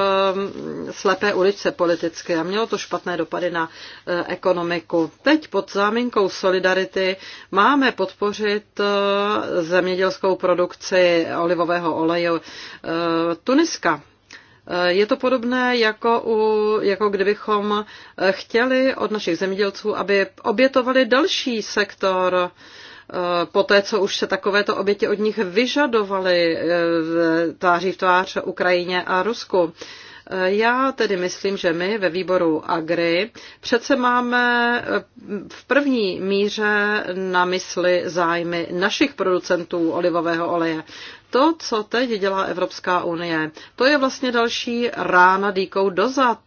slepé ulice politicky a mělo to špatné dopady na e, ekonomiku. Teď pod záminkou solidarity máme podpořit zemědělskou produkci olivového oleje Tuniska. Je to podobné, jako, u, jako kdybychom eh, chtěli od našich zemědělců, aby obětovali další sektor eh, po té, co už se takovéto oběti od nich vyžadovaly eh, tváří v tvář Ukrajině a Rusku. Já tedy myslím, že my ve výboru Agri přece máme v první míře na mysli zájmy našich producentů olivového oleje. To, co teď dělá Evropská unie, to je vlastně další rána dýkou dozad.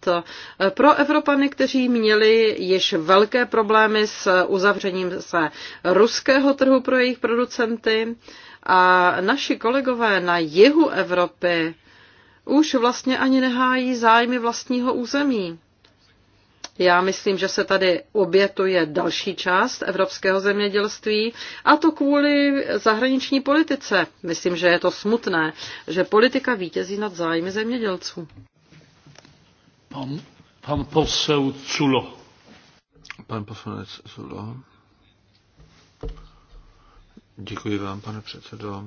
Pro Evropany, kteří měli již velké problémy s uzavřením se ruského trhu pro jejich producenty, a naši kolegové na jihu Evropy už vlastně ani nehájí zájmy vlastního území. Já myslím, že se tady obětuje další část evropského zemědělství a to kvůli zahraniční politice. Myslím, že je to smutné, že politika vítězí nad zájmy zemědělců.
Pan, pan posel Culo. Pan poslanec Zulo. Děkuji vám, pane předsedo.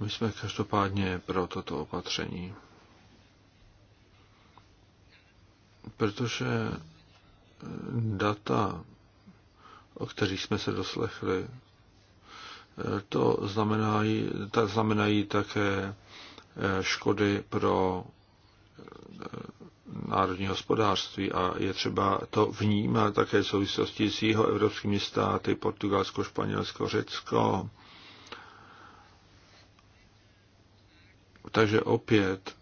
My jsme každopádně pro toto opatření. protože eh, data, o kterých jsme se doslechli, eh, to znamenají, ta znamenají také eh, škody pro národní hospodářství a je třeba to vnímat také v souvislosti s jeho evropskými státy, Portugalsko, Španělsko, Řecko. Takže opět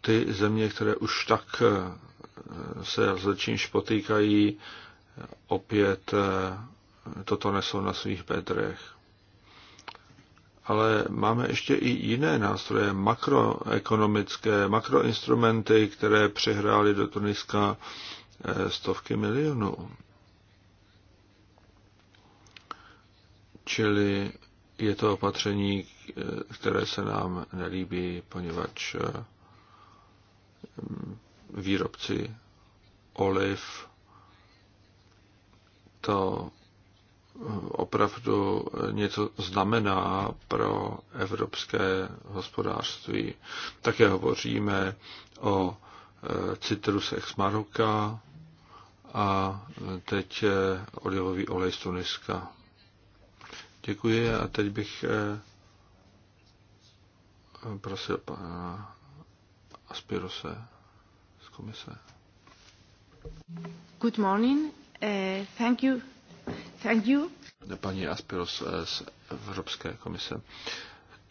ty země, které už tak eh, se s čímž potýkají, opět eh, toto nesou na svých bedrech. Ale máme ještě i jiné nástroje, makroekonomické, makroinstrumenty, které přehrály do Tuniska eh, stovky milionů. Čili je to opatření, které se nám nelíbí, poněvadž výrobci oliv to opravdu něco znamená pro evropské hospodářství. Také hovoříme o eh, citrusech z Maroka a teď eh, olivový olej z Tuniska. Děkuji a teď bych eh, prosil pana Aspirose z komise.
Good morning. Uh, thank you. Thank you.
Paní Aspiros eh, z Evropské komise.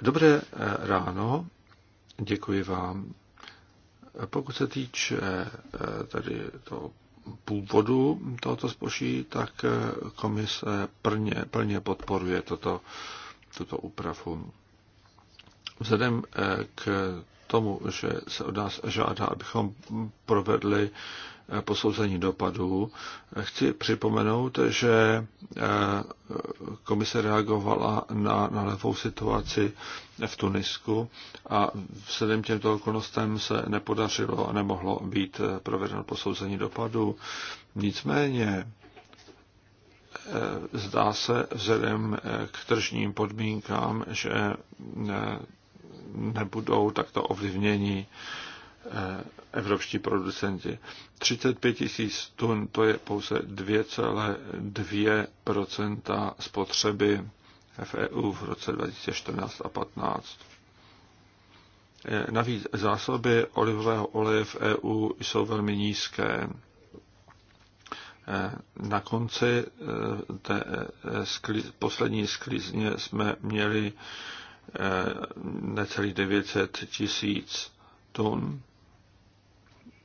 Dobré eh, ráno. Děkuji vám. Pokud se týče tady to původu tohoto zboží, tak komise plně, plně podporuje toto, tuto úpravu. Vzhledem k tomu, že se od nás žádá, abychom provedli eh, posouzení dopadů. Eh, chci připomenout, že eh, komise reagovala na levou situaci v Tunisku a vzhledem těmto okolnostem se nepodařilo a nemohlo být provedeno posouzení dopadů. Nicméně zdá se vzhledem k tržním podmínkám, že nebudou takto ovlivněni eh, evropští producenti. 35 tisíc tun to je pouze 2,2 spotřeby v EU v roce 2014 a 15. Eh, navíc zásoby olivového oleje v EU jsou velmi nízké. Eh, na konci té poslední sklizně jsme měli Eh, necelých 900 tisíc tun.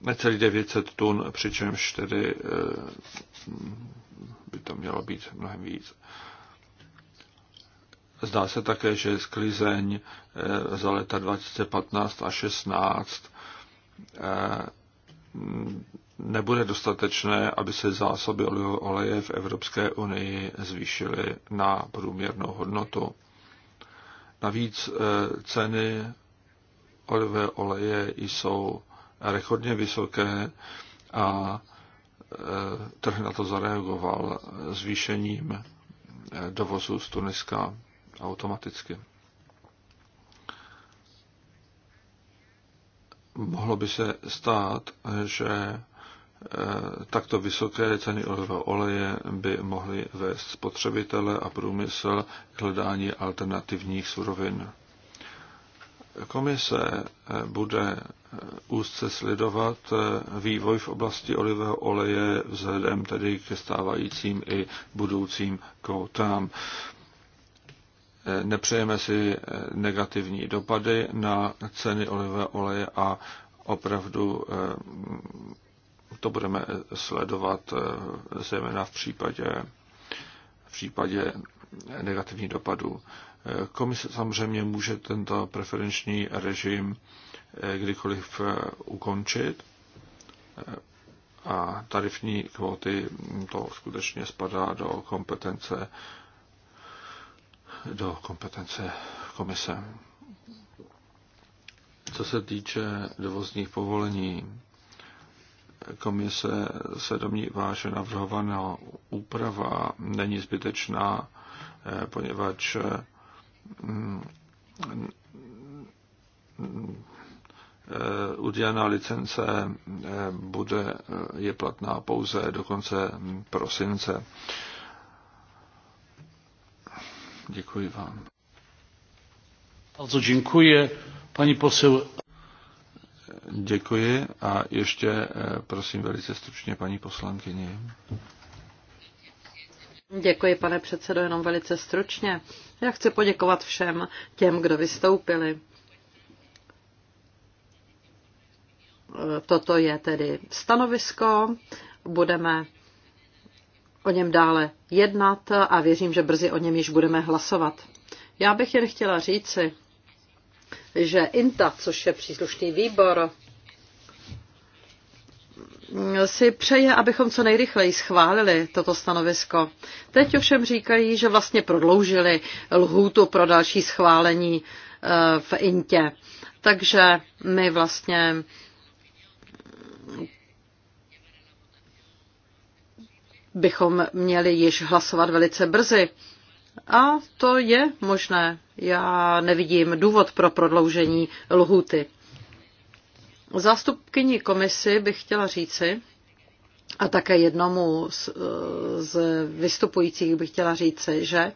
Necelých 900 tun, přičemž tedy eh, by to mělo být mnohem víc. Zdá se také, že sklizeň eh, za leta 2015 a 16 nebude dostatečné, aby se zásoby oleje v Evropské unii zvýšily na průměrnou hodnotu. Navíc eh, ceny olivové oleje jsou rekordně vysoké a eh, trh na to zareagoval zvýšením eh, dovozu z Tuniska automaticky. Mohlo by se stát, že Eh, takto vysoké ceny oleje by mohly vést spotřebitele a průmysl k hledání alternativních surovin. Komise eh, bude eh, úzce sledovat vývoj v oblasti olivého oleje vzhledem tedy ke stávajícím i budoucím kvótám. Nepřejeme si negativní dopady na ceny olivého oleje a opravdu to budeme sledovat eh, zejména v případě, v případě negativních dopadů. Eh, komise samozřejmě může tento preferenční režim eh, kdykoliv ukončit a tarifní kvóty hm, to skutečně spadá do kompetence do kompetence komise. Co se týče dovozních povolení, komise se domnívá, že navrhovaná úprava není zbytečná, eh, poněvadž mm, eh, udělená licence eh, bude, je platná pouze do konce prosince. Děkuji vám. Bardzo dziękuję. Pani poseł Děkuji a ještě eh, prosím velice stručně paní poslankyni.
Děkuji, pane předsedo, jenom velice stručně. Já chci poděkovat všem těm, kdo vystoupili. Toto je tedy stanovisko. Budeme o něm dále jednat a věřím, že brzy o něm již budeme hlasovat. Já bych jen chtěla říci, že INTA, což je příslušný výbor, si přeje, abychom co nejrychleji schválili toto stanovisko. Teď ovšem říkají, že vlastně prodloužili lhůtu pro další schválení eh, v Intě. Takže my vlastně bychom měli již hlasovat velice brzy a to je možné. Já nevidím důvod pro prodloužení lhuty. Zástupkyni komisi bych chtěla říci, a také jednomu z, z vystupujících bych chtěla říci, že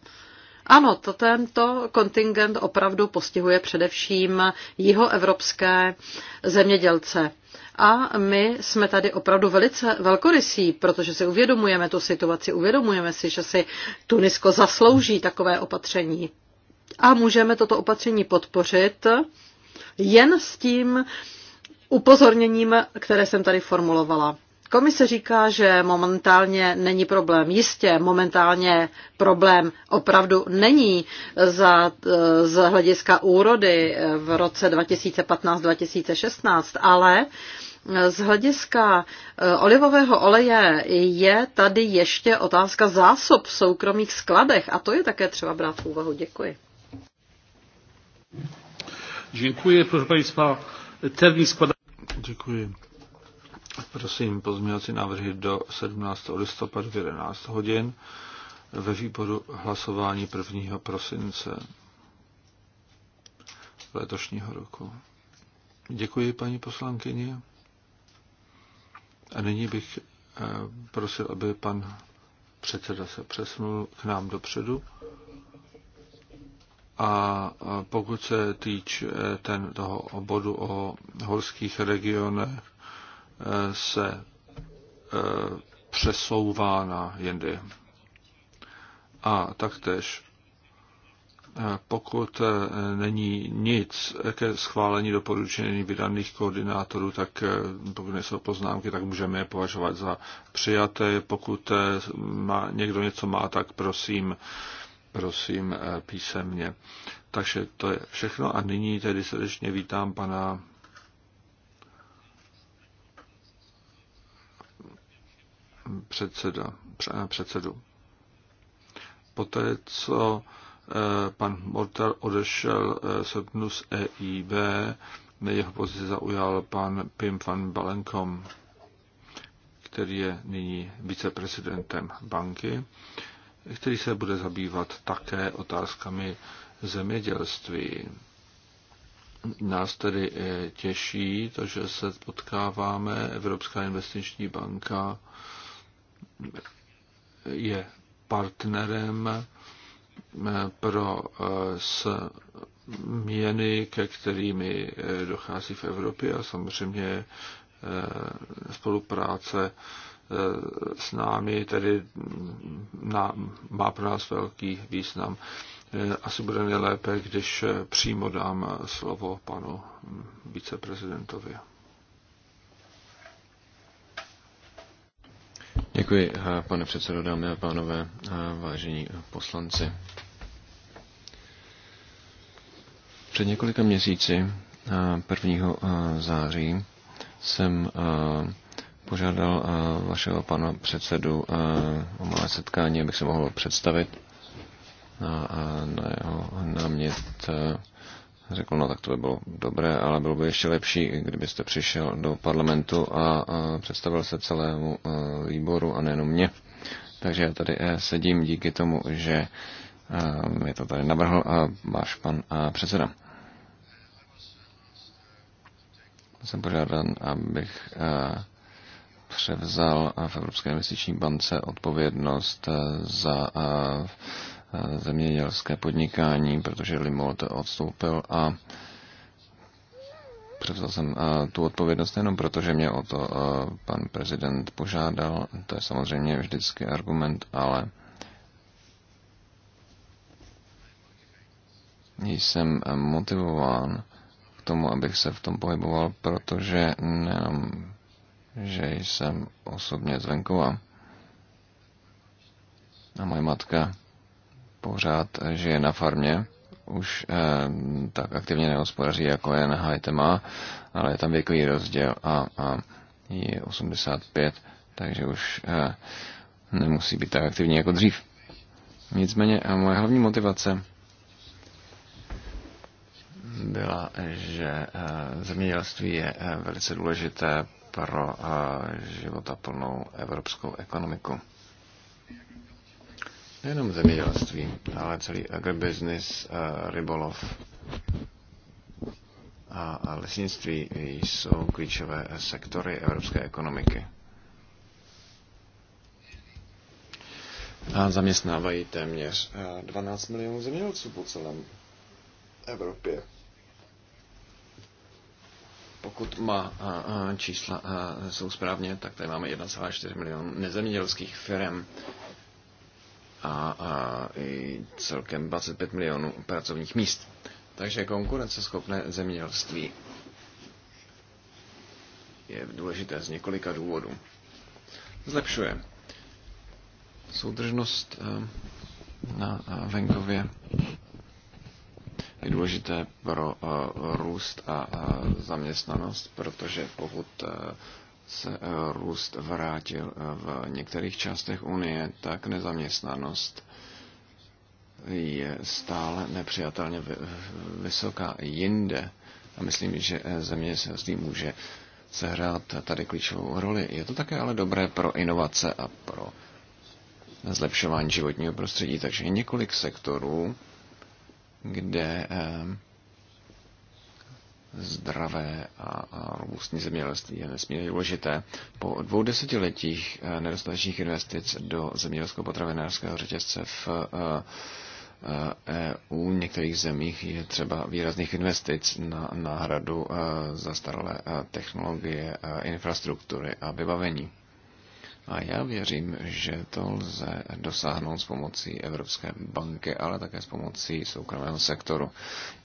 ano, to tento kontingent opravdu postihuje především jihoevropské zemědělce. A my jsme tady opravdu velice velkorysí, protože si uvědomujeme tu situaci, uvědomujeme si, že si Tunisko zaslouží takové opatření. A můžeme toto opatření podpořit jen s tím upozorněním, které jsem tady formulovala. Komise říká, že momentálně není problém. Jistě, momentálně problém opravdu není za, z hlediska úrody v roce 2015-2016, ale z hlediska eh, olivového oleje je tady ještě otázka zásob v soukromých skladech a to je také třeba brát v úvahu. Děkuji.
Děkuji, proszę Państwa. Termin składania... Děkuji. Prosím, pozměňovací návrhy do 17. listopadu v 11 hodin ve výboru hlasování 1. prosince letošního roku. Děkuji, paní poslankyně. A nyní bych eh, prosil, aby pan předseda se přesunul k nám dopředu. A pokud se týče eh, ten, toho bodu o horských regionech, se eh, přesouvá na jindy. A taktéž, eh, pokud eh, není nic ke schválení doporučení vydaných koordinátorů, tak pokud nejsou poznámky, tak můžeme je považovat za přijaté. Pokud má, někdo něco má, tak prosím, prosím písemně. Takže to je všechno a nyní tedy srdečně vítám pana předseda, eh, předsedu. Poté, co eh, pan Mortar odešel eh, z z e EIB, jeho pozici zaujal pan Pim van Balenkom, který je nyní viceprezidentem banky, který se bude zabývat také otázkami zemědělství. Nás tedy těší to, že se potkáváme. Evropská investiční banka je partnerem eh, pro změny, eh, ke kterými eh, dochází v Evropě a samozřejmě spolupráce s námi tedy mm, na, má pro nás velký význam. Asi bude nejlépe, když přímo dám slovo panu mm, viceprezidentovi.
Děkuji, eh, pane předsedo, dámy a pánové, eh, vážení poslanci. Před několika měsíci, 1. Eh, září, jsem požádal vašeho pana předsedu o malé setkání, abych se mohl představit na, na jeho námět řekl, no tak to by bylo dobré, ale bylo by ještě lepší, kdybyste přišel do parlamentu a, a představil se celému a, e, výboru a nejenom mě. Takže já tady e, sedím díky tomu, že a, e, mi to tady navrhl a váš pan a předseda. Jsem požádán, abych a, převzal v Evropské investiční bance odpovědnost za a, zemědělské podnikání, protože Limolt odstoupil a převzal jsem tu odpovědnost jenom proto, že mě o to pan prezident požádal. To je samozřejmě vždycky argument, ale jsem motivován k tomu, abych se v tom pohyboval, protože nejenom, že jsem osobně zvenkova. a moje matka pořád žije na farmě, už eh, tak aktivně nehospodaří jako je na HTMA, ale je tam věkový rozdíl a, a je 85, takže už eh, nemusí být tak aktivní jako dřív. Nicméně a eh, moje hlavní motivace byla, že zemědělství je velice důležité pro života plnou evropskou ekonomiku. Nejenom zemědělství, ale celý agribiznis, eh, rybolov a lesnictví jsou klíčové sektory evropské ekonomiky. A zaměstnávají téměř 12 eh, milionů zemědělců po celém Evropě. Pokud má eh, čísla jsou správně, tak tady máme 1,4 milion nezemědělských firm a, a i celkem 25 milionů pracovních míst. Takže konkurenceschopné zemědělství je důležité z několika důvodů. Zlepšuje soudržnost eh, na eh, venkově. Je důležité pro eh, růst a zaměstnanost, protože pokud se eh, růst vrátil eh, v některých částech Unie, tak nezaměstnanost je stále nepřijatelně vysoká jinde. A myslím, že eh, země tím může sehrát tady klíčovou roli. Je to také ale dobré pro inovace a pro zlepšování životního prostředí. Takže je několik sektorů, kde zdravé a, robustní zemědělství je nesmírně důležité. Po dvou desetiletích eh, nedostatečných investic do zemědělského potravinářského řetězce v EU eh, eh, e v některých zemích je třeba výrazných investic na náhradu zastaralé technologie, infrastruktury a vybavení. A já věřím, že to lze dosáhnout s pomocí Evropské banky, ale také s pomocí soukromého sektoru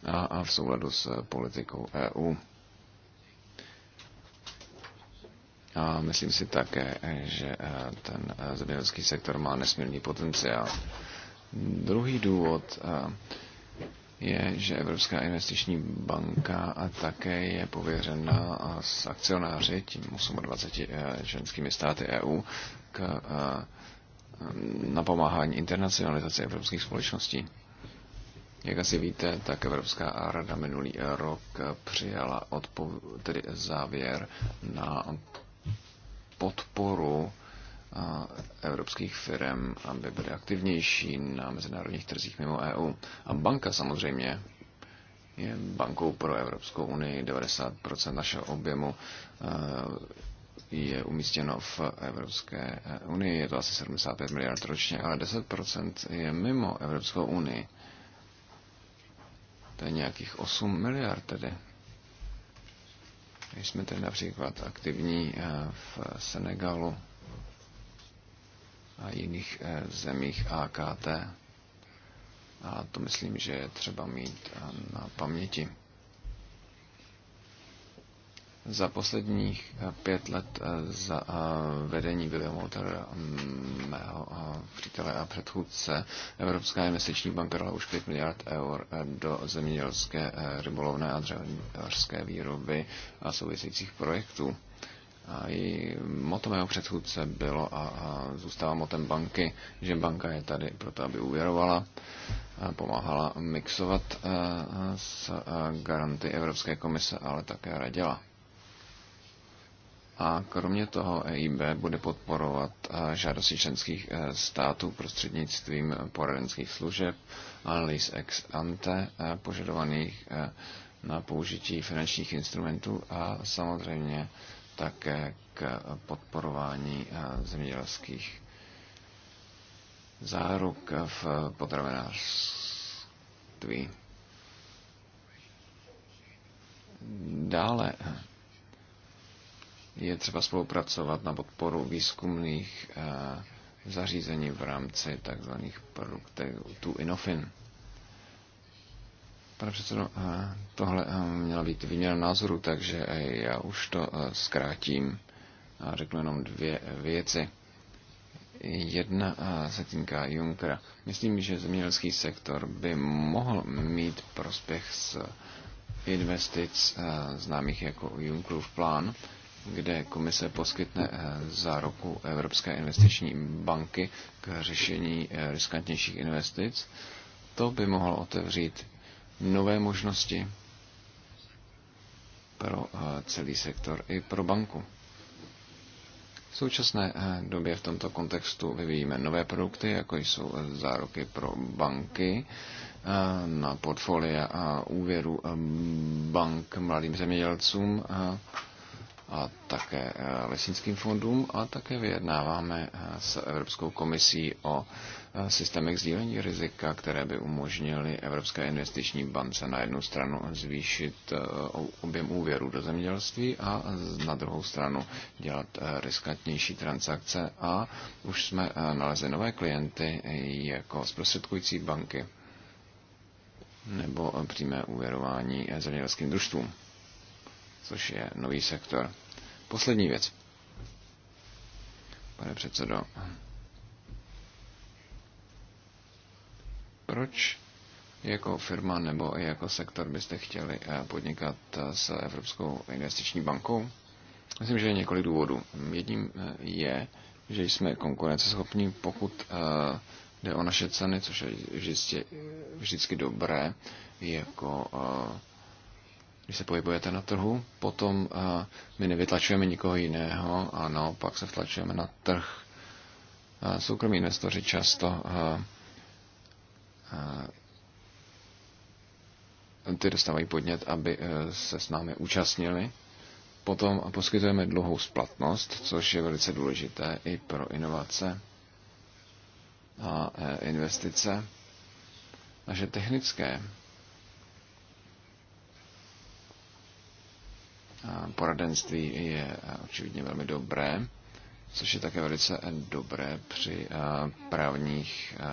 a, a v souladu s politikou EU. A myslím si také, že e, ten e, zemědělský sektor má nesmírný potenciál. Druhý důvod e, je, že Evropská investiční banka a také je pověřena s akcionáři, tím 28 eh, členskými státy EU, k eh, napomáhání internacionalizaci evropských společností. Jak asi víte, tak Evropská rada minulý rok přijala odpo- tedy závěr na podporu evropských firm, aby byly aktivnější na mezinárodních trzích mimo EU. A banka samozřejmě je bankou pro Evropskou unii. 90% našeho objemu eh, je umístěno v Evropské eh, unii. Je to asi 75 miliard ročně, ale 10% je mimo Evropskou unii. To je nějakých 8 miliard tedy. My jsme tedy například aktivní eh, v Senegalu, a jiných eh, zemích AKT. A to myslím, že je třeba mít eh, na paměti. Za posledních eh, pět let za vedení William Walter, mm, mého přítele a předchůdce, Evropská investiční banka dala už 5 miliard eur do zemědělské, rybolovné a dřevařské výroby a souvisejících projektů. A i moto mého předchůdce bylo a, a zůstává motem banky, že banka je tady proto, aby uvěrovala, a pomáhala mixovat a, a s a garanty Evropské komise, ale také radila. A kromě toho EIB bude podporovat žádosti členských e, států prostřednictvím poradenských služeb, analýz ex ante e, požadovaných e, na použití finančních instrumentů a samozřejmě také k podporování eh, zemědělských záruk v potravinářství. Dále eh, je třeba spolupracovat na podporu výzkumných eh, zařízení v rámci tzv. produktů Inofin. Pane předsedo, eh, tohle eh, měla být výměna názoru, takže eh, já už to zkrátím a řeknu jenom dvě věci. Jedna se týká Junkera. Myslím, že zemědělský sektor by mohl mít prospěch z investic známých jako Junckerův plán, kde komise poskytne záruku Evropské investiční banky k řešení riskantnějších investic. To by mohlo otevřít nové možnosti pro eh, celý sektor i pro banku. V současné eh, době v tomto kontextu vyvíjíme nové produkty, jako jsou eh, záruky pro banky na portfolia a úvěru bank mladým zemědělcům a také lesnickým fondům a také vyjednáváme s Evropskou komisí o Eh, k sdílení rizika, které by umožnily Evropské investiční bance na jednu stranu zvýšit eh, objem úvěru do zemědělství a na druhou stranu dělat eh, riskantnější transakce a už jsme nalezli nové klienty jako zprostředkující banky nebo přímé úvěrování zemědělským družstvům, což je nový sektor. Poslední věc, pane předsedo. Proč jako firma nebo i jako sektor byste chtěli eh, podnikat eh, s Evropskou investiční bankou? Myslím, že je několik důvodů. Jedním eh, je, že jsme konkurenceschopní, pokud jde o naše ceny, což je vždycky, vždycky dobré, jako když se pohybujete na trhu, potom my nevytlačujeme nikoho jiného a naopak se vtlačujeme na trh. Soukromí investoři často ty dostávají podnět, aby eh, se s námi účastnili. Potom poskytujeme dlouhou splatnost, což je velice důležité i pro inovace a eh, investice. Naše technické eh, poradenství je očividně velmi dobré což je také velice dobré při eh, právních eh,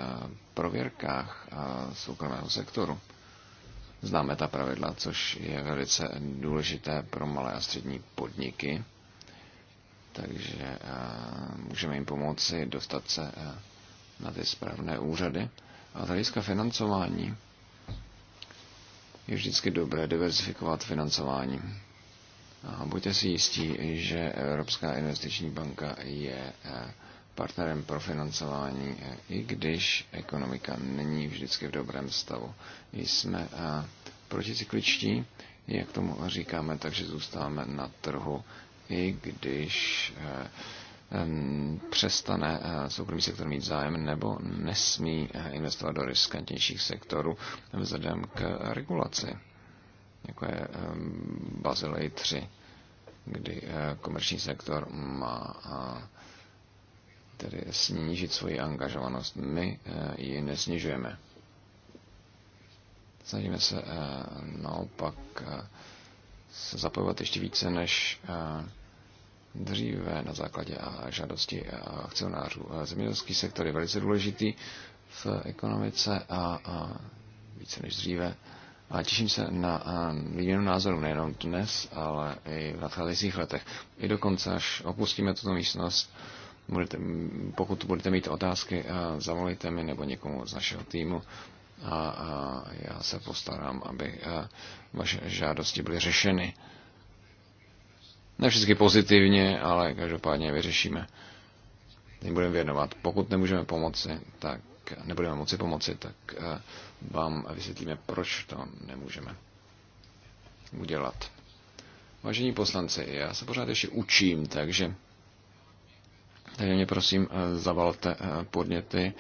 prověrkách eh, soukromého sektoru. Známe ta pravidla, což je velice důležité pro malé a střední podniky, takže můžeme jim pomoci dostat se na ty správné úřady. A z hlediska financování je vždycky dobré diversifikovat financování a buďte si jistí, že Evropská investiční banka je eh, partnerem pro financování, eh, i když ekonomika není vždycky v dobrém stavu. Jsme eh, proticykličtí, jak tomu říkáme, takže zůstáváme na trhu, i když přestane soukromý sektor mít zájem nebo nesmí investovat do riskantnějších sektorů vzhledem k regulaci jako je Bazilej 3, kdy eh, komerční sektor má tedy snížit svoji angažovanost. My eh, ji nesnižujeme. Snažíme se eh, naopak se zapojovat ještě více než dříve na základě žádosti akcionářů. Zemědělský sektor je velice důležitý v ekonomice a více než dříve a těším se na výměnu názoru nejenom dnes, ale i v nadcházejících letech. I dokonce, až opustíme tuto místnost, budete, pokud budete mít otázky, zavolejte mi nebo někomu z našeho týmu a, a já se postarám, aby vaše žádosti byly řešeny. Ne vždycky pozitivně, ale každopádně vyřešíme. Jim budeme věnovat. Pokud nemůžeme pomoci, tak nebudeme moci pomoci, tak eh, vám vysvětlíme, proč to nemůžeme udělat. Vážení poslanci, já se pořád ještě učím, takže, takže mě prosím eh, zavalte eh, podněty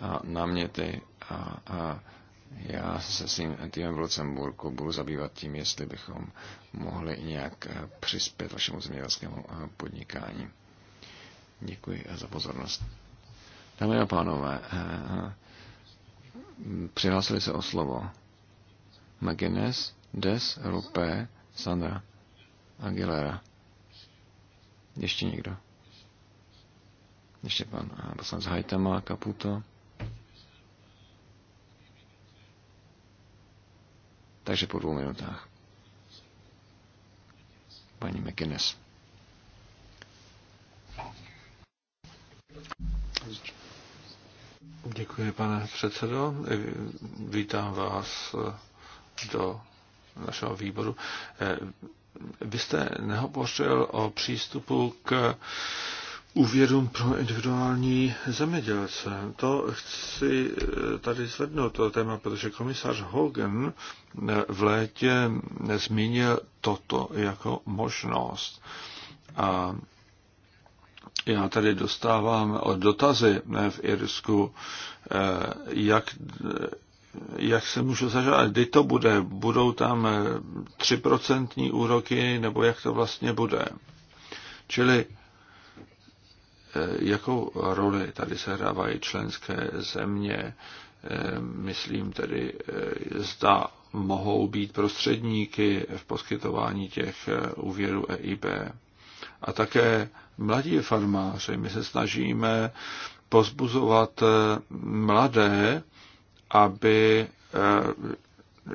a náměty a, a já se s týmem v Lucemburku budu zabývat tím, jestli bychom mohli nějak přispět vašemu zemědělskému podnikání. Děkuji za pozornost. Dámy a pánové, eh, přihlásili se o slovo Magines, Des, Rupé, Sandra, Aguilera. Ještě někdo? Ještě pan eh, poslanec Hajtama, Kaputo. Takže po dvou minutách. Paní McInnes. Thank you.
Děkuji, pane předsedo. Eh, vítám vás eh, do našeho výboru. Eh, vy jste nehovořil o přístupu k úvěrům pro individuální zemědělce. To chci tady zvednout, to téma, protože komisař Hogan v létě nezmínil toto jako možnost. A já tady dostávám od dotazy v Irsku, eh, jak, eh, jak se můžu zažádat, kdy to bude, budou tam 3% eh, úroky, nebo jak to vlastně bude. Čili jakou roli tady se hrávají členské země, myslím tedy, zda mohou být prostředníky v poskytování těch úvěrů EIB a také mladí farmáři. My se snažíme pozbuzovat eh, mladé, aby eh,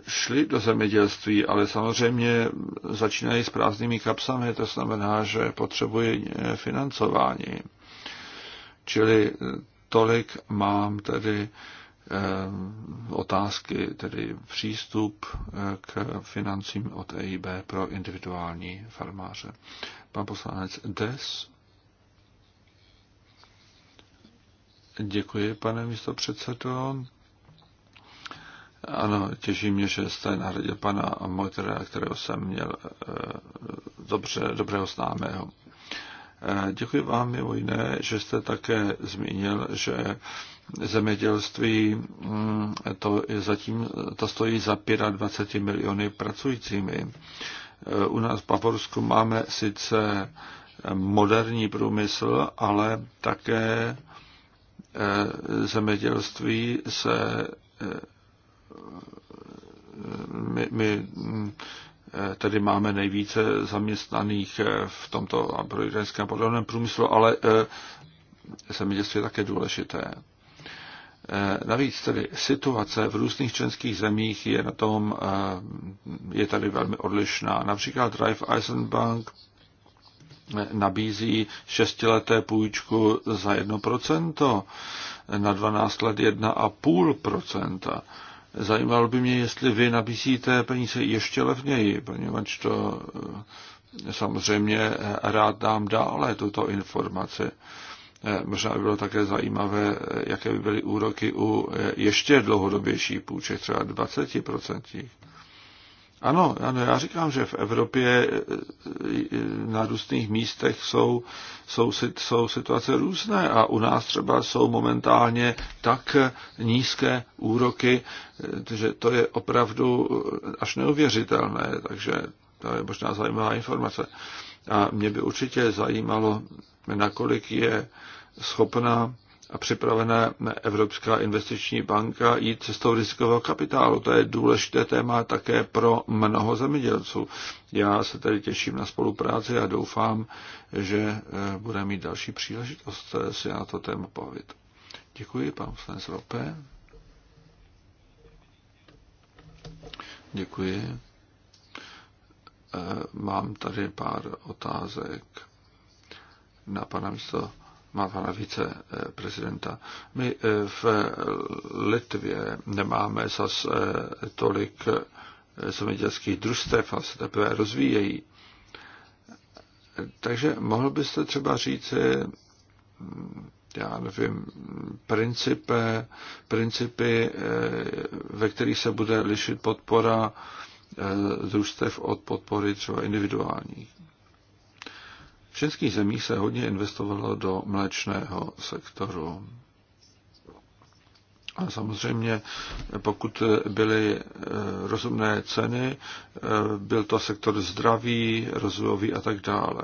šli do zemědělství, ale samozřejmě začínají s prázdnými kapsami, to znamená, že potřebují eh, financování. Čili tolik mám tedy otázky, tedy přístup k financím od EIB pro individuální farmáře. Pan poslanec Des. Děkuji, pane místo předsedo. Ano, těší mě, že jste nahradil pana Mojtera, kterého jsem měl eh, dobře, dobrého známého. Eh, děkuji vám mimo jiné, že jste také zmínil, že zemědělství mm, to je zatím, to stojí za 25 miliony pracujícími. Eh, u nás v Paporsku máme sice moderní průmysl, ale také eh, zemědělství se eh, my, my tedy máme nejvíce zaměstnaných v tomto agroindustriálním podobném průmyslu, ale zemědělství je také důležité. Eh, navíc tedy situace v různých členských zemích je na tom, eh, je tady velmi odlišná. Například Drive Bank eh, nabízí šestileté půjčku za 1%, na 12 let 1,5%. Zajímalo by mě, jestli vy nabízíte peníze ještě levněji, poněvadž to samozřejmě rád dám dále tuto informaci. Eh, možná by bylo také zajímavé, eh, jaké by byly úroky u eh, ještě dlouhodobější půjček, třeba 20%. Ano, ano, já říkám, že v Evropě na různých místech jsou, jsou, jsou situace různé a u nás třeba jsou momentálně tak nízké úroky, že to je opravdu až neuvěřitelné, takže to je možná zajímavá informace. A mě by určitě zajímalo, nakolik je schopná a připravená Evropská investiční banka jít cestou rizikového kapitálu. To je důležité téma také pro mnoho zemědělců. Já se tedy těším na spolupráci a doufám, že eh, bude mít další příležitost eh, si na to téma povědět. Děkuji, pan poslanec Rope. Děkuji. Eh, mám tady pár otázek na pana místo má pana viceprezidenta. My eh, v Litvě nemáme zas eh, tolik eh, zemědělských družstev a se teprve rozvíjejí. Takže mohl byste třeba říci, hm, já nevím, principy, principy, ve kterých se bude lišit podpora družstev od podpory třeba individuálních. V zemích se hodně investovalo do mléčného sektoru. A samozřejmě, pokud byly eh, rozumné ceny, eh, byl to sektor zdravý, rozvojový a tak dále.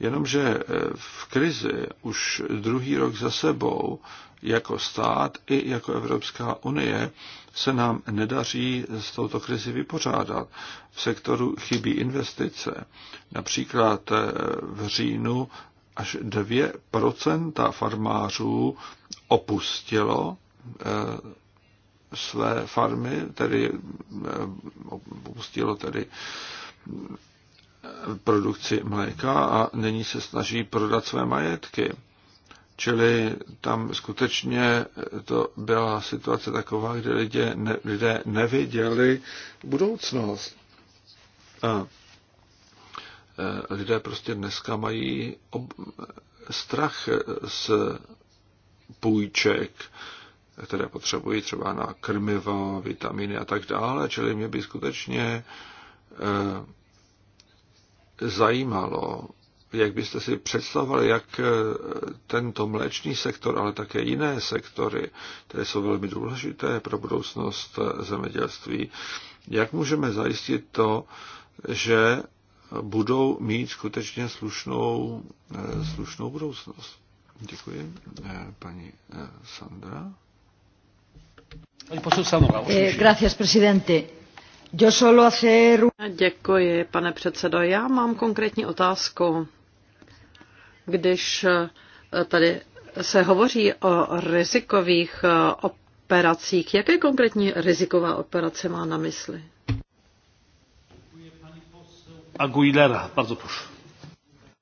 Jenomže eh, v krizi už druhý rok za sebou jako stát i jako Evropská unie se nám nedaří s touto krizi vypořádat. V sektoru chybí investice. Například eh, v říjnu až 2% farmářů opustilo eh, své farmy, tedy opustilo tedy produkci mléka a nyní se snaží prodat své majetky. Čili tam skutečně to byla situace taková, kde lidé, ne, lidé neviděli budoucnost. A e, lidé prostě dneska mají ob, strach z půjček, které potřebují třeba na krmiva, vitamíny a tak dále, čili mě by skutečně e, zajímalo, jak byste si představovali, jak eh, tento mléčný sektor, ale také jiné sektory, které jsou velmi důležité pro budoucnost eh, zemědělství, jak můžeme zajistit to, že budou mít skutečně slušnou, eh, slušnou budoucnost. Děkuji.
Paní Sandra. Gracias, presidente. Děkuji, pane předsedo. Já mám konkrétní otázku. Když eh, tady se hovoří o rizikových eh, operacích, jaké konkrétní riziková operace má na mysli?
Aguilera, bardzo proszę.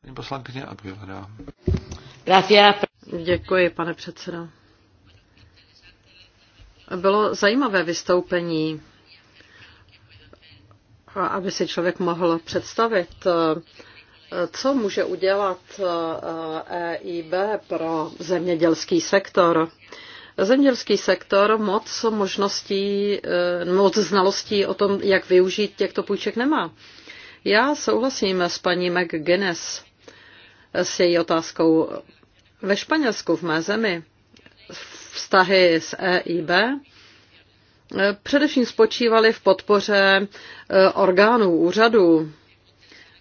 Paní poslankyně Aguilera.
Děkuji, pane předsedo. Bylo zajímavé vystoupení aby si člověk mohl představit, eh, co může udělat EIB eh, e pro zemědělský sektor. Zemědělský sektor moc možností, eh, moc znalostí o tom, jak využít těchto půjček nemá. Já souhlasím s paní McGuinness s její otázkou. Ve Španělsku, v mé zemi, vztahy s EIB Eh, především spočívaly v podpoře eh, orgánů, úřadů.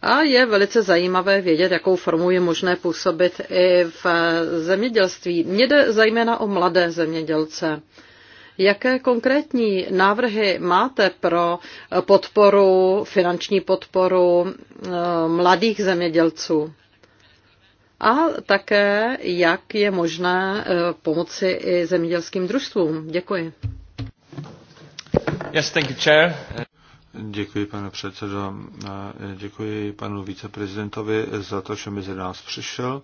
A je velice zajímavé vědět, jakou formou je možné působit i v eh, zemědělství. Mně jde zejména o mladé zemědělce. Jaké konkrétní návrhy máte pro podporu, finanční podporu mladých zemědělců? A také, jak je možné pomoci i zemědělským družstvům? Děkuji.
Yes, thank you, chair. Děkuji, pane předsedo. Děkuji panu viceprezidentovi za to, že mezi nás přišel.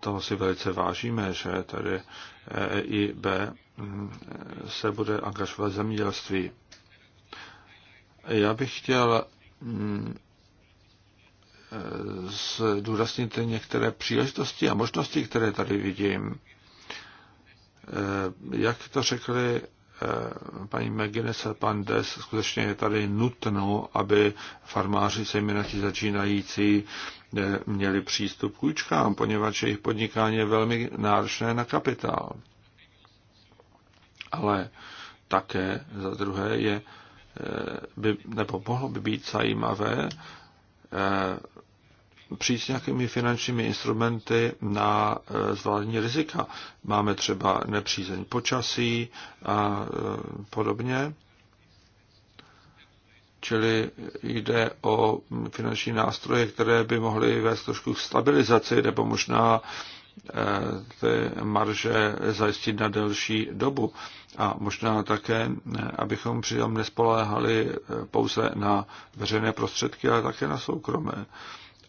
Toho si velice vážíme, že tady EIB se bude angažovat v zemědělství. Já bych chtěl mm, zdůraznit některé příležitosti a možnosti, které tady vidím. E, jak to řekli Eh, paní McGuinness a pan Des, skutečně je tady nutno, aby farmáři, zejména ti začínající, eh, měli přístup k účkám, poněvadž jejich podnikání je velmi náročné na kapitál. Ale také za druhé je, eh, by, nebo mohlo by být zajímavé nějakými finančními instrumenty na e, zvládání rizika. Máme třeba nepřízeň počasí a e, podobně. Čili jde o finanční nástroje, které by mohly vést trošku k stabilizaci nebo možná e, ty marže zajistit na delší dobu. A možná také, abychom přitom nespoléhali pouze na veřejné prostředky, ale také na soukromé.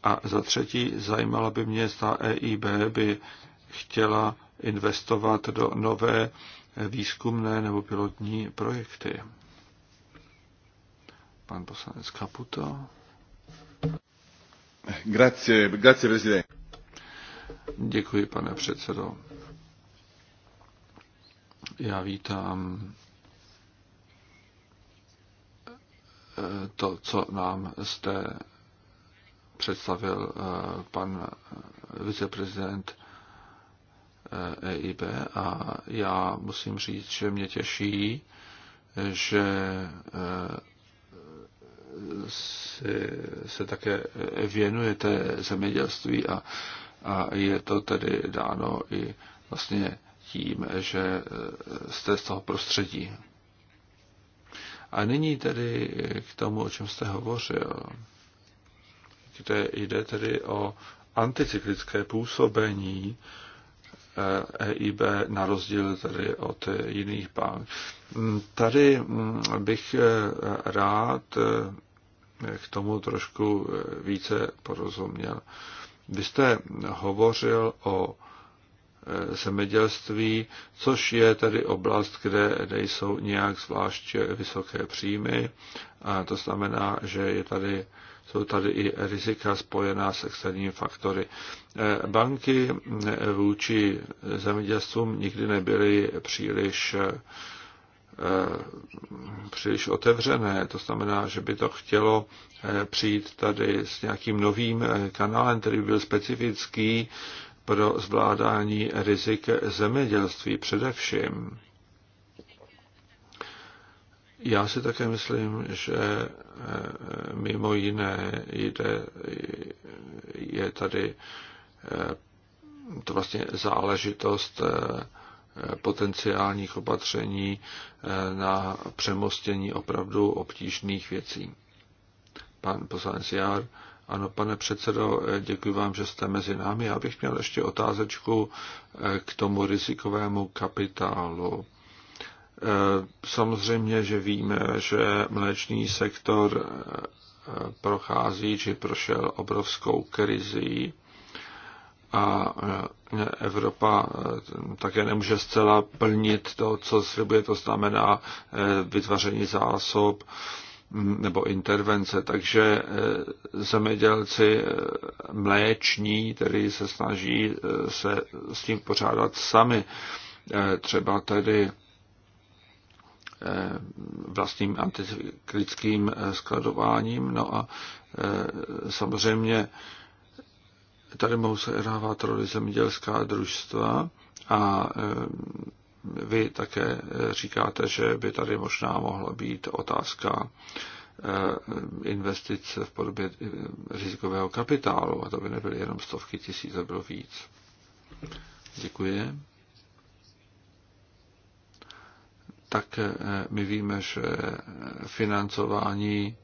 A za třetí, zajímala by mě, zda EIB by chtěla investovat do nové výzkumné nebo pilotní projekty. Pan poslanec Kaputo. Grazie, grazie, prezident. Děkuji, pane předsedo. Já vítám eh, to, co nám zde představil eh, pan eh, viceprezident EIB eh, e a já musím říct, že mě těší, že si, se také věnujete zemědělství a, a je to tedy dáno i vlastně tím, že jste z toho prostředí. A nyní tedy k tomu, o čem jste hovořil kde jde tedy o anticyklické působení EIB eh, e na rozdíl tedy od jiných bank. Mm, tady mm, bych eh, rád eh, k tomu trošku více porozuměl. Vy jste hovořil o zemědělství, což je tedy oblast, kde nejsou nějak zvlášť vysoké příjmy. A to znamená, že je tady jsou tady i rizika spojená s externími faktory. Eh, banky eh, vůči zemědělstvům nikdy nebyly příliš eh, příliš otevřené. To znamená, že by to chtělo přijít tady s nějakým novým kanálem, který by byl specifický pro zvládání rizik zemědělství především. Já si také myslím, že eh, eh, mimo jiné jde, je tady eh, to vlastně záležitost potenciálních opatření na přemostění opravdu obtížných věcí. Pan poslanec Jár, ano, pane předsedo, děkuji vám, že jste mezi námi. Já bych měl ještě otázečku k tomu rizikovému kapitálu. Eh, samozřejmě, že víme, že mléčný sektor eh, prochází či prošel obrovskou krizi, a eh, Evropa také nemůže zcela plnit to, co slibuje, to znamená vytvaření zásob mm, nebo intervence. Takže zemědělci mléční, tedy se snaží se s tím pořádat sami. Třeba tedy Eh, vlastním anticyklickým eh, skladováním. No a eh, samozřejmě tady mohou se hrávat roli zemědělská družstva a vy také říkáte, že by tady možná mohla být otázka investic v podobě rizikového kapitálu a to by nebyly jenom stovky tisíc, to bylo víc. Děkuji. tak eh, my víme, že financování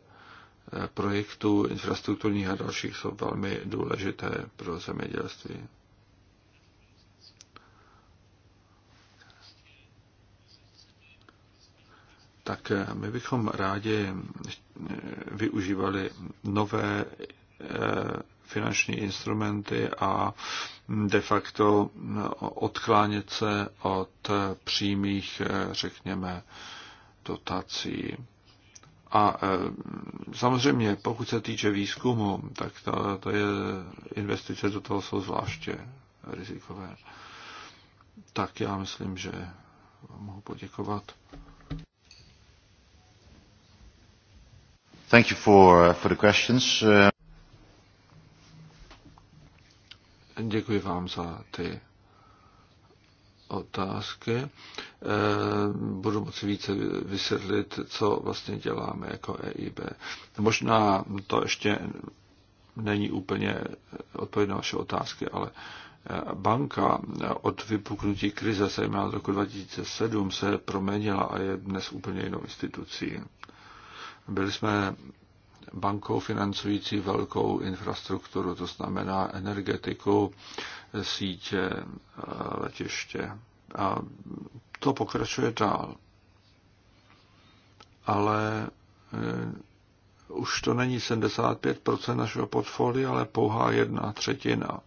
eh, projektů infrastrukturních a dalších jsou velmi důležité pro zemědělství. Tak eh, my bychom rádi využívali nové finanční instrumenty a de facto odklánět se od přímých, eh, řekněme, dotací. A eh, samozřejmě, pokud se týče výzkumu, tak to, to je investice do toho jsou zvláště rizikové. Tak já myslím, že mohu poděkovat. Thank you for, eh, for the questions. Děkuji vám za ty otázky. E, budu moci více vysvětlit, co vlastně děláme jako EIB. Možná to ještě není úplně odpověď na vaše otázky, ale e, banka od vypuknutí krize, zejména od roku 2007, se proměnila a je dnes úplně jinou institucí. Byli jsme bankou financující velkou infrastrukturu, to znamená energetiku, sítě, eh, letiště. A to pokračuje dál. Ale eh, už to není 75% našeho portfolia, ale pouhá jedna třetina.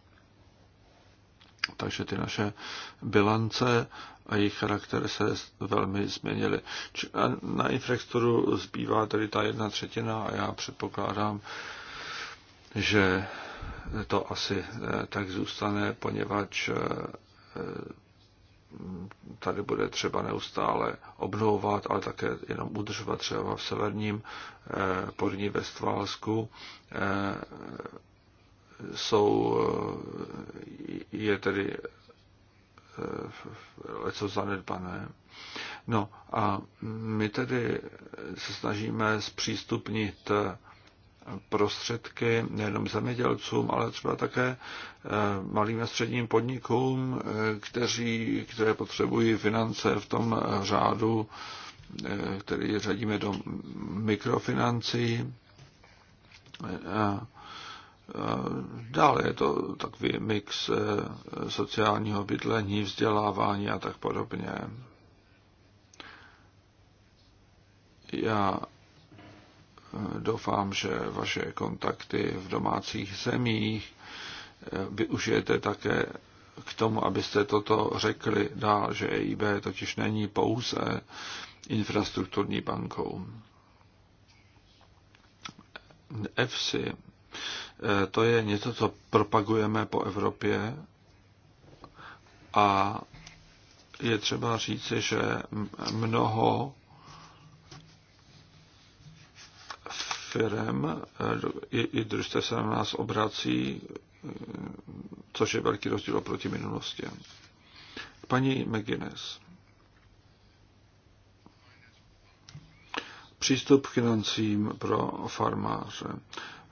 Takže ty naše bilance a jejich charakter se velmi změnily. Na infrastrukturu zbývá tedy ta jedna třetina a já předpokládám, že to asi eh, tak zůstane, poněvadž eh, tady bude třeba neustále obnovovat, ale také jenom udržovat třeba v severním eh, podní Vestválsku jsou, eh, je tedy eh, leco zanedbané. No a my tedy se snažíme zpřístupnit prostředky nejenom zemědělcům, ale třeba také eh, malým a středním podnikům, kteří, které potřebují finance v tom řádu, který řadíme do mikrofinancí. A Dále je to takový mix eh, sociálního bydlení, vzdělávání a tak podobně. Já eh, doufám, že vaše kontakty v domácích zemích eh, využijete také k tomu, abyste toto řekli dál, že EIB totiž není pouze infrastrukturní bankou. EFSI Eh, to je něco, co propagujeme po Evropě a je třeba říci, že mnoho firm eh, i, i družstv se na nás obrací, eh, což je velký rozdíl oproti minulosti. Paní McGuinness. Přístup k financím pro farmáře.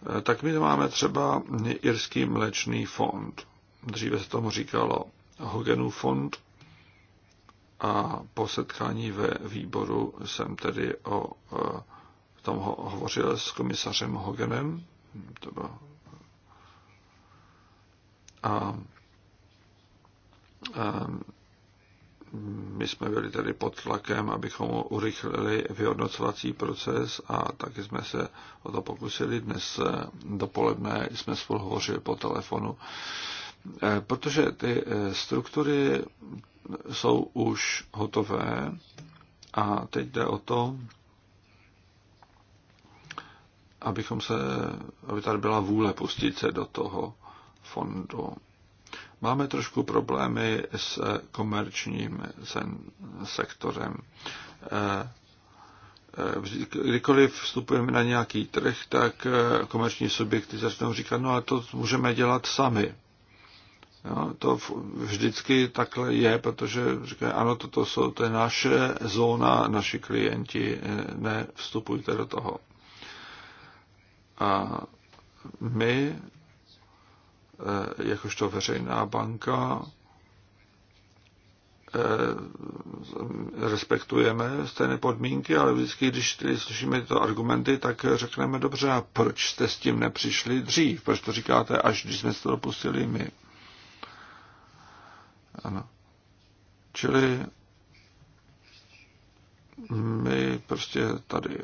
Eh, tak my máme třeba Irský mléčný fond. Dříve se tomu říkalo Hogenu fond a po setkání ve výboru jsem tedy o eh, tom hovořil s komisařem Hogenem. To bylo a my jsme byli tedy pod tlakem, abychom urychlili vyhodnocovací proces a taky jsme se o to pokusili. Dnes eh, dopoledne jsme spolu hovořili po telefonu, eh, protože ty eh, struktury jsou už hotové a teď jde o to, abychom se, aby tady byla vůle pustit se do toho fondu. Máme trošku problémy s komerčním sektorem. Eh, eh, kdykoliv vstupujeme na nějaký trh, tak eh, komerční subjekty začnou říkat, no a to můžeme dělat sami. Jo, to vždycky takhle je, protože říkají, ano, toto jsou, to je naše zóna, naši klienti, nevstupujte do toho. A my Eh, jakožto veřejná banka eh, respektujeme stejné podmínky, ale vždycky, když slyšíme tyto argumenty, tak řekneme dobře, a proč jste s tím nepřišli dřív? Proč to říkáte, až když jsme se to dopustili my? Ano. Čili my prostě tady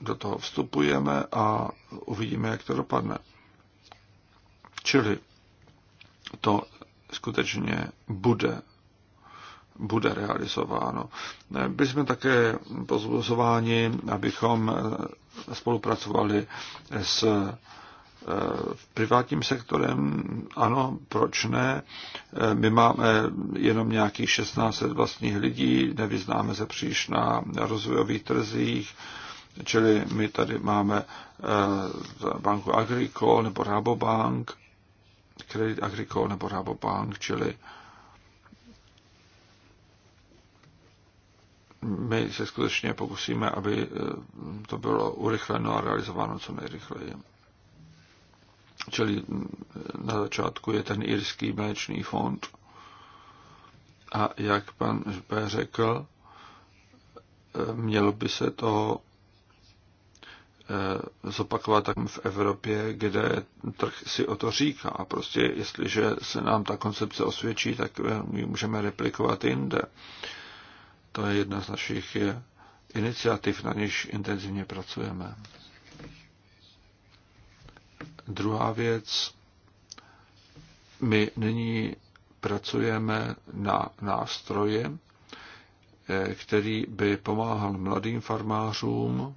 do toho vstupujeme a uvidíme, jak to dopadne. Čili to skutečně bude bude realizováno. Byli jsme také pozvozováni, abychom spolupracovali s eh, privátním sektorem. Ano, proč ne? Eh, my máme jenom nějakých 16 vlastních lidí, nevyznáme se příliš na rozvojových trzích, čili my tady máme eh, banku Agricole nebo Rabobank, Credit Agricole nebo Rabobank, čili my se skutečně pokusíme, aby eh, to bylo urychleno a realizováno co nejrychleji. Čili mm, na začátku je ten irský mléčný fond a jak pan Žbé řekl, eh, mělo by se to Eh, zopakovat tak v Evropě, kde trh si o to říká. A prostě jestliže se nám ta koncepce osvědčí, tak eh, ji můžeme replikovat jinde. To je jedna z našich eh, iniciativ, na něž intenzivně pracujeme. Druhá věc, my nyní pracujeme na nástroje, který by pomáhal mladým farmářům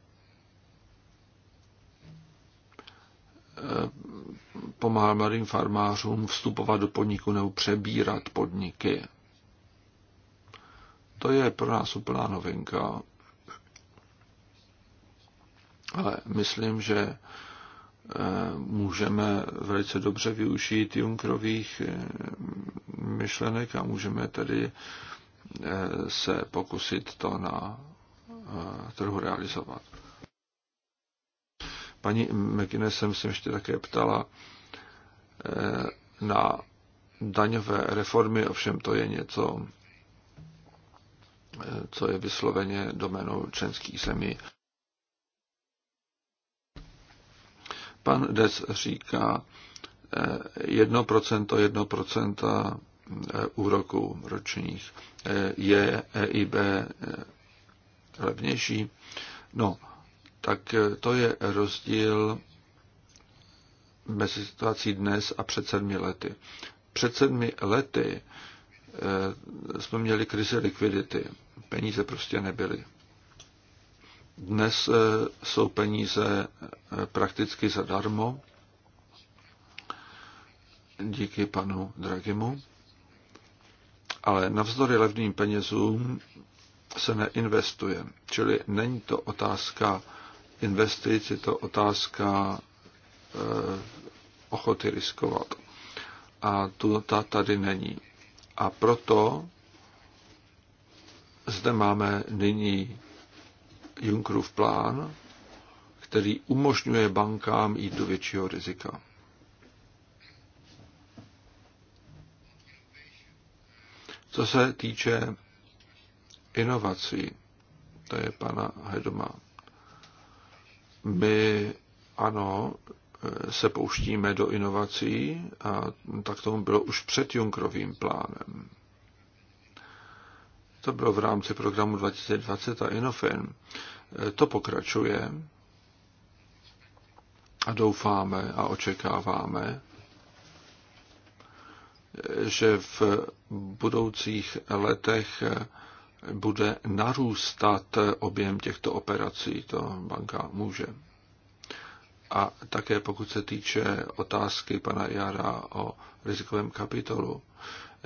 Eh, pomáhal mladým farmářům vstupovat do podniku nebo přebírat podniky. To je pro nás úplná novinka. Ale myslím, že eh, můžeme velice dobře využít Junkerových eh, myšlenek a můžeme tedy se pokusit to na trhu realizovat. Paní McInnes jsem se ještě také ptala eh, na daňové reformy, ovšem to je něco, eh, co je vysloveně domenou členských zemí. Pan Des říká 1%, eh, 1% úroků ročních. Je EIB levnější? No, tak e, to je rozdíl mezi situací dnes a před sedmi lety. Před sedmi lety e, jsme měli krizi likvidity. Peníze prostě nebyly. Dnes e, jsou peníze prakticky zadarmo díky panu Dragimu, ale navzdory levným penězům se neinvestuje. Čili není to otázka investic je to otázka eh, ochoty riskovat. A tu ta tady není. A proto zde máme nyní Junckerův plán, který umožňuje bankám jít do většího rizika. Co se týče inovací, to je pana Hedoma. My ano, se pouštíme do inovací a tak tomu bylo už před Junkrovým plánem. To bylo v rámci programu 2020 a Inofin. To pokračuje a doufáme a očekáváme, že v budoucích letech bude narůstat objem těchto operací, to banka může. A také pokud se týče otázky pana Jara o rizikovém kapitolu,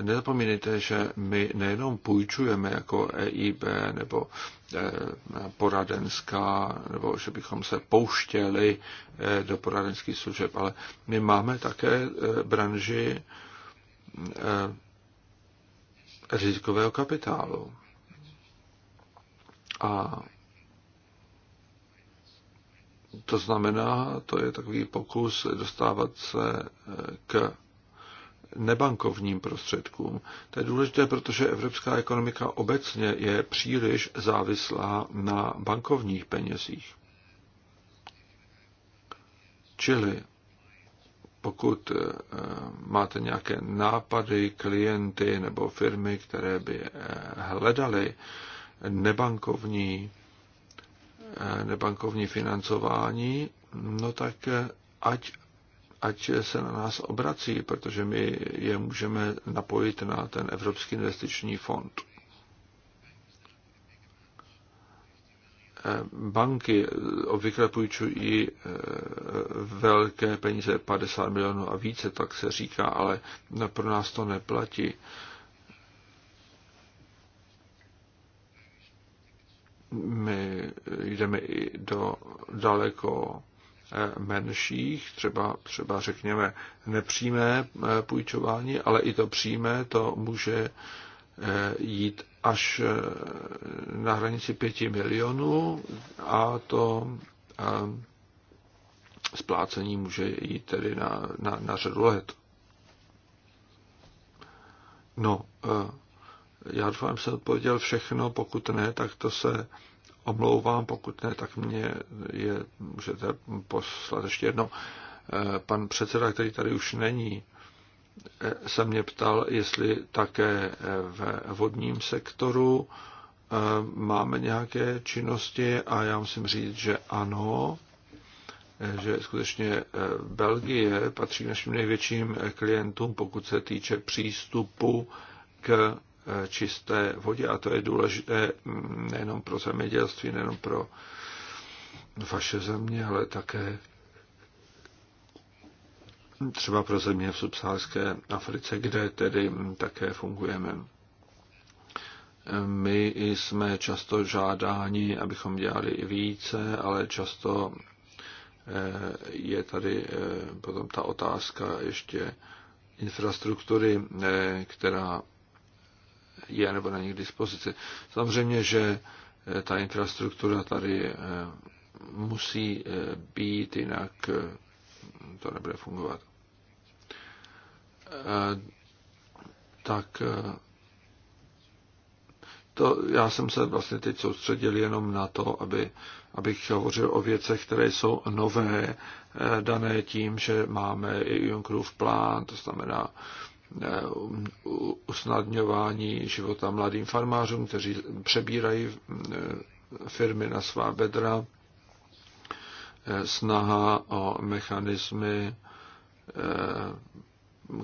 nezapomínejte, že my nejenom půjčujeme jako EIB nebo eh, poradenská, nebo že bychom se pouštěli eh, do poradenských služeb, ale my máme také eh, branži rizikového kapitálu. A to znamená, to je takový pokus dostávat se eh, k nebankovním prostředkům. To je důležité, protože evropská ekonomika obecně je příliš závislá na bankovních penězích. Čili pokud eh, máte nějaké nápady, klienty nebo firmy, které by eh, hledali nebankovní, eh, nebankovní financování, no tak eh, ať, ať se na nás obrací, protože my je můžeme napojit na ten Evropský investiční fond. Eh, banky obvykle půjčují velké peníze, 50 milionů a více, tak se říká, ale pro nás to neplatí. my jdeme i do daleko eh, menších, třeba, třeba řekněme nepřímé eh, půjčování, ale i to přímé to může eh, jít až na hranici pěti milionů a to splácení může jít tedy na, na, na řadu let. No, já doufám, že jsem odpověděl všechno, pokud ne, tak to se omlouvám, pokud ne, tak mě je, můžete poslat ještě jedno. Eh, pan předseda, který tady už není, eh, se mě ptal, jestli také eh, ve vodním sektoru máme nějaké činnosti a já musím říct, že ano, že skutečně Belgie patří našim největším klientům, pokud se týče přístupu k čisté vodě a to je důležité nejenom pro zemědělství, nejenom pro vaše země, ale také třeba pro země v subsaharské Africe, kde tedy také fungujeme. My jsme často žádáni, abychom dělali i více, ale často eh, je tady eh, potom ta otázka ještě infrastruktury, eh, která je nebo není k dispozici. Samozřejmě, že eh, ta infrastruktura tady eh, musí eh, být, jinak to nebude fungovat. Tak to, já jsem se vlastně teď soustředil jenom na to, aby, abych hovořil o věcech, které jsou nové, dané tím, že máme i Junckerův plán, to znamená Eh, usnadňování života mladým farmářům, kteří přebírají eh, firmy na svá bedra, eh, snaha o mechanismy,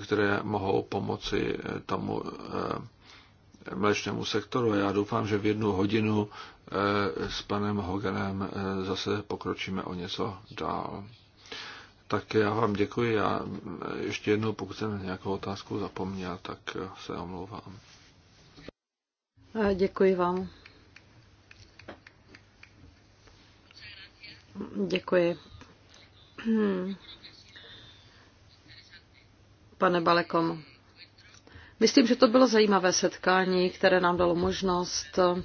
které mohou pomoci tomu mléčnému sektoru. Já doufám, že v jednu hodinu s panem Hoganem zase pokročíme o něco dál. Tak já vám děkuji. Já ještě jednou, pokud jsem nějakou otázku zapomněl, tak se omlouvám.
Děkuji vám. Děkuji. Pane Balekom, myslím, že to bylo zajímavé setkání, které nám dalo možnost eh,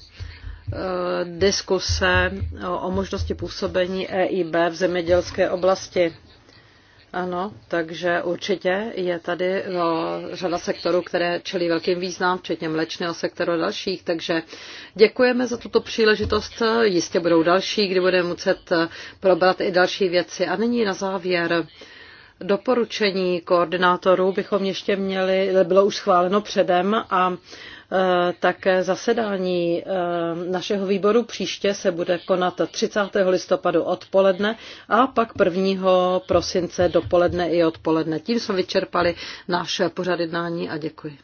diskuse o možnosti působení EIB v zemědělské oblasti. Ano, takže určitě je tady no, řada sektorů, které čelí velkým význam, včetně mlečného sektoru a dalších. Takže děkujeme za tuto příležitost. Jistě budou další, kdy budeme muset probrat i další věci. A nyní na závěr doporučení koordinátorů bychom ještě měli, bylo už schváleno předem a e, také zasedání e, našeho výboru příště se bude konat 30. listopadu odpoledne a pak 1. prosince dopoledne i odpoledne. Tím jsme vyčerpali náš pořad jednání a děkuji.